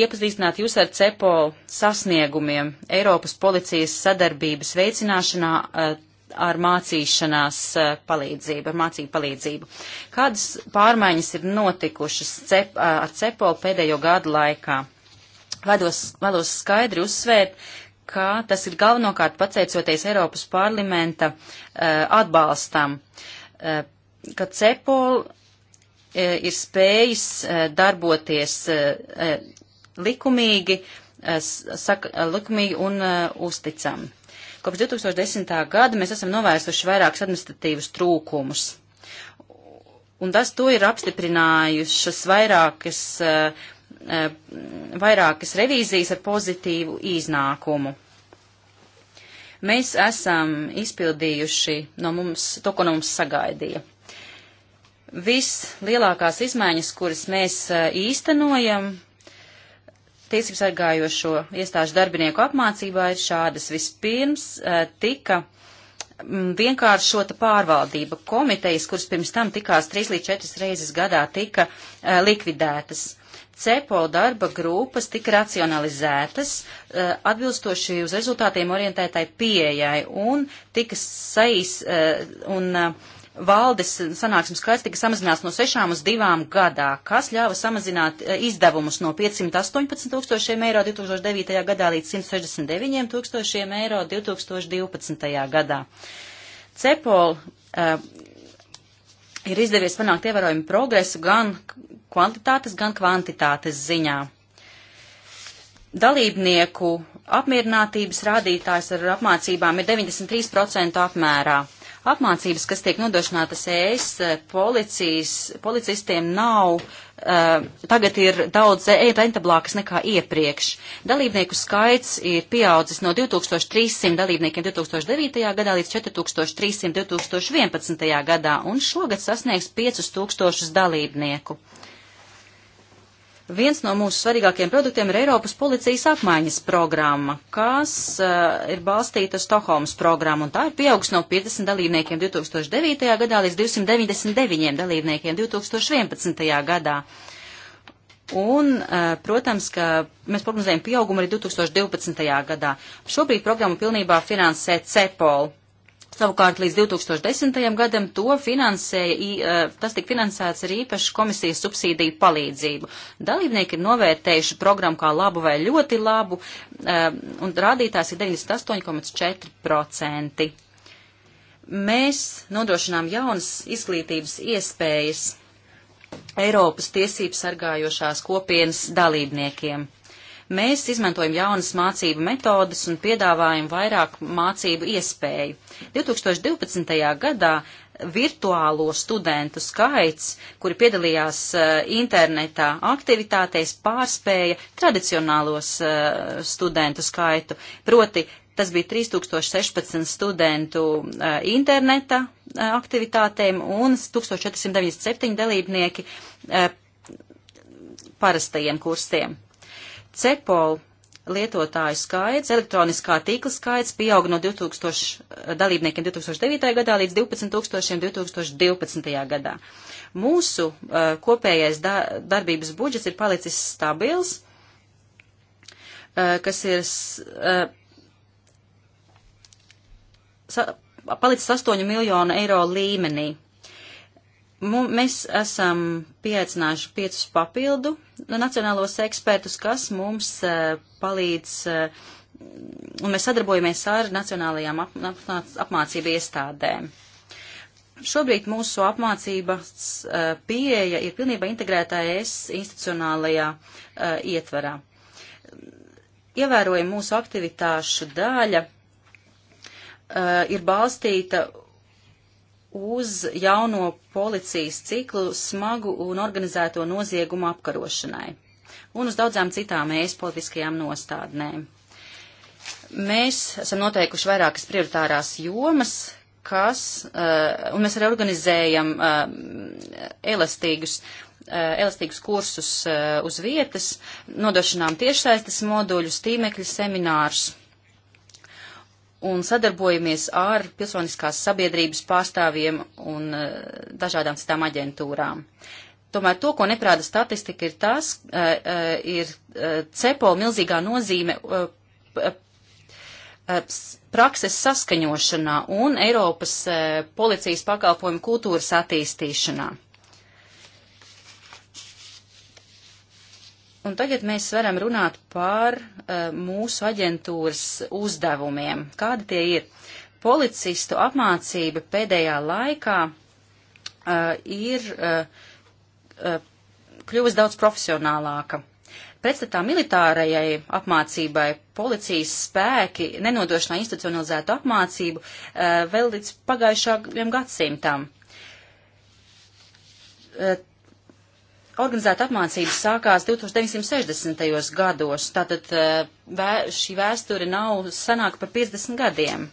iepazīstināt jūs ar CEPO sasniegumiem Eiropas policijas sadarbības veicināšanā uh, ar mācīšanās eh, palīdzību, ar mācību palīdzību. Kādas pārmaiņas ir notikušas cep, ar CEPO pēdējo gadu laikā? Vēlos, vēlos skaidri uzsvērt, ka tas ir galvenokārt pateicoties Eiropas parlamenta eh, atbalstam, eh, ka CEPOL ir spējis darboties likumīgi, saka, likumīgi un uzticami. Kopš 2010. gada mēs esam novērsuši vairākus administratīvus trūkumus. Un tas to ir apstiprinājušas vairākas, eh, eh, vairākas revīzijas ar pozitīvu iznākumu. Mēs esam izpildījuši no mums to, ko no mums sagaidīja vislielākās izmaiņas, kuras mēs eh, īstenojam, tiesību sargājošo iestāžu darbinieku apmācībā ir šādas. Vispirms eh, tika mm, vienkāršota pārvaldība komitejas, kuras pirms tam tikās 3 līdz 4 reizes gadā, tika eh, likvidētas. CEPO darba grupas tika racionalizētas eh, atbilstoši uz rezultātiem orientētai pieejai un tika sais un uh, valdes sanāksmes skaits tika samazināts no 6 uz 2 gadā, kas ļāva samazināt eh, izdevumus no 518 tūkstošiem eiro 2009. gadā līdz 169 tūkstošiem eiro 2012. gadā. Cepol uh, ir izdevies panākt ievērojumu progresu gan kvantitātes, gan kvantitātes ziņā. Dalībnieku apmierinātības rādītājs ar apmācībām ir 93% apmērā. Apmācības, kas tiek nodrošinātas ES eh, policijas, policistiem nav, uh, tagad ir daudz e, rentablākas nekā iepriekš. Dalībnieku skaits ir pieaudzis no 2300 dalībniekiem 2009. gadā līdz 4300 2011. gadā un šogad sasniegs 5000 dalībnieku. Viens no mūsu svarīgākajiem produktiem ir Eiropas policijas apmaiņas programma, kas uh, ir balstīta Stokholmas programmu, un tā ir pieaugs no 50 dalībniekiem 2009. gadā līdz 299 dalībniekiem 2011. gadā. Un, uh, protams, ka mēs prognozējam pieaugumu arī 2012. gadā. Šobrīd programmu pilnībā finansē CEPOL. Savukārt līdz 2010. gadam to finansēja, e, tas tika finansēts ar īpašu komisijas subsīdiju palīdzību. Dalībnieki ir novērtējuši programmu kā labu vai ļoti labu, e, un rādītājs ir 98,4%. Mēs nodrošinām jaunas izglītības iespējas Eiropas tiesības sargājošās kopienas dalībniekiem. Mēs izmantojam jaunas mācību metodas un piedāvājam vairāk mācību iespēju. 2012. gadā virtuālo studentu skaits, kuri piedalījās uh, internetā aktivitātēs, pārspēja tradicionālos uh, studentu skaitu. Proti, tas bija 3016 studentu uh, interneta aktivitātēm un 1497 dalībnieki parastajiem kursiem. CEPOL lietotāju skaits, elektroniskā tīkla skaits pieauga no 2000 eh, dalībniekiem 2009. gadā līdz 12 tūkstošiem 2012. gadā. Mūsu uh, kopējais da darbības budžets ir palicis stabils, uh, kas ir uh, palicis 8 miljonu eiro līmenī. Mums, mēs esam pieaicinājuši piecus papildu nacionālos ekspertus, kas mums uh, palīdz, uh, un mēs sadarbojamies ar nacionālajām ap, ap, apmācību iestādēm. Šobrīd mūsu apmācības uh, pieeja ir pilnībā integrētā es institucionālajā ietvarā. Ievērojama mūsu aktivitāšu daļa ir balstīta uz jauno policijas ciklu smagu un organizēto noziegumu apkarošanai un uz daudzām citām mēs politiskajām nostādnēm. Mēs esam noteikuši vairākas prioritārās jomas, kas, uh, un mēs arī organizējam uh, elastīgus, uh, elastīgus kursus uh, uz vietas, nodošanām tiešsaistes moduļus, tīmekļu seminārus un sadarbojamies ar pilsoniskās sabiedrības pārstāvjiem un eh, dažādām citām aģentūrām. Tomēr to, ko neprāda statistika, ir tas, eh, eh, ir cepo milzīgā nozīme prakses saskaņošanā un Eiropas policijas pakalpojumu kultūras attīstīšanā. Un tagad mēs varam runāt par uh, mūsu aģentūras uzdevumiem. Kādi tie ir? Policistu apmācība pēdējā laikā uh, ir uh, uh, kļuvusi daudz profesionālāka. Pretstatā militārajai apmācībai policijas spēki nenodrošināja institucionalizētu apmācību uh, vēl līdz pagājušajam gadsimtam. Uh, organizēta apmācība sākās 1960. gados, tātad eh, vē, šī vēsture nav sanāka par 50 gadiem.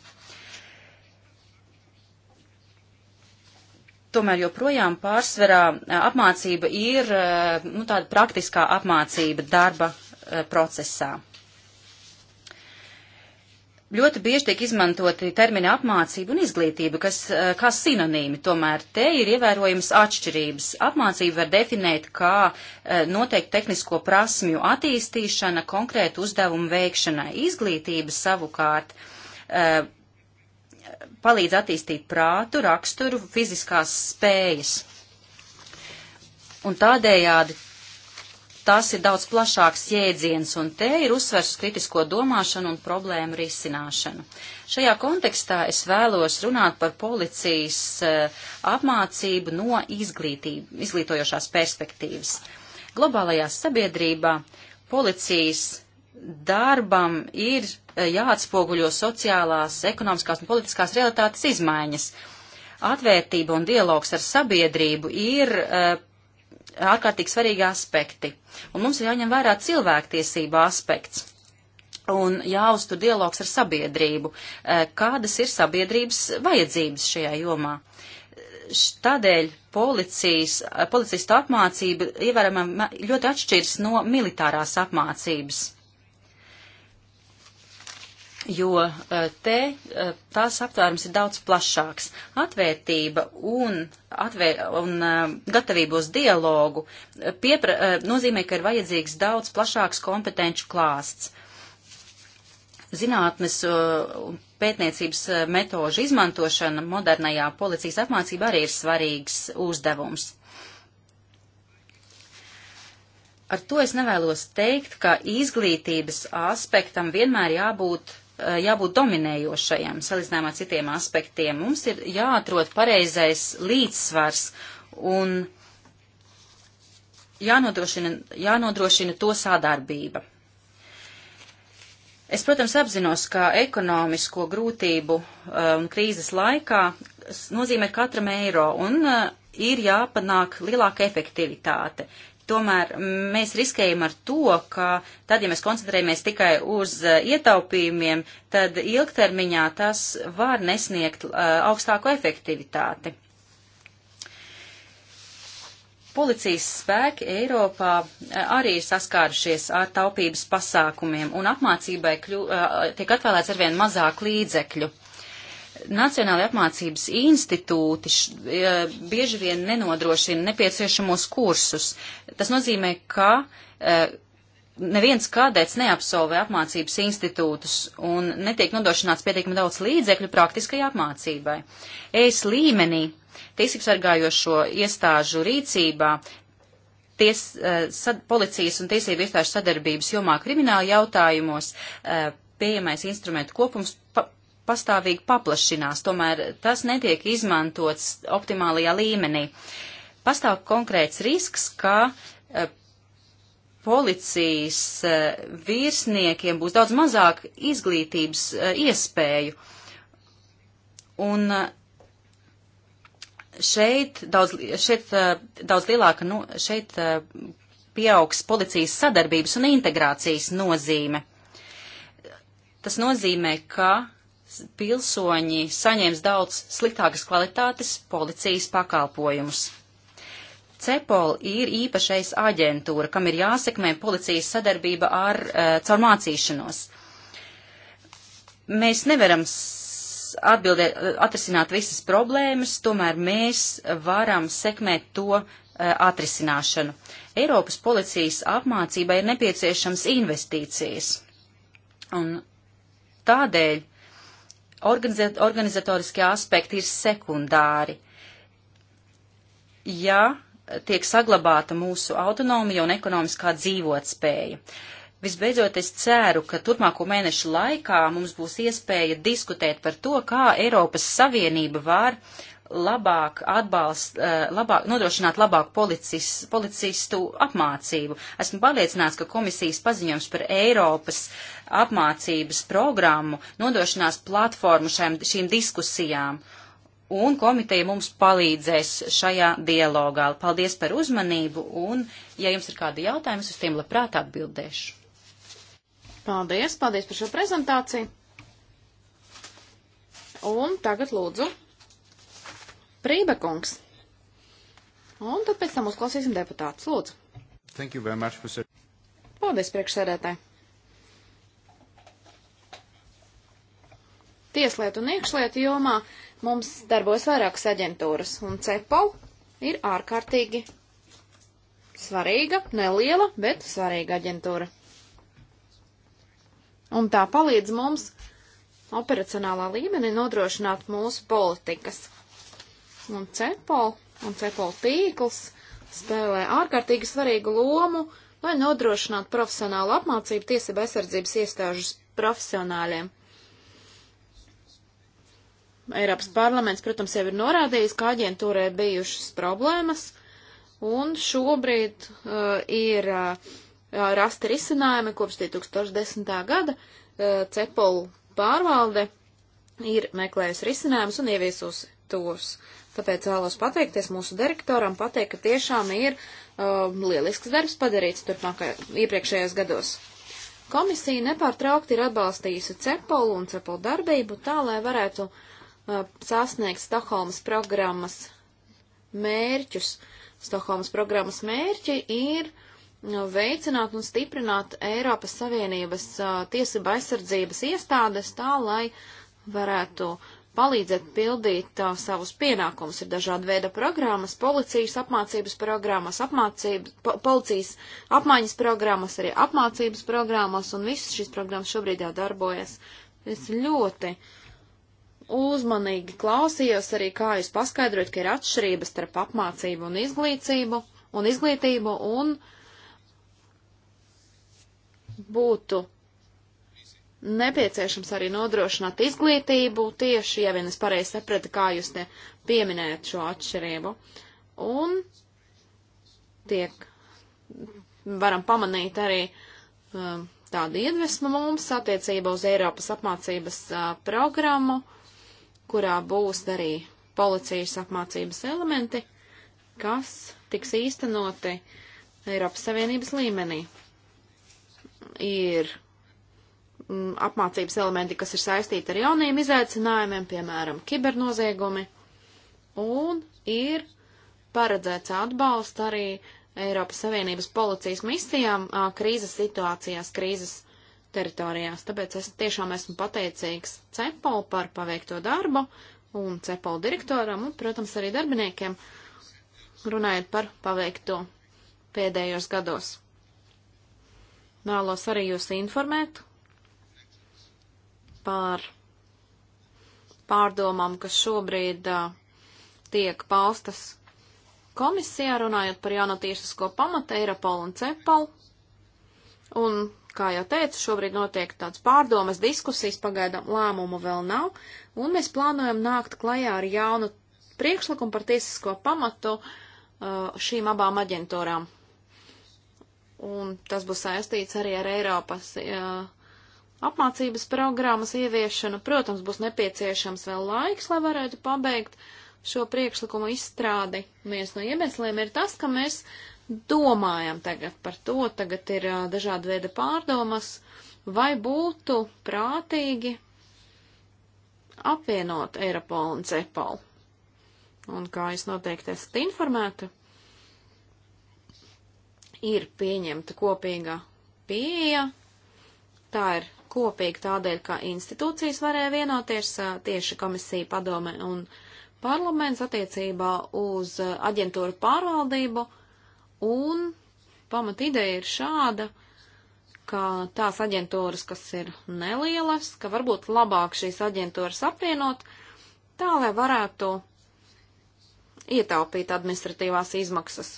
Tomēr joprojām pārsvarā eh, apmācība ir eh, nu, tāda praktiskā apmācība darba procesā ļoti bieži tiek izmantoti termini apmācība un izglītība, kas eh, kā sinonīmi, tomēr te ir ievērojams atšķirības. Apmācību var definēt kā eh, noteikti tehnisko prasmju attīstīšana konkrētu uzdevumu veikšanai. Izglītība savukārt eh, palīdz attīstīt prātu, raksturu, fiziskās spējas. Un tādējādi tas ir daudz plašāks jēdziens, un te ir uzsvers kritisko domāšanu un problēmu risināšanu. Šajā kontekstā es vēlos runāt par policijas eh, apmācību no izglītojošās perspektīvas. Globālajā sabiedrībā policijas darbam ir eh, jāatspoguļo sociālās, ekonomiskās un politiskās realitātes izmaiņas. Atvērtība un dialogs ar sabiedrību ir eh, ārkārtīgi svarīgi aspekti. Un mums ir jāņem vērā cilvēktiesība aspekts. Un jāuztur dialogs ar sabiedrību. E, kādas ir sabiedrības vajadzības šajā jomā? Tādēļ policijas, e, policijas apmācība ievērojami ļoti atšķiras no militārās apmācības jo eh, te eh, tās aptvērums ir daudz plašāks. Atvērtība un, atvēr, un eh, gatavība uz dialogu piepra, nozīmē, ka ir vajadzīgs daudz plašāks kompetenču klāsts. Zinātnes un pētniecības metožu izmantošana modernajā policijas apmācībā arī ir svarīgs uzdevums. Ar to es nevēlos teikt, ka izglītības aspektam vienmēr jābūt Eh, jābūt dominējošajam salīdzinājumā citiem aspektiem. Mums ir jāatrod pareizais līdzsvars un jānodrošina, jānodrošina to sādarbība. Es, protams, apzinos, ka ekonomisko grūtību eh, un um, krīzes laikā nozīmē katram eiro un uh, ir jāpanāk lielāka efektivitāte. Tomēr mēs riskējam ar to, ka tad, ja mēs koncentrējamies tikai uz eh, ietaupījumiem, tad ilgtermiņā tas var nesniegt uh, eh, augstāku efektivitāti. Policijas spēki Eiropā eh, arī ir saskārušies ar taupības pasākumiem, un apmācībai kļu, tiek atvēlēts arvien mazāk līdzekļu. Nacionālajā apmācības institūti š, e, bieži vien nenodrošina nepieciešamos kursus. Tas nozīmē, ka e, neviens kādēļ neapsolvē apmācības institūtus un netiek nodrošināts pietiekami daudz līdzekļu praktiskajai apmācībai. Es līmenī tiesībsargājošo iestāžu rīcībā ties, e, sad, policijas un tiesību iestāžu sadarbības jomā krimināla jautājumos pieejamais instrumentu kopums pa, pastāvīgi paplašinās, tomēr tas netiek izmantots optimālajā līmenī. Pastāv konkrēts risks, ka eh, policijas eh, virsniekiem būs daudz mazāk izglītības eh, iespēju. Un šeit daudz, šeit daudz lielāka, nu, šeit pieaugs policijas sadarbības un integrācijas nozīme. Tas nozīmē, ka pilsoņi saņems daudz sliktākas kvalitātes policijas pakalpojumus. CEPOL ir īpašais aģentūra, kam ir jāsekmē policijas sadarbība ar uh, eh, caur mācīšanos. Mēs nevaram atbildēt, eh, atrisināt visas problēmas, tomēr mēs varam sekmēt to uh, atrisināšanu. Eiropas policijas apmācībai ir nepieciešams investīcijas. Un tādēļ organizatoriskie aspekti ir sekundāri. Ja tiek saglabāta mūsu autonomija un ekonomiskā dzīvotspēja. Visbeidzot, es ceru, ka turpmāko mēnešu laikā mums būs iespēja diskutēt par to, kā Eiropas Savienība var uh, labāk atbalst, eh, labāk, nodrošināt labāku policis, policistu apmācību. Esmu pārliecināts, ka komisijas paziņojums par Eiropas apmācības programmu nodrošinās platformu šajām, šīm diskusijām. Un komiteja mums palīdzēs šajā dialogā. Paldies par uzmanību un, ja jums ir kādi jautājumi, es uz tiem labprāt atbildēšu. Paldies, paldies par šo prezentāciju. Un tagad lūdzu Prībekungs. Un tad pēc tam uzklausīsim deputātus. Lūdzu. Thank you very much for... Paldies, priekšsēdētāji. Tieslietu un iekšlietu jomā mums darbojas vairākas aģentūras, un CEPOL ir ārkārtīgi svarīga, neliela, bet svarīga aģentūra. Un tā palīdz mums operacionālā līmenī nodrošināt mūsu politikas un CEPOL un CEPOL tīkls spēlē ārkārtīgi svarīgu lomu, lai nodrošinātu profesionālu apmācību tiesība aizsardzības iestāžu profesionāļiem. Eiropas parlaments, protams, jau ir norādījis, ka aģentūrē bijušas problēmas, un šobrīd uh, ir uh, rasti risinājumi kopš 2010. gada uh, CEPOL pārvalde ir meklējusi risinājumus un ieviesusi gatavs. Tāpēc vēlos pateikties mūsu direktoram, pateikt, ka tiešām ir uh, lielisks darbs padarīts turpmākajā iepriekšējos gados. Komisija nepārtraukti ir atbalstījusi CEPOL un CEPOL darbību tā, lai varētu uh, sasniegt Stokholmas programmas mērķus. Stokholmas programmas mērķi ir uh, veicināt un stiprināt Eiropas Savienības uh, tiesība aizsardzības iestādes tā, lai varētu uh, palīdzēt pildīt tā, savus pienākumus. Ir dažāda veida programmas, policijas apmācības programmas, apmācības, po, policijas apmaiņas programmas, arī apmācības programmas, un visas šīs programmas šobrīd jau darbojas. Es ļoti uzmanīgi klausījos arī, kā jūs paskaidrojat, ka ir atšķirības starp apmācību un izglītību, un izglītību, un būtu nepieciešams arī nodrošināt izglītību, tieši, ja vien es pareizi sapratu, kā jūs te pieminējat šo atšķirību. Un tiek, varam pamanīt arī um, tādu iedvesmu mums attiecībā uz Eiropas apmācības uh, programmu, kurā būs arī policijas apmācības elementi, kas tiks īstenoti Eiropas Savienības līmenī. Ir Mm, apmācības elementi, kas ir saistīti ar jauniem izaicinājumiem, piemēram, kibernoziegumi, un ir paredzēts atbalsts arī Eiropas Savienības policijas misijām krīzes situācijās, krīzes teritorijās. Tāpēc es tiešām esmu pateicīgs CEPOL par paveikto darbu un CEPOL direktoram un, protams, arī darbiniekiem runājot par paveikto pēdējos gados. Nālos arī jūs informētu, par pārdomām, kas šobrīd uh, tiek paustas komisijā, runājot par jaunatīsisko pamatu Eiropolu un Cepalu. Un, kā jau teicu, šobrīd notiek tāds pārdomas diskusijas, pagaidām lēmumu vēl nav, un mēs plānojam nākt klajā ar jaunu priekšlikumu par tiesisko pamatu uh, šīm abām aģentūrām. Un tas būs saistīts arī ar Eiropas uh, apmācības programmas ieviešanu. Protams, būs nepieciešams vēl laiks, lai varētu pabeigt šo priekšlikumu izstrādi. Viens no iemesliem ir tas, ka mēs domājam tagad par to, tagad ir uh, dažāda veida pārdomas, vai būtu prātīgi apvienot Eiropolu un Cepalu. Un kā jūs noteikti esat informēti, ir pieņemta kopīga pieeja, tā ir kopīgi tādēļ, ka institūcijas varēja vienoties tieši komisija padome un parlaments attiecībā uz aģentūru pārvaldību, un pamat ideja ir šāda, ka tās aģentūras, kas ir nelielas, ka varbūt labāk šīs aģentūras apvienot, tā lai varētu ietaupīt administratīvās izmaksas.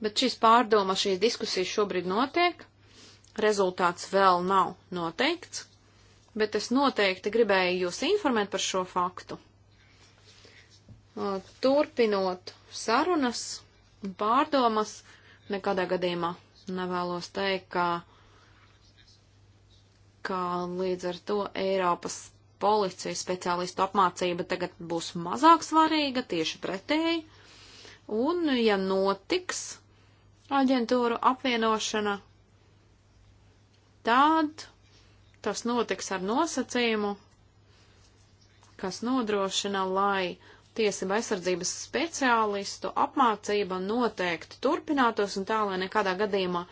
Bet šīs pārdomas, šīs diskusijas šobrīd notiek, Rezultāts vēl nav noteikts, bet es noteikti gribēju jūs informēt par šo faktu. Turpinot sarunas un pārdomas, nekādā gadījumā nevēlos teikt, ka, ka līdz ar to Eiropas policijas speciālistu apmācība tagad būs mazāk svarīga, tieši pretēji. Un, ja notiks aģentūru apvienošana, tad tas notiks ar nosacījumu, kas nodrošina, lai tiesība aizsardzības speciālistu apmācība noteikti turpinātos un tā, lai nekādā gadījumā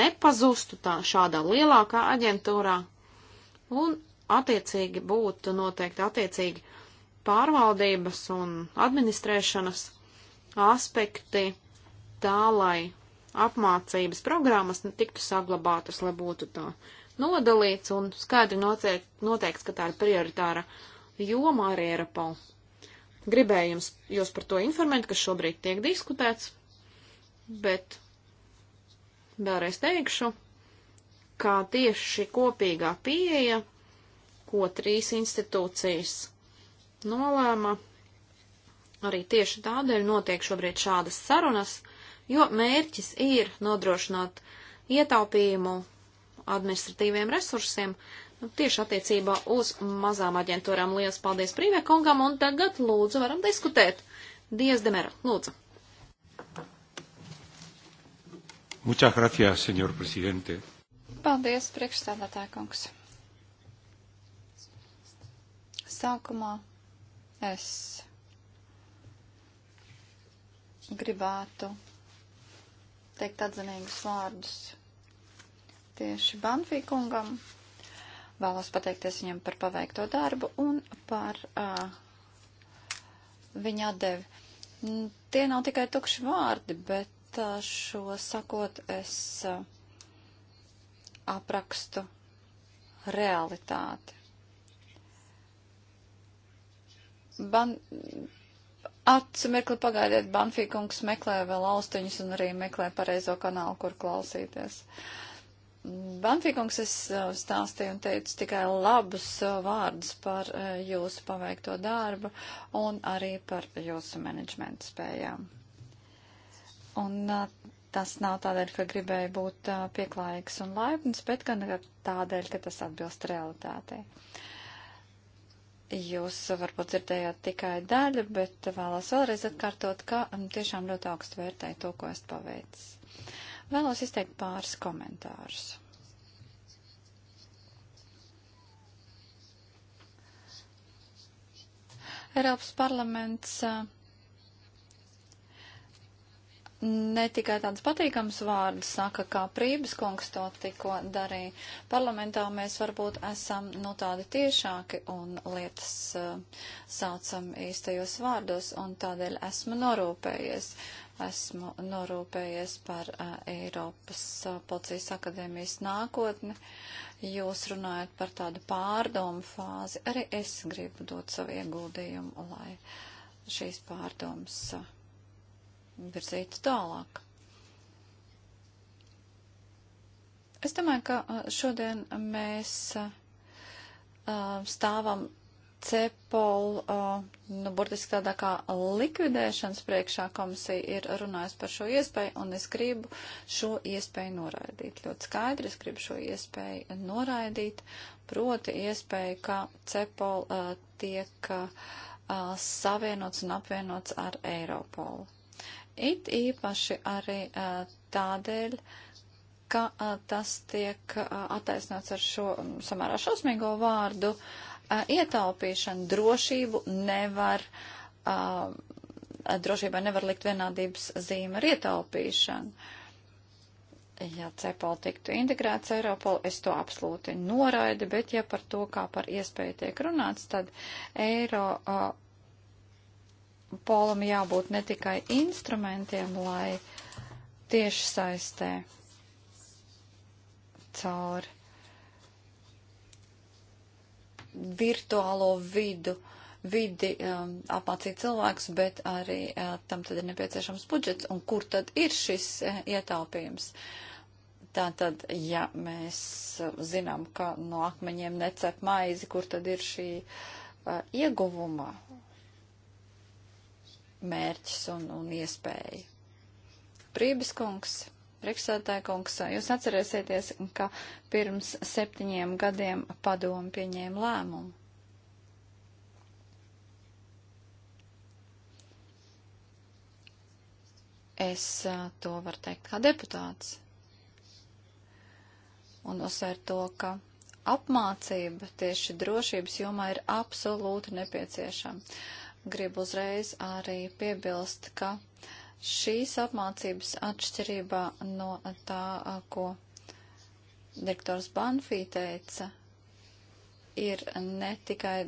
nepazustu tā šādā lielākā aģentūrā un attiecīgi būtu noteikti attiecīgi pārvaldības un administrēšanas aspekti tā, lai apmācības programmas tiktu saglabātas, lai būtu tā nodalīts un skaidri noteikts, noteikts ka tā ir prioritāra joma arī Eiropol. Gribēju jums, jūs par to informēt, kas šobrīd tiek diskutēts, bet vēlreiz teikšu, kā tieši šī kopīgā pieeja, ko trīs institūcijas nolēma, arī tieši tādēļ notiek šobrīd šādas sarunas – jo mērķis ir nodrošināt ietaupījumu administratīviem resursiem nu, tieši attiecībā uz mazām aģentūrām. Lielas paldies Prīvē kungam, un tagad lūdzu varam diskutēt. Diez demera, lūdzu. Muchas gracias, señor presidente. Paldies, priekšstādātāja kungs. Sākumā es gribētu teikt atzinīgus vārdus tieši Banfī kungam. Vēlos pateikties viņam par paveikto darbu un par uh, viņa atdevi. Tie nav tikai tukši vārdi, bet uh, šo sakot es uh, aprakstu realitāti. Ban Atsimekli pagaidiet, Banfīkungs meklē vēl austiņus un arī meklē pareizo kanālu, kur klausīties. Banfīkungs es eh, stāstīju un teicu tikai labus eh, vārdus par eh, jūsu paveikto darbu un arī par jūsu menedžmenta spējām. Un tas nav tādēļ, ka gribēju būt pieklājīgs un laipns, bet gan tādēļ, ka tas atbilst realitātei. Uh, Jūs varbūt dzirdējāt tikai daļu, bet vēlos vēlreiz atkārtot, ka um, tiešām ļoti augstu vērtēju to, ko esat paveicis. Vēlos izteikt pāris komentārus. Eiropas parlaments uh, ne tikai tāds patīkams vārds saka, kā Prības kungs to tikko darīja. Parlamentā mēs varbūt esam nu no tādi tiešāki un lietas uh, saucam īstajos vārdos, un tādēļ esmu norūpējies. Esmu norūpējies par uh, Eiropas uh, policijas akadēmijas nākotni. Jūs runājat par tādu pārdomu fāzi. Arī es gribu dot savu ieguldījumu, lai šīs pārdomas. Uh, virzītu tālāk. Es domāju, ka šodien mēs stāvam CEPOL, nu, burtiski tādā kā likvidēšanas priekšā komisija ir runājusi par šo iespēju, un es gribu šo iespēju noraidīt. Ļoti skaidri es gribu šo iespēju noraidīt, proti iespēju, ka CEPOL tiek savienots un apvienots ar Eiropolu. It īpaši arī tādēļ, ka tas tiek attaisnots ar šo samērā šausmīgo vārdu ietaupīšanu, drošību nevar drošībai nevar likt vienādības zīme ar ietaupīšanu. Ja CEPOL tiktu integrēts Eiropol, es to absolūti noraidu, bet ja par to, kā par iespēju tiek runāts, tad Eiro polam jābūt ne tikai instrumentiem, lai tieši saistē caur virtuālo vidu, vidi um, apmācīt cilvēks, bet arī uh, tam tad ir nepieciešams budžets. Un kur tad ir šis uh, ietaupījums? Tātad, ja mēs uh, zinām, ka no akmeņiem necep maizi, kur tad ir šī uh, ieguvuma mērķis un, un iespēja. Prības kungs, priekšsēdētāja kungs, jūs atcerēsieties, ka pirms septiņiem gadiem padomu pieņēma lēmumu. Es to varu teikt kā deputāts. Un uzsver to, ka apmācība tieši drošības jomā ir absolūti nepieciešama. Gribu uzreiz arī piebilst, ka šīs apmācības atšķirībā no tā, ko direktors Banfī teica, ir ne tikai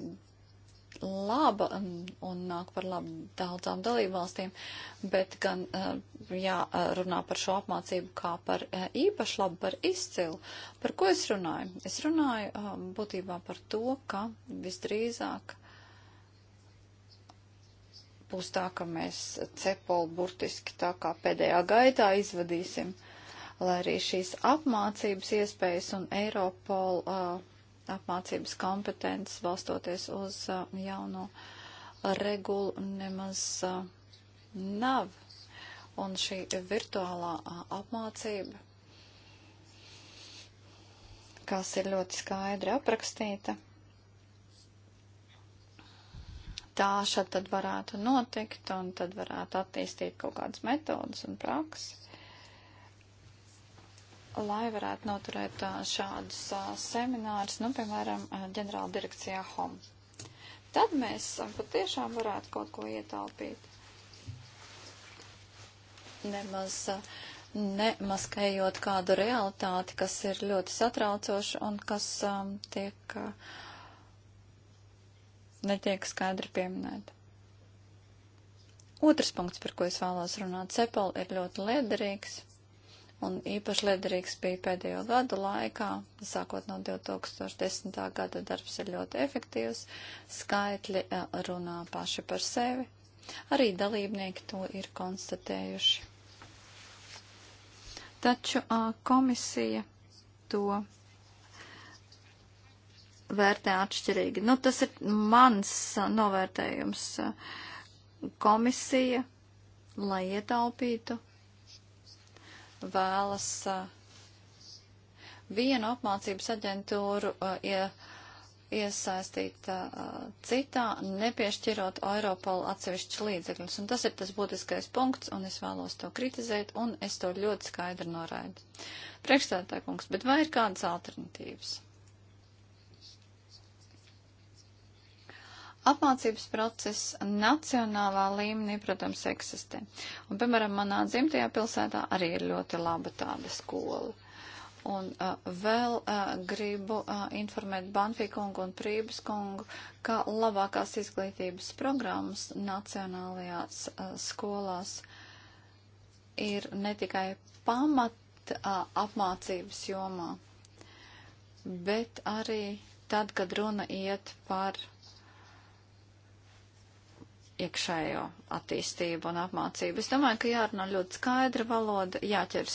laba un nāk par labu daudzām dalībvalstīm, bet gan jārunā par šo apmācību kā par īpaši labu, par izcilu. Par ko es runāju? Es runāju būtībā par to, ka visdrīzāk būs tā, ka mēs cepolu burtiski tā kā pēdējā gaitā izvadīsim, lai arī šīs apmācības iespējas un Eiropol uh, apmācības kompetences valstoties uz uh, jauno regulu nemaz uh, nav. Un šī virtuālā uh, apmācība, kas ir ļoti skaidri aprakstīta, tā šad tad varētu notikt un tad varētu attīstīt kaut kādas metodas un prakses, lai varētu noturēt šādus seminārus, nu, piemēram, ģenerāla direkcijā HOM. Tad mēs patiešām varētu kaut ko ietaupīt. Nemaz nemaskējot kādu realitāti, kas ir ļoti satraucoša un kas um, tiek uh, netiek skaidri pieminēta. Otrs punkts, par ko es vēlos runāt, cepel ir ļoti liederīgs, un īpaši liederīgs bija pēdējo gadu laikā, sākot no 2010. gada darbs ir ļoti efektīvs, skaitļi eh, runā paši par sevi, arī dalībnieki to ir konstatējuši. Taču eh, komisija to vērtē atšķirīgi. Nu, tas ir mans novērtējums komisija, lai ietaupītu, vēlas vienu apmācības aģentūru ja iesaistīt citā, nepiešķirot Eiropolu atsevišķu līdzekļus. Un tas ir tas būtiskais punkts, un es vēlos to kritizēt, un es to ļoti skaidri noraidu. Priekšstādātā kungs, bet vai ir kādas alternatīvas? Apmācības process nacionālā līmenī, protams, eksistē. Un, piemēram, manā dzimtajā pilsētā arī ir ļoti laba tāda skola. Un uh, vēl uh, gribu uh, informēt Banfī kungu un Prības kungu, ka labākās izglītības programmas nacionālajās uh, skolās ir ne tikai pamat uh, apmācības jomā, bet arī tad, kad runa iet par iekšējo attīstību un apmācību. Es domāju, ka jārunā ļoti skaidra valoda, jāķers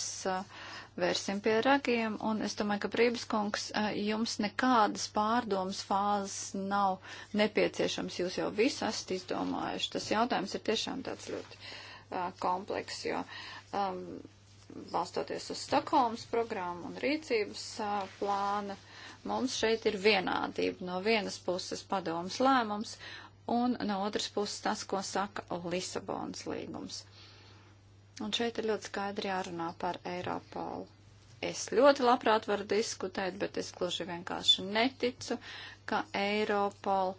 vērsim pie ragiem, un es domāju, ka Brībiskungs, jums nekādas pārdomas fāzes nav nepieciešams, jūs jau visu esat izdomājuši. Tas jautājums ir tiešām tāds ļoti uh, kompleks, jo um, balstoties uz Stokholmas programmu un rīcības uh, plāna, mums šeit ir vienādība. No vienas puses padomas lēmums, un no otras puses tas, ko saka Lisabonas līgums. Un šeit ir ļoti skaidri jārunā par Eiropolu. Es ļoti labprāt varu diskutēt, bet es gluži vienkārši neticu, ka Eiropola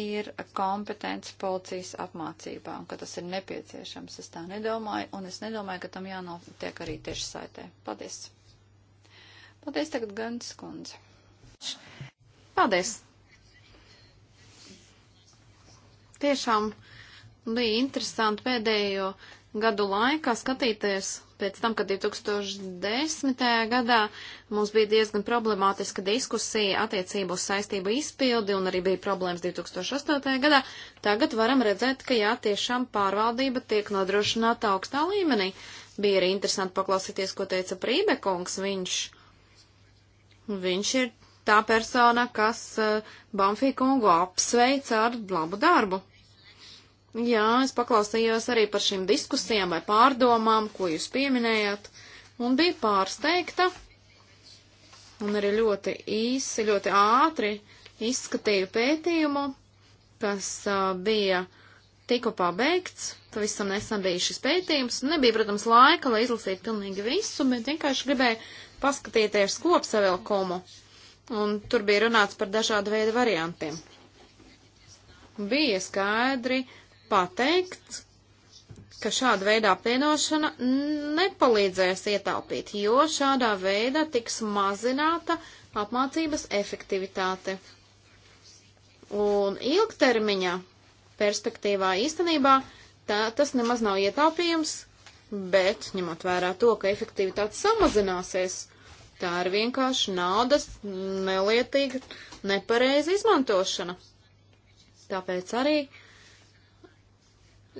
ir kompetence policijas apmācībā un ka tas ir nepieciešams. Es tā nedomāju, un es nedomāju, ka tam jānotiek arī tieši saitē. Paldies! Paldies tagad Gandas kundze! Paldies! tiešām bija interesanti pēdējo gadu laikā skatīties. Pēc tam, kad 2010. gadā mums bija diezgan problemātiska diskusija attiecību uz saistību izpildi un arī bija problēmas 2008. gadā, tagad varam redzēt, ka jā, tiešām pārvaldība tiek nodrošināta augstā līmenī. Bija arī interesanti paklausīties, ko teica Prībekungs. Viņš, viņš ir tā persona, kas uh, eh, Banfī kungu apsveica ar labu darbu. Jā, es paklausījos arī par šīm diskusijām vai pārdomām, ko jūs pieminējāt, un biju pārsteigta, un arī ļoti īsi, ļoti ātri izskatīju pētījumu, kas uh, bija tikko pabeigts, pavisam nesen bija šis pētījums, nebija, protams, laika, lai izlasītu pilnīgi visu, bet vienkārši gribēju paskatīties kopsavilkumu, un tur bija runāts par dažādu veidu variantiem. Bija skaidri, uh, pateikt, ka šāda veida apvienošana nepalīdzēs ietaupīt, jo šādā veidā tiks mazināta apmācības efektivitāte. Un ilgtermiņa perspektīvā īstenībā tā, tas nemaz nav ietaupījums, bet ņemot vērā to, ka efektivitāte samazināsies, tā ir vienkārši naudas nelietīga, nepareiza izmantošana. Tāpēc arī uh,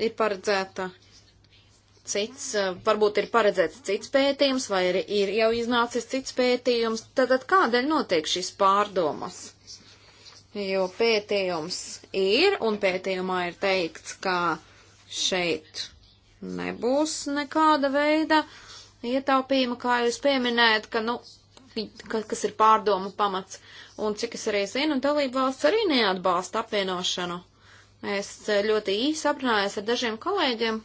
ir paredzēta cits, eh, varbūt ir paredzēts cits pētījums, vai ir, ir jau iznācis cits pētījums, tad, tad kādēļ notiek šīs pārdomas? Jo pētījums ir, un pētījumā ir teikts, ka šeit nebūs nekāda veida ietaupījuma, kā jūs pieminējat, ka, nu, ka, kas ir pārdomu pamats. Un cik es arī zinu, dalība valsts arī neatbalsta apvienošanu. Es ļoti īsi aprunājos ar dažiem kolēģiem,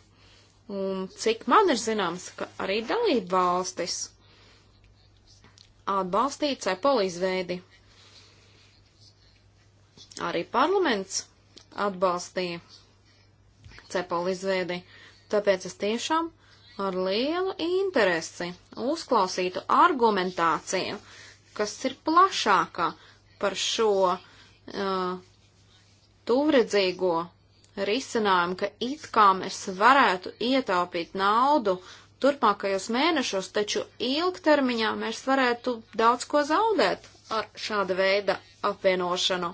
un cik man ir zināms, ka arī dalība valstis atbalstīja cepolu izveidi. Arī parlaments atbalstīja cepolu izveidi, tāpēc es tiešām ar lielu interesi uzklausītu argumentāciju, kas ir plašākā par šo uh, tūredzīgo risinājumu, ka it kā mēs varētu ietaupīt naudu turpmākajos mēnešos, taču ilgtermiņā mēs varētu daudz ko zaudēt ar šāda veida apvienošanu.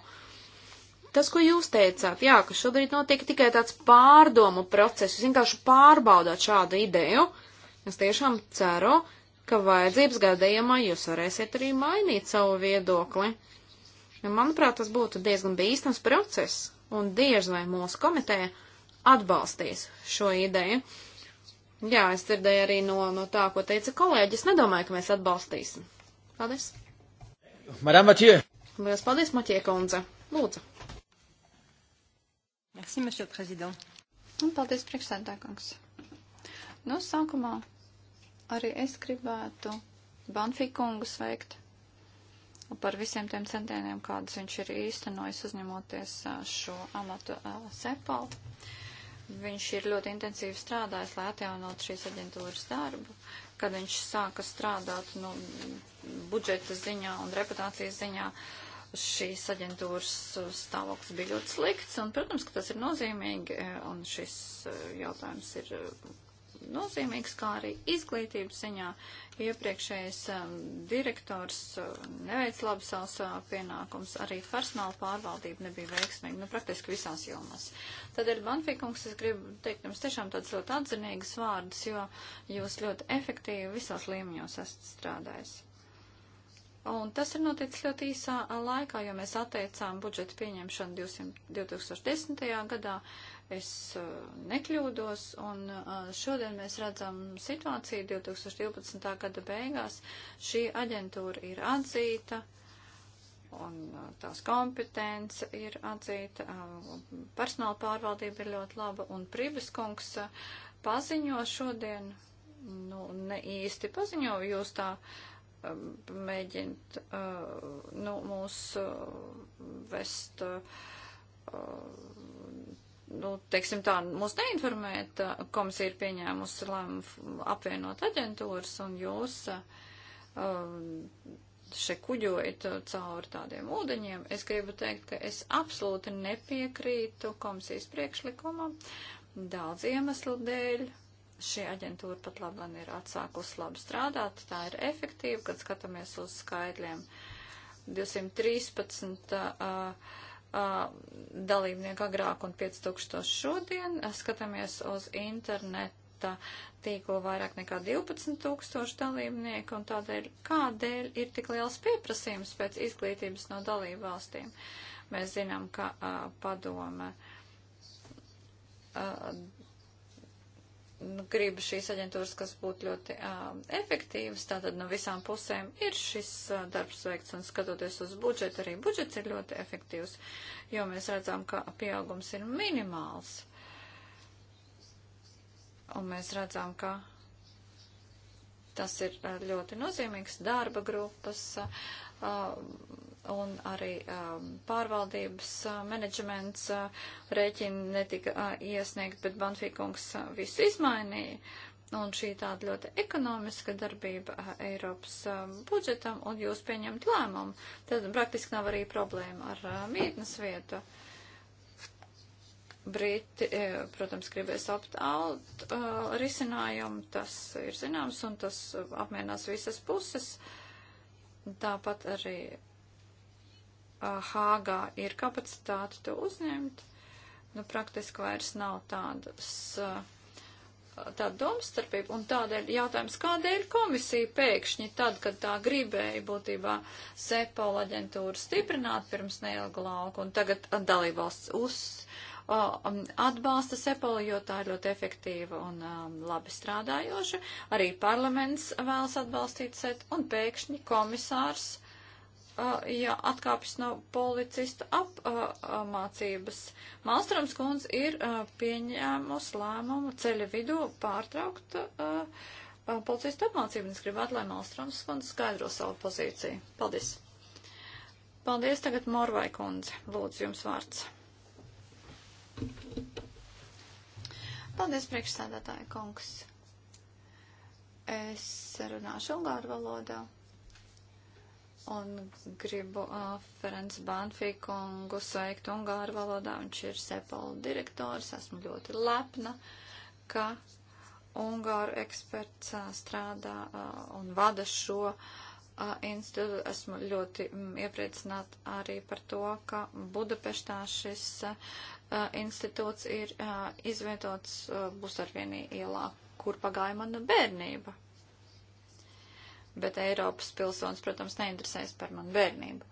Tas, ko jūs teicāt, jā, ka šobrīd notiek tikai tāds pārdomu process, jūs vienkārši pārbaudāt šādu ideju. Es tiešām ceru, ka vajadzības gadījumā jūs varēsiet arī mainīt savu viedokli. Jo, nu, manuprāt, tas būtu diezgan bīstams process, un diez vai mūsu komiteja atbalstīs šo ideju. Jā, es dzirdēju arī no, no tā, ko teica kolēģis. Nedomāju, ka mēs atbalstīsim. Paldies. Madame Mathieu. Lielas paldies, Maķie kundze. Lūdzu. Merci, monsieur le président. Un paldies, priekšsēdētājkungs. Nu, sākumā arī es gribētu Banfī kungu sveikt par visiem tiem centieniem, kādus viņš ir īstenojis uzņemoties šo amatu sepal. Viņš ir ļoti intensīvi strādājis, lai atjaunot šīs aģentūras darbu. Kad viņš sāka strādāt nu, budžeta ziņā un reputācijas ziņā, šīs aģentūras stāvoklis bija ļoti slikts. Un, protams, ka tas ir nozīmīgi, un šis jautājums ir nozīmīgs, kā arī izglītības ziņā. Iepriekšējais um, direktors um, neveic labu savus uh, pienākums, arī personāla pārvaldība nebija veiksmīga, nu, praktiski visās jomās. Tad ir Banfikungs, es gribu teikt jums tiešām tāds ļoti atzinīgs vārdus, jo jūs ļoti efektīvi visās līmeņos esat strādājis. Un tas ir noticis ļoti īsā uh, laikā, jo mēs atteicām budžeta pieņemšanu 200, 2010. gadā. Uh, es uh, nekļūdos, un uh, šodien mēs redzam situāciju 2012. gada beigās. Šī aģentūra ir atzīta, un uh, tās kompetence ir atzīta, personāla pārvaldība ir ļoti laba, un Pribiskungs paziņo šodien, nu, ne īsti paziņo, jūs tā um, mēģināt, nu, mūs vest nu, teiksim tā, mūs neinformēt, komisija ir pieņēmusi lēmumu apvienot aģentūras, un jūs še kuģojat cauri tādiem ūdeņiem. Es gribu teikt, ka es absolūti nepiekrītu komisijas priekšlikumam daudz iemeslu dēļ. Šī aģentūra pat labam ir atsākusi labi strādāt, tā ir efektīva, kad skatāmies uz skaidriem 213. Uh, uh, dalībnieku agrāk un 5000 šodien. Skatāmies uz interneta tīklu vairāk nekā 12000 dalībnieku un tādēļ, kādēļ ir tik liels pieprasījums pēc izglītības no dalību valstīm. Mēs zinām, ka uh, padome. Uh, Nu, griba šīs aģentūras, kas būtu ļoti uh, efektīvas, tātad no visām pusēm ir šis uh, darbs veikts un skatoties uz budžetu, arī budžets ir ļoti efektīvs, jo mēs redzam, ka pieaugums ir minimāls. Un mēs redzam, ka tas ir uh, ļoti nozīmīgs darba grupas. Uh, un arī um, pārvaldības uh, menedžments uh, rēķini netika uh, iesniegt, bet Banfīkungs uh, visu izmainīja. Un šī tāda ļoti ekonomiska darbība uh, Eiropas uh, budžetam, un jūs pieņemt lēmumu, tad praktiski nav arī problēma ar uh, mītnes vietu. Briti, uh, protams, gribēs opt-out uh, risinājumu, tas ir zināms, un tas uh, apmienās visas puses. Tāpat arī Hāgā ir kapacitāte to uzņemt, nu praktiski vairs nav tādas. Uh, tāda domstarpība, un tādēļ jautājums, kādēļ komisija pēkšņi tad, kad tā gribēja būtībā sepola aģentūru stiprināt pirms neilga lauka, un tagad dalībvalsts uz uh, atbalsta sepola, jo tā ir ļoti efektīva un um, labi strādājoša, arī parlaments vēlas atbalstīt set, un pēkšņi komisārs ja atkāpjas no policistu apmācības. Malstrams kundze ir pieņēmus lēmumu ceļa vidū pārtraukt policistu apmācību, un es gribētu, lai Malstrams kundze skaidro savu pozīciju. Paldies! Paldies tagad Morvai kundze. Lūdzu, jums vārds. Paldies, priekšsēdētāja kungs. Es runāšu ungāru valodā un gribu uh, Ferenc Banfikungu sveikt Ungāru valodā. Viņš ir Sepal direktors. Esmu ļoti lepna, ka Ungāru eksperts uh, strādā uh, un vada šo uh, institūtu. Esmu ļoti mm, iepriecināta arī par to, ka Budapeštā šis uh, institūts ir uh, izvietots uh, Busarvienī ielā, kur pagāja mana bērnība bet Eiropas pilsonis, protams, neinteresēs par manu bērnību.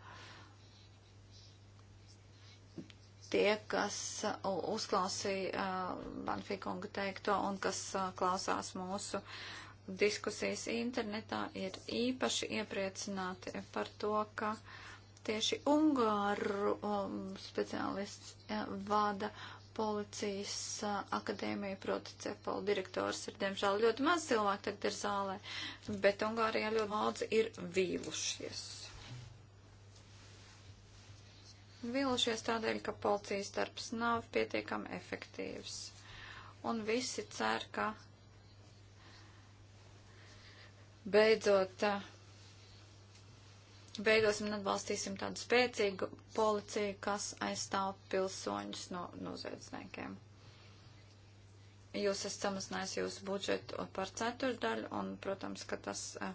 Tie, kas uh, uzklausīja uh, Banfikunga teikto un kas uh, klausās mūsu diskusijas internetā, ir īpaši iepriecināti par to, ka tieši Ungāru um, speciālists vada policijas akadēmija, proti Cepola direktors ir, diemžēl, ļoti maz cilvēku tagad ir zālē, bet Ungārijā ļoti daudz ir vīlušies. Vīlušies tādēļ, ka policijas darbs nav pietiekami efektīvs. Un visi cer, ka beidzot beidosim un atbalstīsim tādu spēcīgu policiju, kas aizstāv pilsoņus no noziedzniekiem. Jūs esat samazinājis jūsu budžetu par ceturdaļu, un, protams, ka tas uh,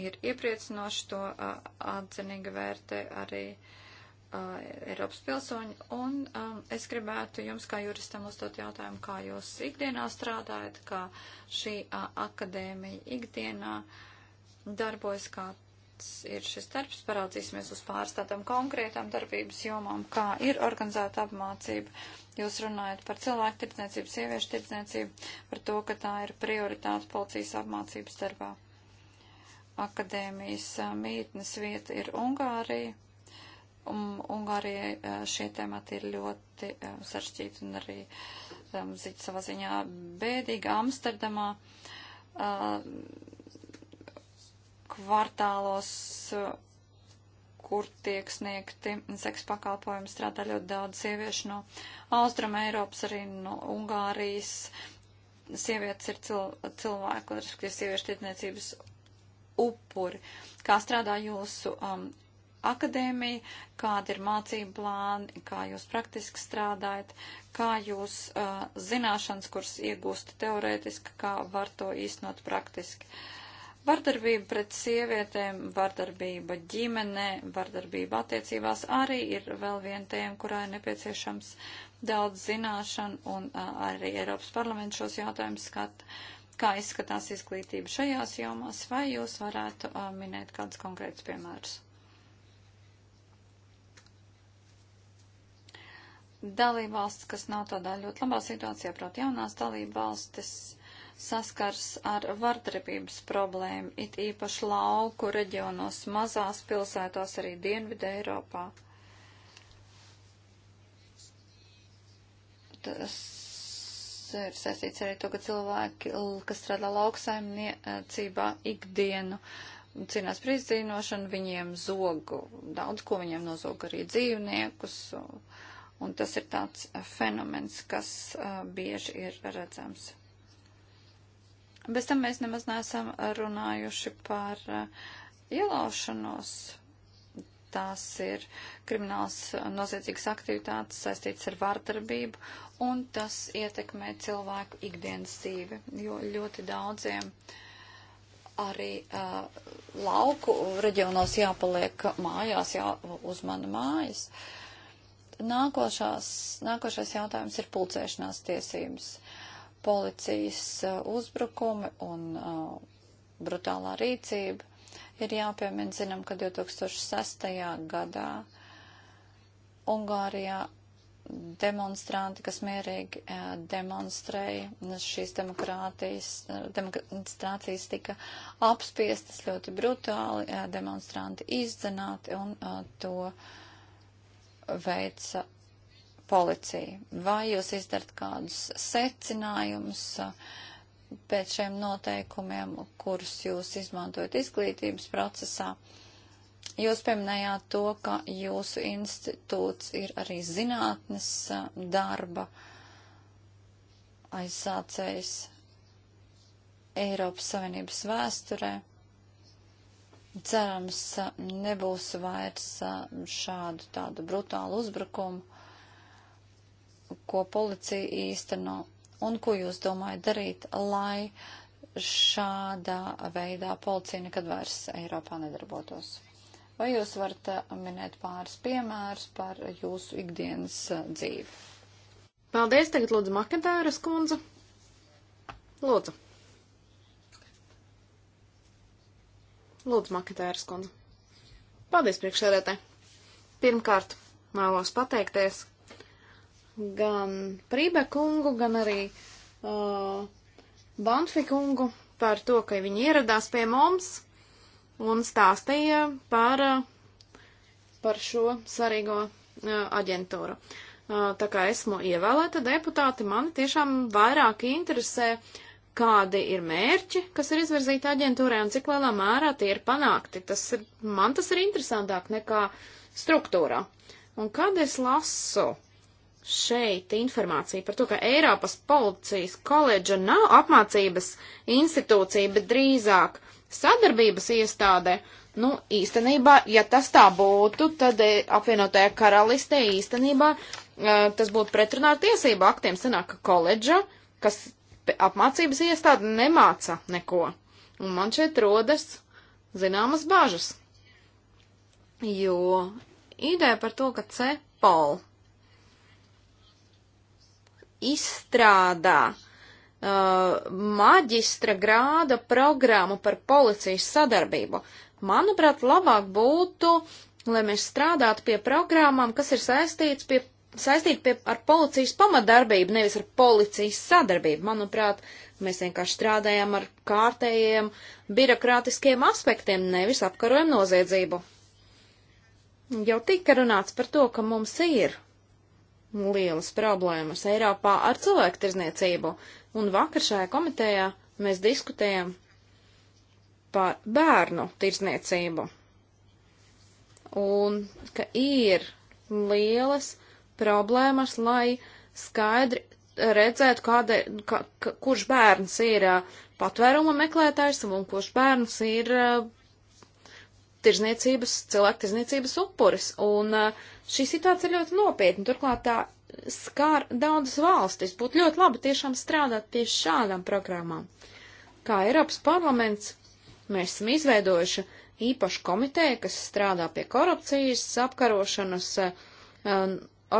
ir iepriecinoši, to uh, atzinīgi vērtē arī uh, Eiropas pilsoņi. Un um, es gribētu jums, kā juristam, uzdot jautājumu, kā jūs ikdienā strādājat, kā šī uh, akadēmija ikdienā darbojas, kā tāds ir šis darbs. Paraudzīsimies uz pāris tādām konkrētām darbības jomām, kā ir organizēta apmācība. Jūs runājat par cilvēku tirdzniecību, sieviešu tirdzniecību, par to, ka tā ir prioritāte policijas apmācības darbā. Akadēmijas mītnes vieta ir Ungārija. Un Ungārijai šie temati ir ļoti sašķīti un arī um, savā ziņā bēdīgi Amsterdamā. Uh, kvartālos, kur tiek sniegti seks pakalpojumi, strādā ļoti daudz sieviešu no Austrum Eiropas, arī no Ungārijas. Sievietes ir cil cilvēku, respektīvi sieviešu tirdzniecības upuri. Kā strādā jūsu um, akadēmija, kāda ir mācība plāna, kā jūs praktiski strādājat, kā jūs uh, zināšanas, kuras iegūstat teorētiski, kā var to īstenot praktiski. Uh, Vardarbība pret sievietēm, vardarbība ģimenē, vardarbība attiecībās arī ir vēl viena tēma, kurā ir nepieciešams daudz zināšanu, un arī Eiropas parlaments šos jautājumus skata. Kā izskatās izglītība šajās jomās, vai jūs varētu uh, minēt kādus konkrētus piemērus? dalībvalsts, kas nav tādā ļoti labā situācijā, proti jaunās dalībvalstis, saskars ar vardarbības problēmu, it īpaši lauku reģionos, mazās pilsētās, arī Dienvidē Eiropā. Tas ir saistīts arī to, ka cilvēki, kas strādā lauksaimniecībā ikdienu, cīnās par izdzīvošanu, viņiem zogu daudz, ko viņiem nozog arī dzīvniekus. Un tas ir tāds fenomens, kas uh, bieži ir redzams. Bez tam mēs nemaz neesam runājuši par eh, ielaušanos. Tās ir krimināls noziedzīgas aktivitātes saistītas ar vārdarbību, un tas ietekmē cilvēku ikdienas dzīvi, jo ļoti daudziem arī uh, lauku reģionos jāpaliek mājās, jāuzmana mājas. Nākošās, nākošais jautājums ir pulcēšanās tiesības policijas uh, uzbrukumi un uh, brutālā rīcība. Ir jāpiemina, zinām, ka 2006. gadā Ungārijā demonstranti, kas mierīgi uh, demonstrēja šīs demokrātijas, demonstrācijas tika apspiestas ļoti brutāli, demonstranti izdzenāti un to veica policija. Vai jūs izdarat kādus secinājumus uh, pēc šiem noteikumiem, kurus jūs izmantojat izglītības procesā? Jūs pieminējāt to, ka jūsu institūts ir arī zinātnes uh, darba aizsācējs Eiropas Savienības vēsturē. Cerams, uh, nebūs vairs šādu tādu brutālu uzbrukumu ko policija īsteno un ko jūs domājat darīt, lai šādā veidā policija nekad vairs Eiropā nedarbotos? Vai jūs varat eh, minēt pāris piemērus par jūsu ikdienas eh, dzīvi? Paldies, tagad lūdzu Makedāras kundze. Lūdzu. Lūdzu, Makatēras kundze. Paldies priekšsēdētē. Pirmkārt, vēlos pateikties gan Prībe kungu, gan arī uh, Banfi kungu par to, ka viņi ieradās pie mums un stāstīja par, uh, par šo svarīgo uh, aģentūru. Uh, tā kā esmu ievēlēta deputāte, mani tiešām vairāk interesē, kādi ir mērķi, kas ir izvirzīti aģentūrē un cik lielā mērā tie ir panākti. Tas ir, man tas ir interesantāk nekā struktūrā. Un kad es lasu uh, šeit informācija par to, ka Eiropas policijas koledža nav apmācības institūcija, bet drīzāk sadarbības iestādē, nu, īstenībā, ja tas tā būtu, tad e, apvienotajā karalistē īstenībā e, tas būtu pretrunā ar tiesību aktiem. Sanāk, ka koledža, kas apmācības iestāde nemāca neko. Un man šeit rodas zināmas bažas. Jo ideja par to, ka CEPOL izstrādā uh, maģistra grāda programmu par policijas sadarbību. Manuprāt, labāk būtu, lai mēs strādātu pie programmām, kas ir saistīts pie, saistīt pie, ar policijas pamatdarbību, nevis ar policijas sadarbību. Manuprāt, mēs vienkārši strādājam ar kārtējiem birokrātiskiem aspektiem, nevis apkarojam noziedzību. Jau tika runāts par to, ka mums ir lielas problēmas Eiropā ar cilvēku tirzniecību, un vakar šajā komitejā mēs diskutējam par bērnu tirzniecību. Un ka ir lielas problēmas, lai skaidri redzētu, kāda, ka, ka, kurš bērns ir patvēruma meklētājs un kurš bērns ir tirzniecības, cilvēku tirzniecības upuris. Un uh, šī situācija ir ļoti nopietna. Turklāt tā skār daudzas valstis. Būtu ļoti labi tiešām strādāt pie šādām programmām. Kā Eiropas parlaments, mēs esam izveidojuši īpašu komiteju, kas strādā pie korupcijas, apkarošanas, uh,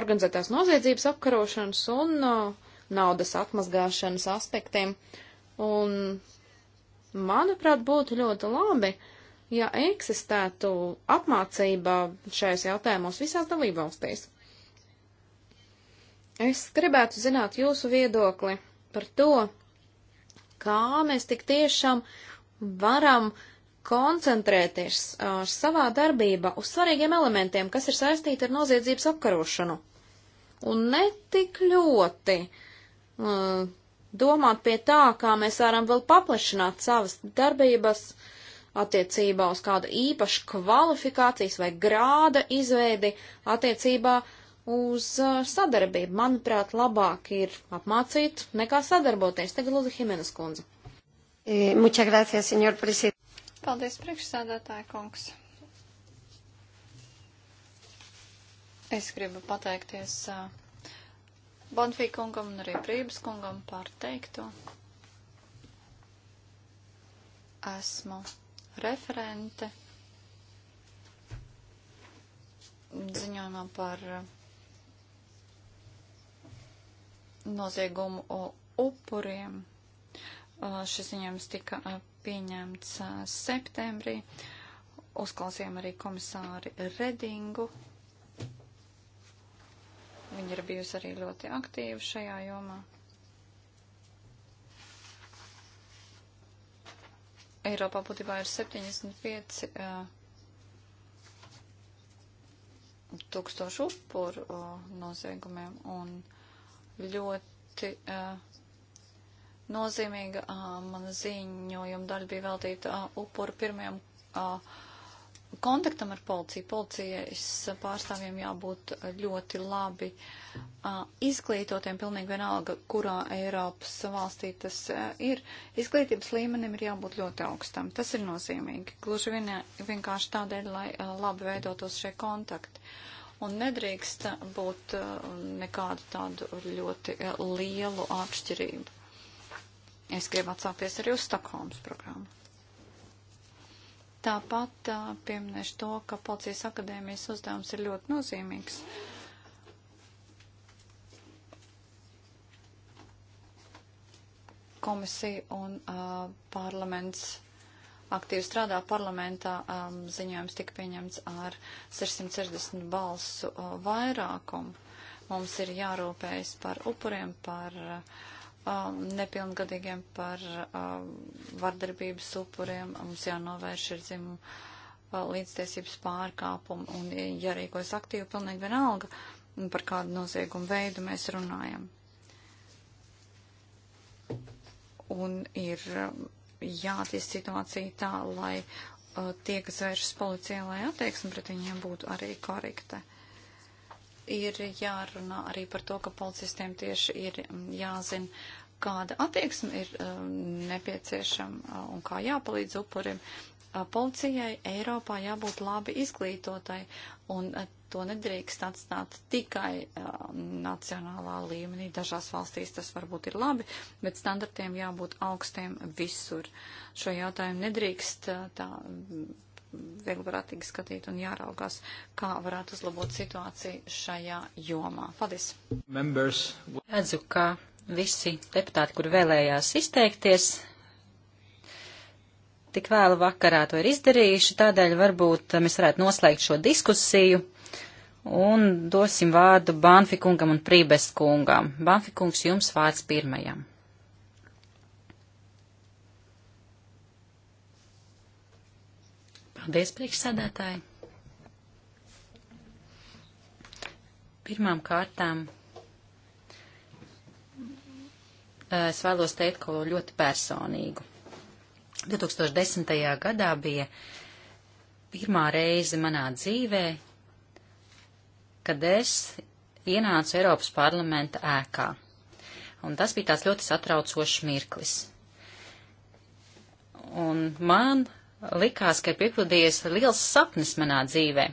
organizētās noziedzības apkarošanas un uh, naudas atmazgāšanas aspektiem. Un, manuprāt, būtu ļoti labi, uh, ja eksistētu apmācība šajos jautājumos visās dalībvalstīs. Es gribētu zināt jūsu viedokli par to, kā mēs tik tiešām varam koncentrēties uh, savā darbībā uz svarīgiem elementiem, kas ir saistīti ar noziedzības apkarošanu. Un ne tik ļoti uh, domāt pie tā, kā mēs varam vēl paplašināt savas darbības attiecībā uz kādu īpašu kvalifikācijas vai grāda izveidi attiecībā uz uh, sadarbību. Manuprāt, labāk ir apmācīt nekā sadarboties. Tagad lūdzu Himenes kundze. E, muchas gracias, señor presidente. Paldies, priekšsādātāja kungs. Es gribu pateikties uh, Bonfī kungam un arī Prības kungam par teikto. Esmu referente ziņojumā par uh, noziegumu upuriem. Uh, šis ziņojums tika uh, pieņemts septembrī. Uzklausījām arī komisāri Redingu. Viņa ir bijusi arī ļoti aktīva šajā jomā. Eiropā būtībā ir 75 uh, tūkstoši upuru uh, noziegumiem un ļoti uh, nozīmīga uh, mana ziņojuma daļa bija veltīta uh, upuru pirmajam uh, kontaktam ar policiju. Policijas pārstāvjiem jābūt ļoti labi uh, izglītotiem, pilnīgi vienalga, kurā Eiropas valstī tas uh, ir. Izglītības līmenim ir jābūt ļoti augstam. Tas ir nozīmīgi. Gluži vien, vienkārši tādēļ, lai uh, labi veidotos šie kontakti. Un nedrīkst būt nekādu tādu ļoti lielu atšķirību. Es gribu atsākties arī uz Stokholmas programmu. Tāpat pieminēšu to, ka Policijas akadēmijas uzdevums ir ļoti nozīmīgs. Komisija un uh, parlaments aktīvi strādā parlamentā. Um, ziņojums tika pieņemts ar 660 balsu uh, vairākumu. Mums ir jārūpējas par upuriem, par uh, um, nepilngadīgiem par um, vardarbības upuriem. Mums jānovērš ir dzimumu uh, līdztiesības pārkāpumu un jārīkojas aktīvi pilnīgi vienalga, par kādu noziegumu veidu mēs runājam. Un ir um, jātīst situācija tā, lai uh, tie, kas vēršas policijā, lai attieksme pret viņiem būtu arī korekta ir jārunā arī par to, ka policistiem tieši ir mm, jāzina, kāda attieksme ir mm, nepieciešama mm, un kā jāpalīdz upurim. Policijai Eiropā jābūt labi izglītotai, un to nedrīkst atstāt tikai nacionālā līmenī. Dažās valstīs tas varbūt ir labi, bet standartiem jābūt augstiem visur. Šo jautājumu nedrīkst tā vieglprātīgi skatīt un jāraugās, kā varētu uzlabot situāciju šajā jomā. Paldies! Members. Redzu, ka visi deputāti, kuri vēlējās izteikties, tik vēlu vakarā to ir izdarījuši, tādēļ varbūt mēs varētu noslēgt šo diskusiju un dosim vārdu Banfikungam un Prībeskungam. Banfikungs, jums vārds pirmajam. Paldies, priekšsēdētāji! Pirmām kārtām eh, es vēlos teikt kaut ko ļoti personīgu. 2010. gadā bija pirmā reize manā dzīvē, kad es ienācu Eiropas parlamenta ēkā. Un tas bija tāds ļoti satraucošs mirklis. Un man likās, ka ir piepildījies liels sapnis manā dzīvē.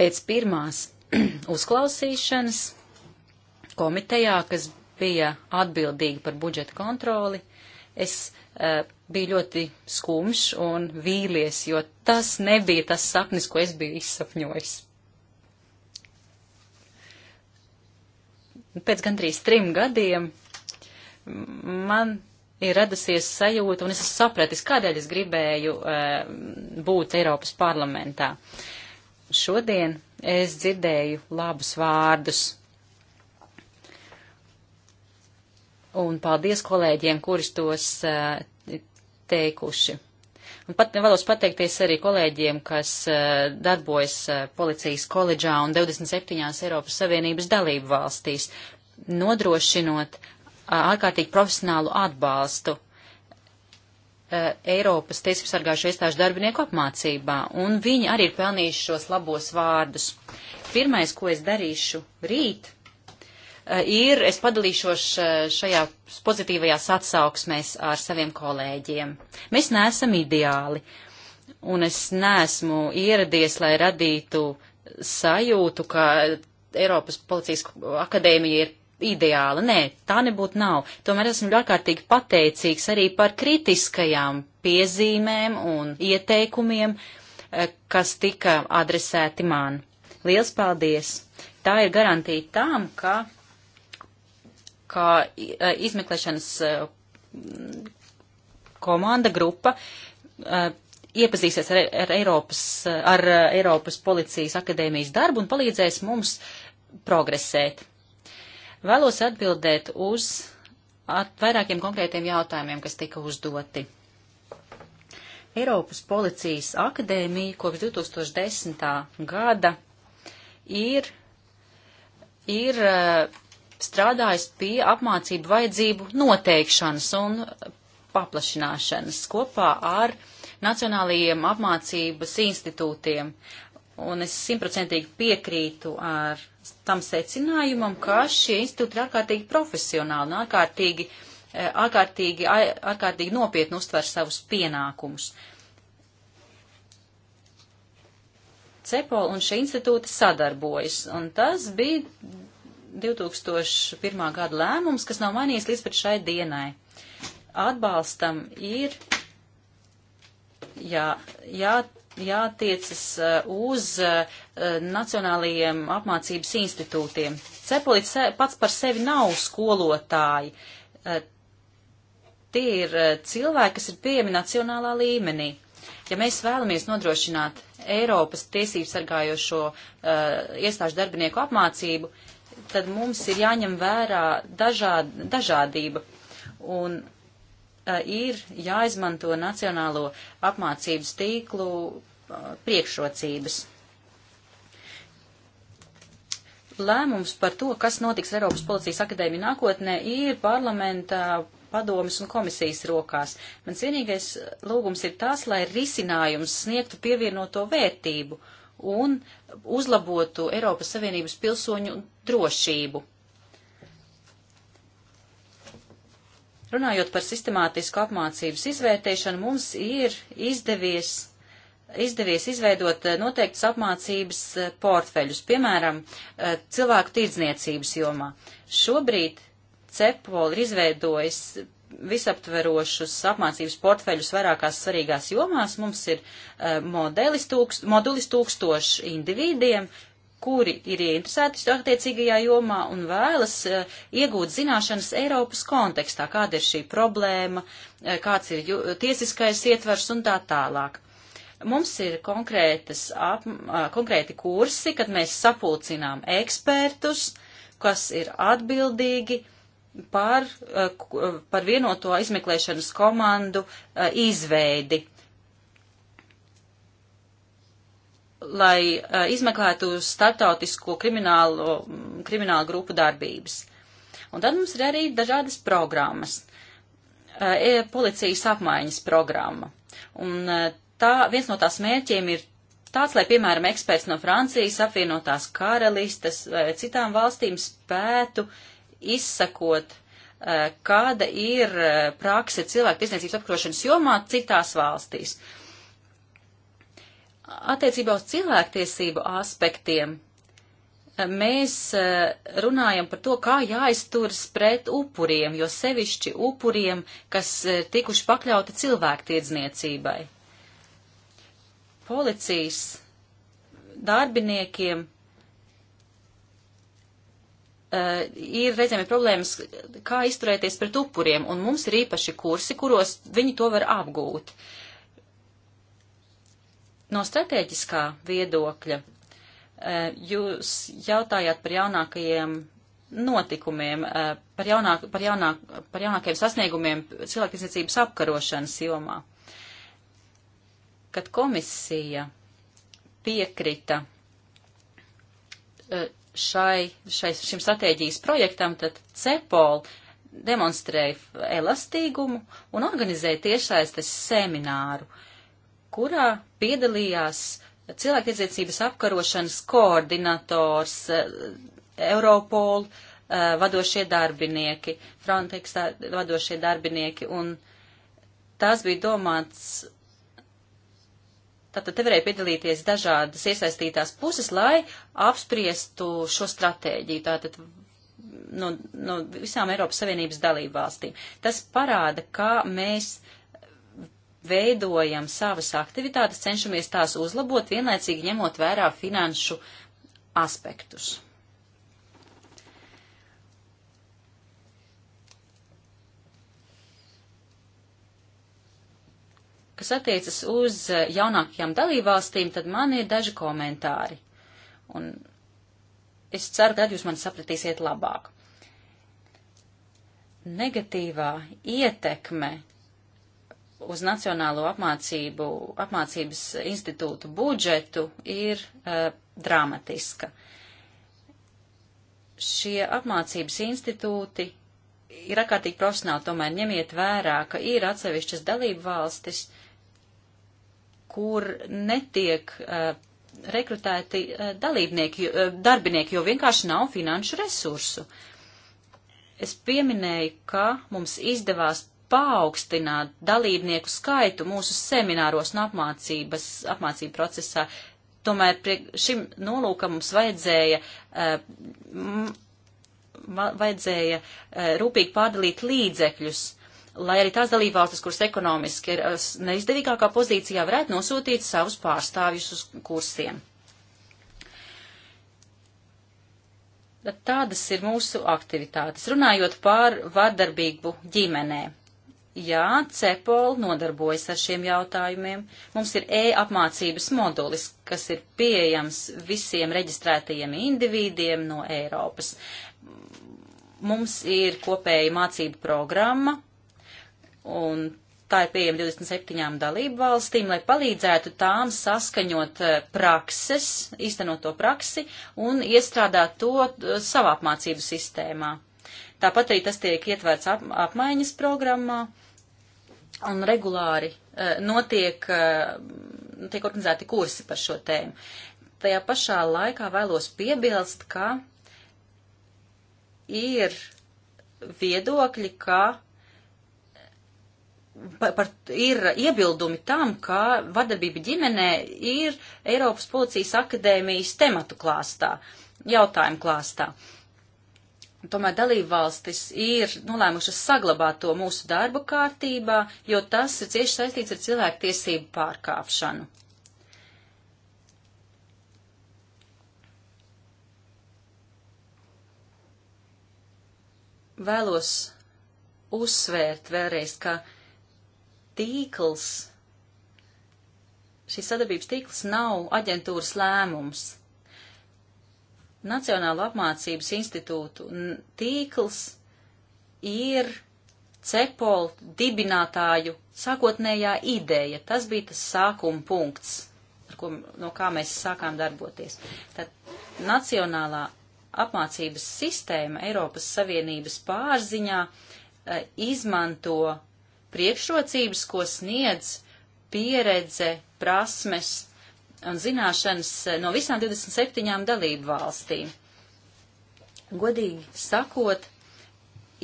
Pēc pirmās uzklausīšanas komitejā, kas bija atbildīga par budžeta kontroli, es uh, biju ļoti skumjš un vīlies, jo tas nebija tas sapnis, ko es biju izsapņojis. Pēc gandrīz trim gadiem man ir radusies sajūta, un es esmu sapratis, kādēļ es gribēju uh, būt Eiropas parlamentā. Šodien es dzirdēju labus vārdus. Un paldies kolēģiem, kurus tos uh, teikuši. Un pat vēlos pateikties arī kolēģiem, kas uh, darbojas uh, policijas koledžā un 27. Eiropas Savienības dalību valstīs, nodrošinot, ārkārtīgi profesionālu atbalstu Eiropas tiesību sargājušo iestāžu darbinieku apmācībā, un viņi arī ir pelnījuši šos labos vārdus. Pirmais, ko es darīšu rīt, ir, es padalīšos šajā pozitīvajās atsauksmēs ar saviem kolēģiem. Mēs neesam ideāli, un es neesmu ieradies, lai radītu sajūtu, ka Eiropas policijas akadēmija ir ideāla. Nē, tā nebūtu nav. Tomēr esmu ārkārtīgi pateicīgs arī par kritiskajām piezīmēm un ieteikumiem, eh, kas tika adresēti man. Liels paldies! Tā ir garantīta tām, ka, ka eh, izmeklēšanas eh, komanda, grupa iepazīsies ar, ar, Eiropas, ar Eiropas policijas akadēmijas darbu un palīdzēs mums progresēt. Vēlos atbildēt uz at vairākiem konkrētiem jautājumiem, kas tika uzdoti. Eiropas policijas akadēmija kopš 2010. gada ir, ir eh, strādājis pie apmācību vajadzību noteikšanas un paplašināšanas kopā ar Nacionālajiem apmācības institūtiem. Un es simtprocentīgi piekrītu ar tam secinājumam, ka šie institūti ir ārkārtīgi profesionāli un ārkārtīgi, eh, ārkārtīgi, ārkārtīgi nopietni uztver savus pienākumus. CEPOL un šie institūti sadarbojas, un tas bija 2001. gada lēmums, kas nav mainījies līdz pat šai dienai. Atbalstam ir jā, jā, jātiecas eh, uz eh, nacionālajiem apmācības institūtiem. Cepolis pats par sevi nav skolotāji. Eh, tie ir cilvēki, kas ir pieejami nacionālā līmenī. Ja mēs vēlamies nodrošināt Eiropas tiesību sargājošo uh, iestāžu darbinieku apmācību, tad mums ir jāņem vērā dažād, dažādība. Un Uh, ir jāizmanto nacionālo apmācības tīklu uh, priekšrocības. Lēmums par to, kas notiks Eiropas Policijas akadēmija nākotnē, ir parlamentā padomas un komisijas rokās. Mans vienīgais lūgums ir tās, lai risinājums sniegtu pievienoto vērtību un uzlabotu Eiropas Savienības pilsoņu drošību. Runājot par sistemātisku apmācības izvērtēšanu, mums ir izdevies, izdevies izveidot eh, noteiktus apmācības eh, portfeļus, piemēram, eh, cilvēku tirdzniecības jomā. Šobrīd CEPOL ir izveidojis visaptverošus apmācības portfeļus vairākās svarīgās jomās. Mums ir modelis tūkst, modulis tūkstoši individiem, kuri ir ieinteresēti attiecīgajā jomā un vēlas uh, iegūt zināšanas Eiropas kontekstā, kāda ir šī problēma, uh, kāds ir jū, tiesiskais ietvers un tā tālāk. Mums ir ap, uh, konkrēti kursi, kad mēs sapulcinām ekspertus, kas ir atbildīgi par, par vienoto izmeklēšanas komandu izveidi lai uh, izmeklētu startautisko kriminālu, kriminālu grupu darbības. Un tad mums ir arī dažādas programmas. Uh, policijas apmaiņas programma. Un uh, tā, viens no tās mērķiem ir tāds, lai, piemēram, eksperts no Francijas, apvienotās karalistes vai citām valstīm spētu izsakot, kāda ir prakse cilvēku tiesniecības apkarošanas jomā citās valstīs. Uh, Attiecībā uz cilvēktiesību aspektiem eh, mēs eh, runājam par to, kā jāizturas pret upuriem, jo sevišķi upuriem, kas eh, tikuši pakļauti cilvēktiedzniecībai. Policijas darbiniekiem ir reizēm ir problēmas, kā izturēties pret upuriem, un mums ir īpaši kursi, kuros viņi to var apgūt. Uh, No strateģiskā viedokļa eh, jūs jautājāt par jaunākajiem notikumiem, eh, par, jaunāk, par, jaunāk, par jaunākajiem sasniegumiem cilvēktiesniecības apkarošanas jomā. Kad komisija piekrita eh, šai, šai, šim stratēģijas projektam, tad CEPOL demonstrēja elastīgumu un organizēja tiešsaistes semināru. Uh, kurā piedalījās cilvēktiesniecības apkarošanas koordinators eh, Europol eh, vadošie darbinieki, Frontex eh, vadošie darbinieki, un tās bija domāts Tātad te varēja piedalīties dažādas iesaistītās puses, lai apspriestu šo stratēģiju tātad no, no visām Eiropas Savienības dalībvalstīm. Tas parāda, kā mēs veidojam savas aktivitātes, cenšamies tās uzlabot, vienlaicīgi ņemot vērā finanšu aspektus. Kas attiecas uz eh, jaunākajām dalībvalstīm, tad man ir daži komentāri. Un es ceru, ka tad jūs mani sapratīsiet labāk. Negatīvā ietekme uz Nacionālo apmācību, apmācības institūtu budžetu ir uh, dramatiska. Šie apmācības institūti ir ārkārtīgi profesionāli, tomēr ņemiet vērā, ka ir atsevišķas dalību valstis, kur netiek uh, rekrutēti uh, dalībnieki, uh, darbinieki, jo vienkārši nav finanšu resursu. Es pieminēju, ka mums izdevās paaugstināt dalībnieku skaitu mūsu semināros un apmācības, apmācību procesā. Tomēr prie šim nolūkam mums vajadzēja, eh, m, vajadzēja eh, rūpīgi pārdalīt līdzekļus, lai arī tās dalībvalstis, kuras ekonomiski ir eh, neizdevīgākā pozīcijā, varētu nosūtīt savus pārstāvjus uz kursiem. Tādas ir mūsu aktivitātes. Runājot par vardarbību ģimenē. Jā, CEPOL nodarbojas ar šiem jautājumiem. Mums ir e-apmācības modulis, kas ir pieejams visiem reģistrētajiem indivīdiem no Eiropas. Mums ir kopēja mācību programma, un tā ir pieejama 27 dalību valstīm, lai palīdzētu tām saskaņot eh, prakses, īstenot to praksi un iestrādāt to eh, savā apmācību sistēmā. Tāpat arī tas tiek ietverts ap, apmaiņas programmā un regulāri eh, notiek, eh, tiek organizēti kursi par šo tēmu. Tajā pašā laikā vēlos piebilst, ka ir viedokļi, ka eh, par, par, ir iebildumi tam, ka vardarbība ģimenē ir Eiropas policijas akadēmijas tematu klāstā, jautājumu klāstā. Uh, tomēr dalībvalstis ir nolēmušas saglabāt to mūsu darbu kārtībā, jo tas ir cieši saistīts ar cilvēku tiesību pārkāpšanu. Vēlos uzsvērt vēlreiz, ka tīkls, šis sadarbības tīkls nav aģentūras lēmums. Nacionāla apmācības institūtu tīkls ir cepol dibinātāju sākotnējā ideja. Tas bija tas sākuma punkts, ko, no kā mēs sākām darboties. Tad Nacionālā apmācības sistēma Eiropas Savienības pārziņā eh, izmanto priekšrocības, ko sniedz pieredze, prasmes un zināšanas eh, no visām 27 dalību valstīm. Godīgi sakot,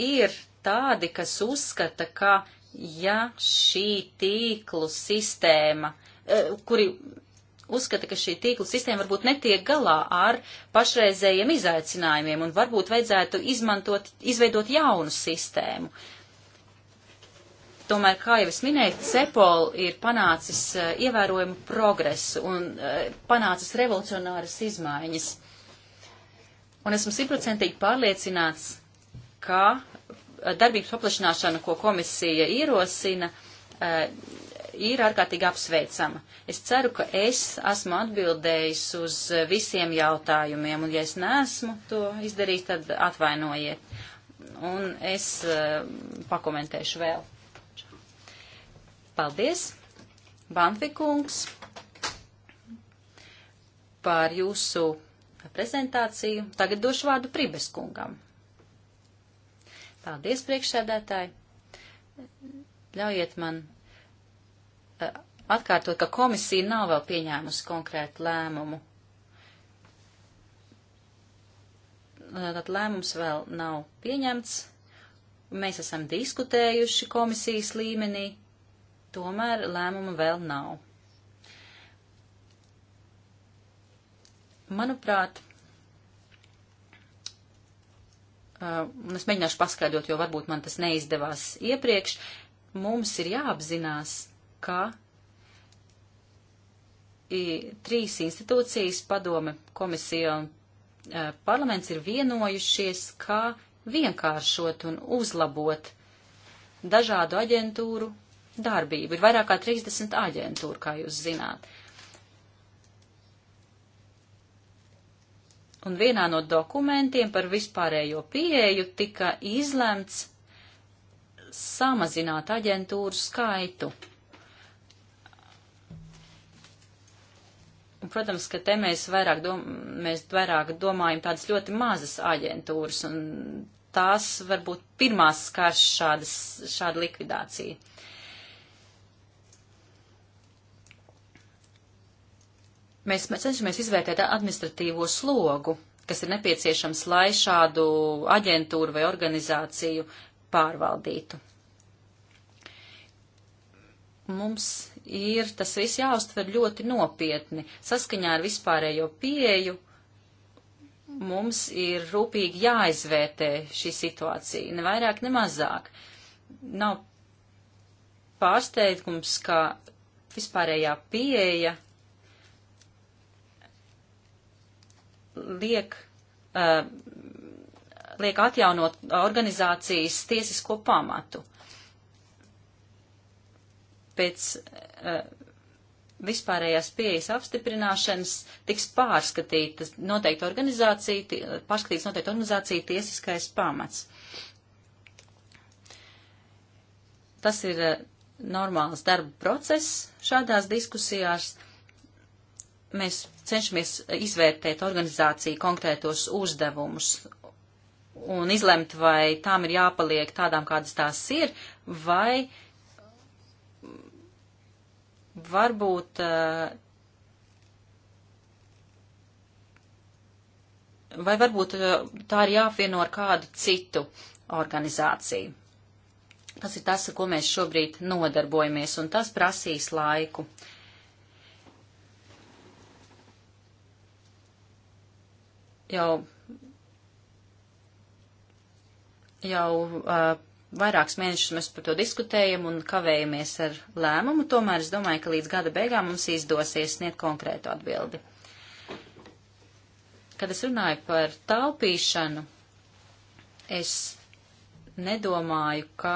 ir tādi, kas uzskata, ka ja šī tīklu sistēma, eh, kuri uzskata, ka šī tīkla sistēma varbūt netiek galā ar pašreizējiem izaicinājumiem un varbūt vajadzētu izmantot, izveidot jaunu sistēmu. Uh, Tomēr, kā jau es minēju, CEPOL ir panācis eh, ievērojumu progresu un eh, panācis revolucionāras izmaiņas. Un esmu simtprocentīgi pārliecināts, ka eh, darbības paplašināšana, ko komisija ierosina, ir ārkārtīgi apsveicama. Es ceru, ka es esmu atbildējis uz visiem jautājumiem, un ja es neesmu to izdarījis, tad atvainojiet. Un es pakomentēšu vēl. Paldies, Banfikungs, par jūsu prezentāciju. Tagad došu vārdu Pribeskungam. Paldies, priekšsēdētāji. Ļaujiet man eh, atkārtot, ka komisija nav vēl pieņēmusi konkrētu lēmumu. Tad lēmums vēl nav pieņemts. Mēs esam diskutējuši komisijas līmenī Tomēr lēmuma vēl nav. Manuprāt, un es mēģināšu paskaidrot, jo varbūt man tas neizdevās iepriekš, mums ir jāapzinās, ka trīs institūcijas, padome, komisija un parlaments ir vienojušies, kā vienkāršot un uzlabot dažādu aģentūru darbību. Ir vairāk kā 30 aģentūra, kā jūs zināt. Un vienā no dokumentiem par vispārējo pieeju tika izlemts samazināt aģentūru skaitu. Un, protams, ka te mēs vairāk, dom mēs vairāk domājam tādas ļoti mazas aģentūras, un tās varbūt pirmās skars šādas, šāda likvidācija. Uh, Mēs cenšamies izvērtēt administratīvo slogu, kas ir nepieciešams, lai šādu aģentūru vai organizāciju pārvaldītu. Mums ir tas viss jāuztver ļoti nopietni. Saskaņā ar vispārējo pieeju mums ir rūpīgi jāizvērtē šī situācija, ne vairāk, ne mazāk. Nav pārsteigums, ka vispārējā pieeja liek, uh, liek atjaunot organizācijas tiesisko pamatu. Pēc uh, vispārējās pieejas apstiprināšanas tiks pārskatītas noteikta organizācija, eh, pārskatīts noteikta organizācija tiesiskais pamats. Tas ir normāls darba process šādās diskusijās. Uh, mēs cenšamies izvērtēt organizāciju konkrētos uzdevumus un izlemt, vai tām ir jāpaliek tādām, kādas tās ir, vai varbūt. Eh, vai varbūt eh, tā ir jāapvieno ar kādu citu organizāciju? Tas ir tas, ar ko mēs šobrīd nodarbojamies, un tas prasīs laiku. Uh, jau, jau uh, vairākus mēnešus mēs par to diskutējam un kavējamies ar lēmumu, tomēr es domāju, ka līdz gada beigām mums izdosies sniegt konkrētu atbildi. Kad es runāju par taupīšanu, es nedomāju, ka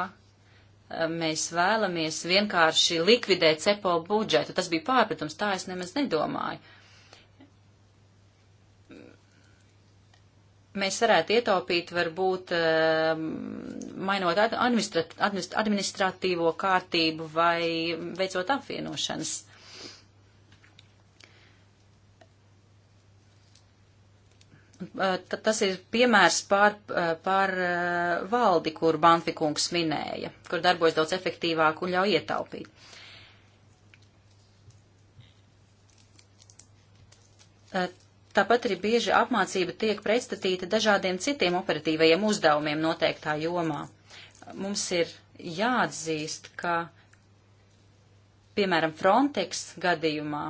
mēs vēlamies vienkārši likvidēt cepo budžetu. Tas bija pārpratums, tā es nemaz nedomāju. mēs varētu ietaupīt varbūt ehm, mainot administratīvo kārtību vai veicot apvienošanas. Eh, tas ir piemērs par, eh, par eh, valdi, kur Banfikungs minēja, kur darbojas daudz efektīvāk un ļauj ietaupīt. Tāpat arī bieži apmācība tiek pretstatīta dažādiem citiem operatīvajiem uzdevumiem noteiktā jomā. Mums ir jāatzīst, ka, piemēram, Frontex gadījumā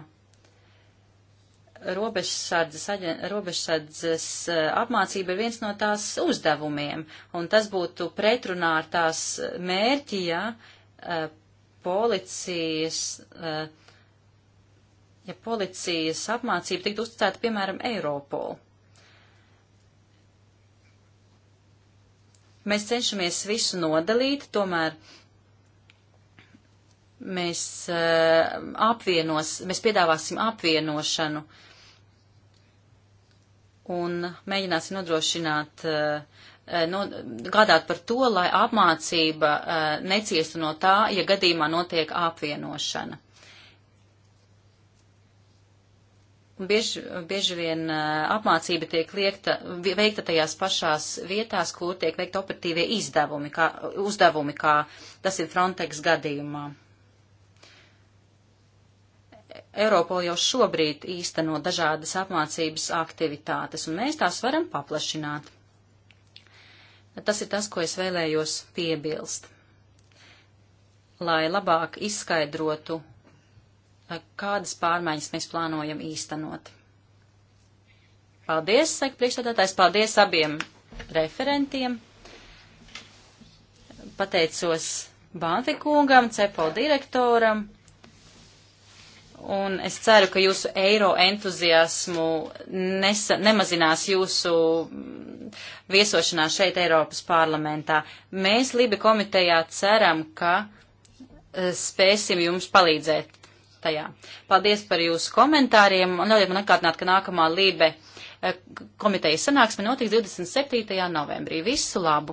robežsardzes, robežsardzes e, apmācība ir viens no tās uzdevumiem, un tas būtu pretrunā ar tās mērķi, ja e, policijas uh, ja policijas apmācība tiktu uzticēta, piemēram, Eiropol. Mēs cenšamies visu nodalīt, tomēr mēs uh, apvienos, mēs piedāvāsim apvienošanu un mēģināsim nodrošināt, uh, no, gādāt par to, lai apmācība uh, neciestu no tā, ja gadījumā notiek apvienošana. Bieži, bieži vien apmācība tiek liekta, veikta tajās pašās vietās, kur tiek veikta operatīvie izdevumi, kā, uzdevumi, kā tas ir Frontex gadījumā. Eiropola jau šobrīd īsteno dažādas apmācības aktivitātes, un mēs tās varam paplašināt. Tas ir tas, ko es vēlējos piebilst, lai labāk izskaidrotu kādas pārmaiņas mēs plānojam īstenot. Paldies, saka priekšstādātājs, paldies abiem referentiem. Pateicos Banfikungam, CEPO direktoram. Un es ceru, ka jūsu eiro entuziasmu nesa, nemazinās jūsu viesošanās šeit Eiropas parlamentā. Mēs Libi komitejā ceram, ka eh, spēsim jums palīdzēt tajā. Paldies par jūsu komentāriem un ļaujiet man atkārtināt, ka nākamā Lībe eh, komitejas sanāksme notiks 27. novembrī. Visu labu!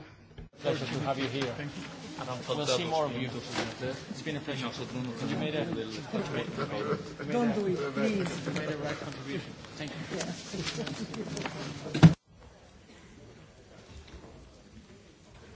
Pleasure to have you here. Thank you. We'll see more of you. It's been a pleasure. You made a, you made a, Don't do it, please. You made a right contribution. Thank you. Yeah.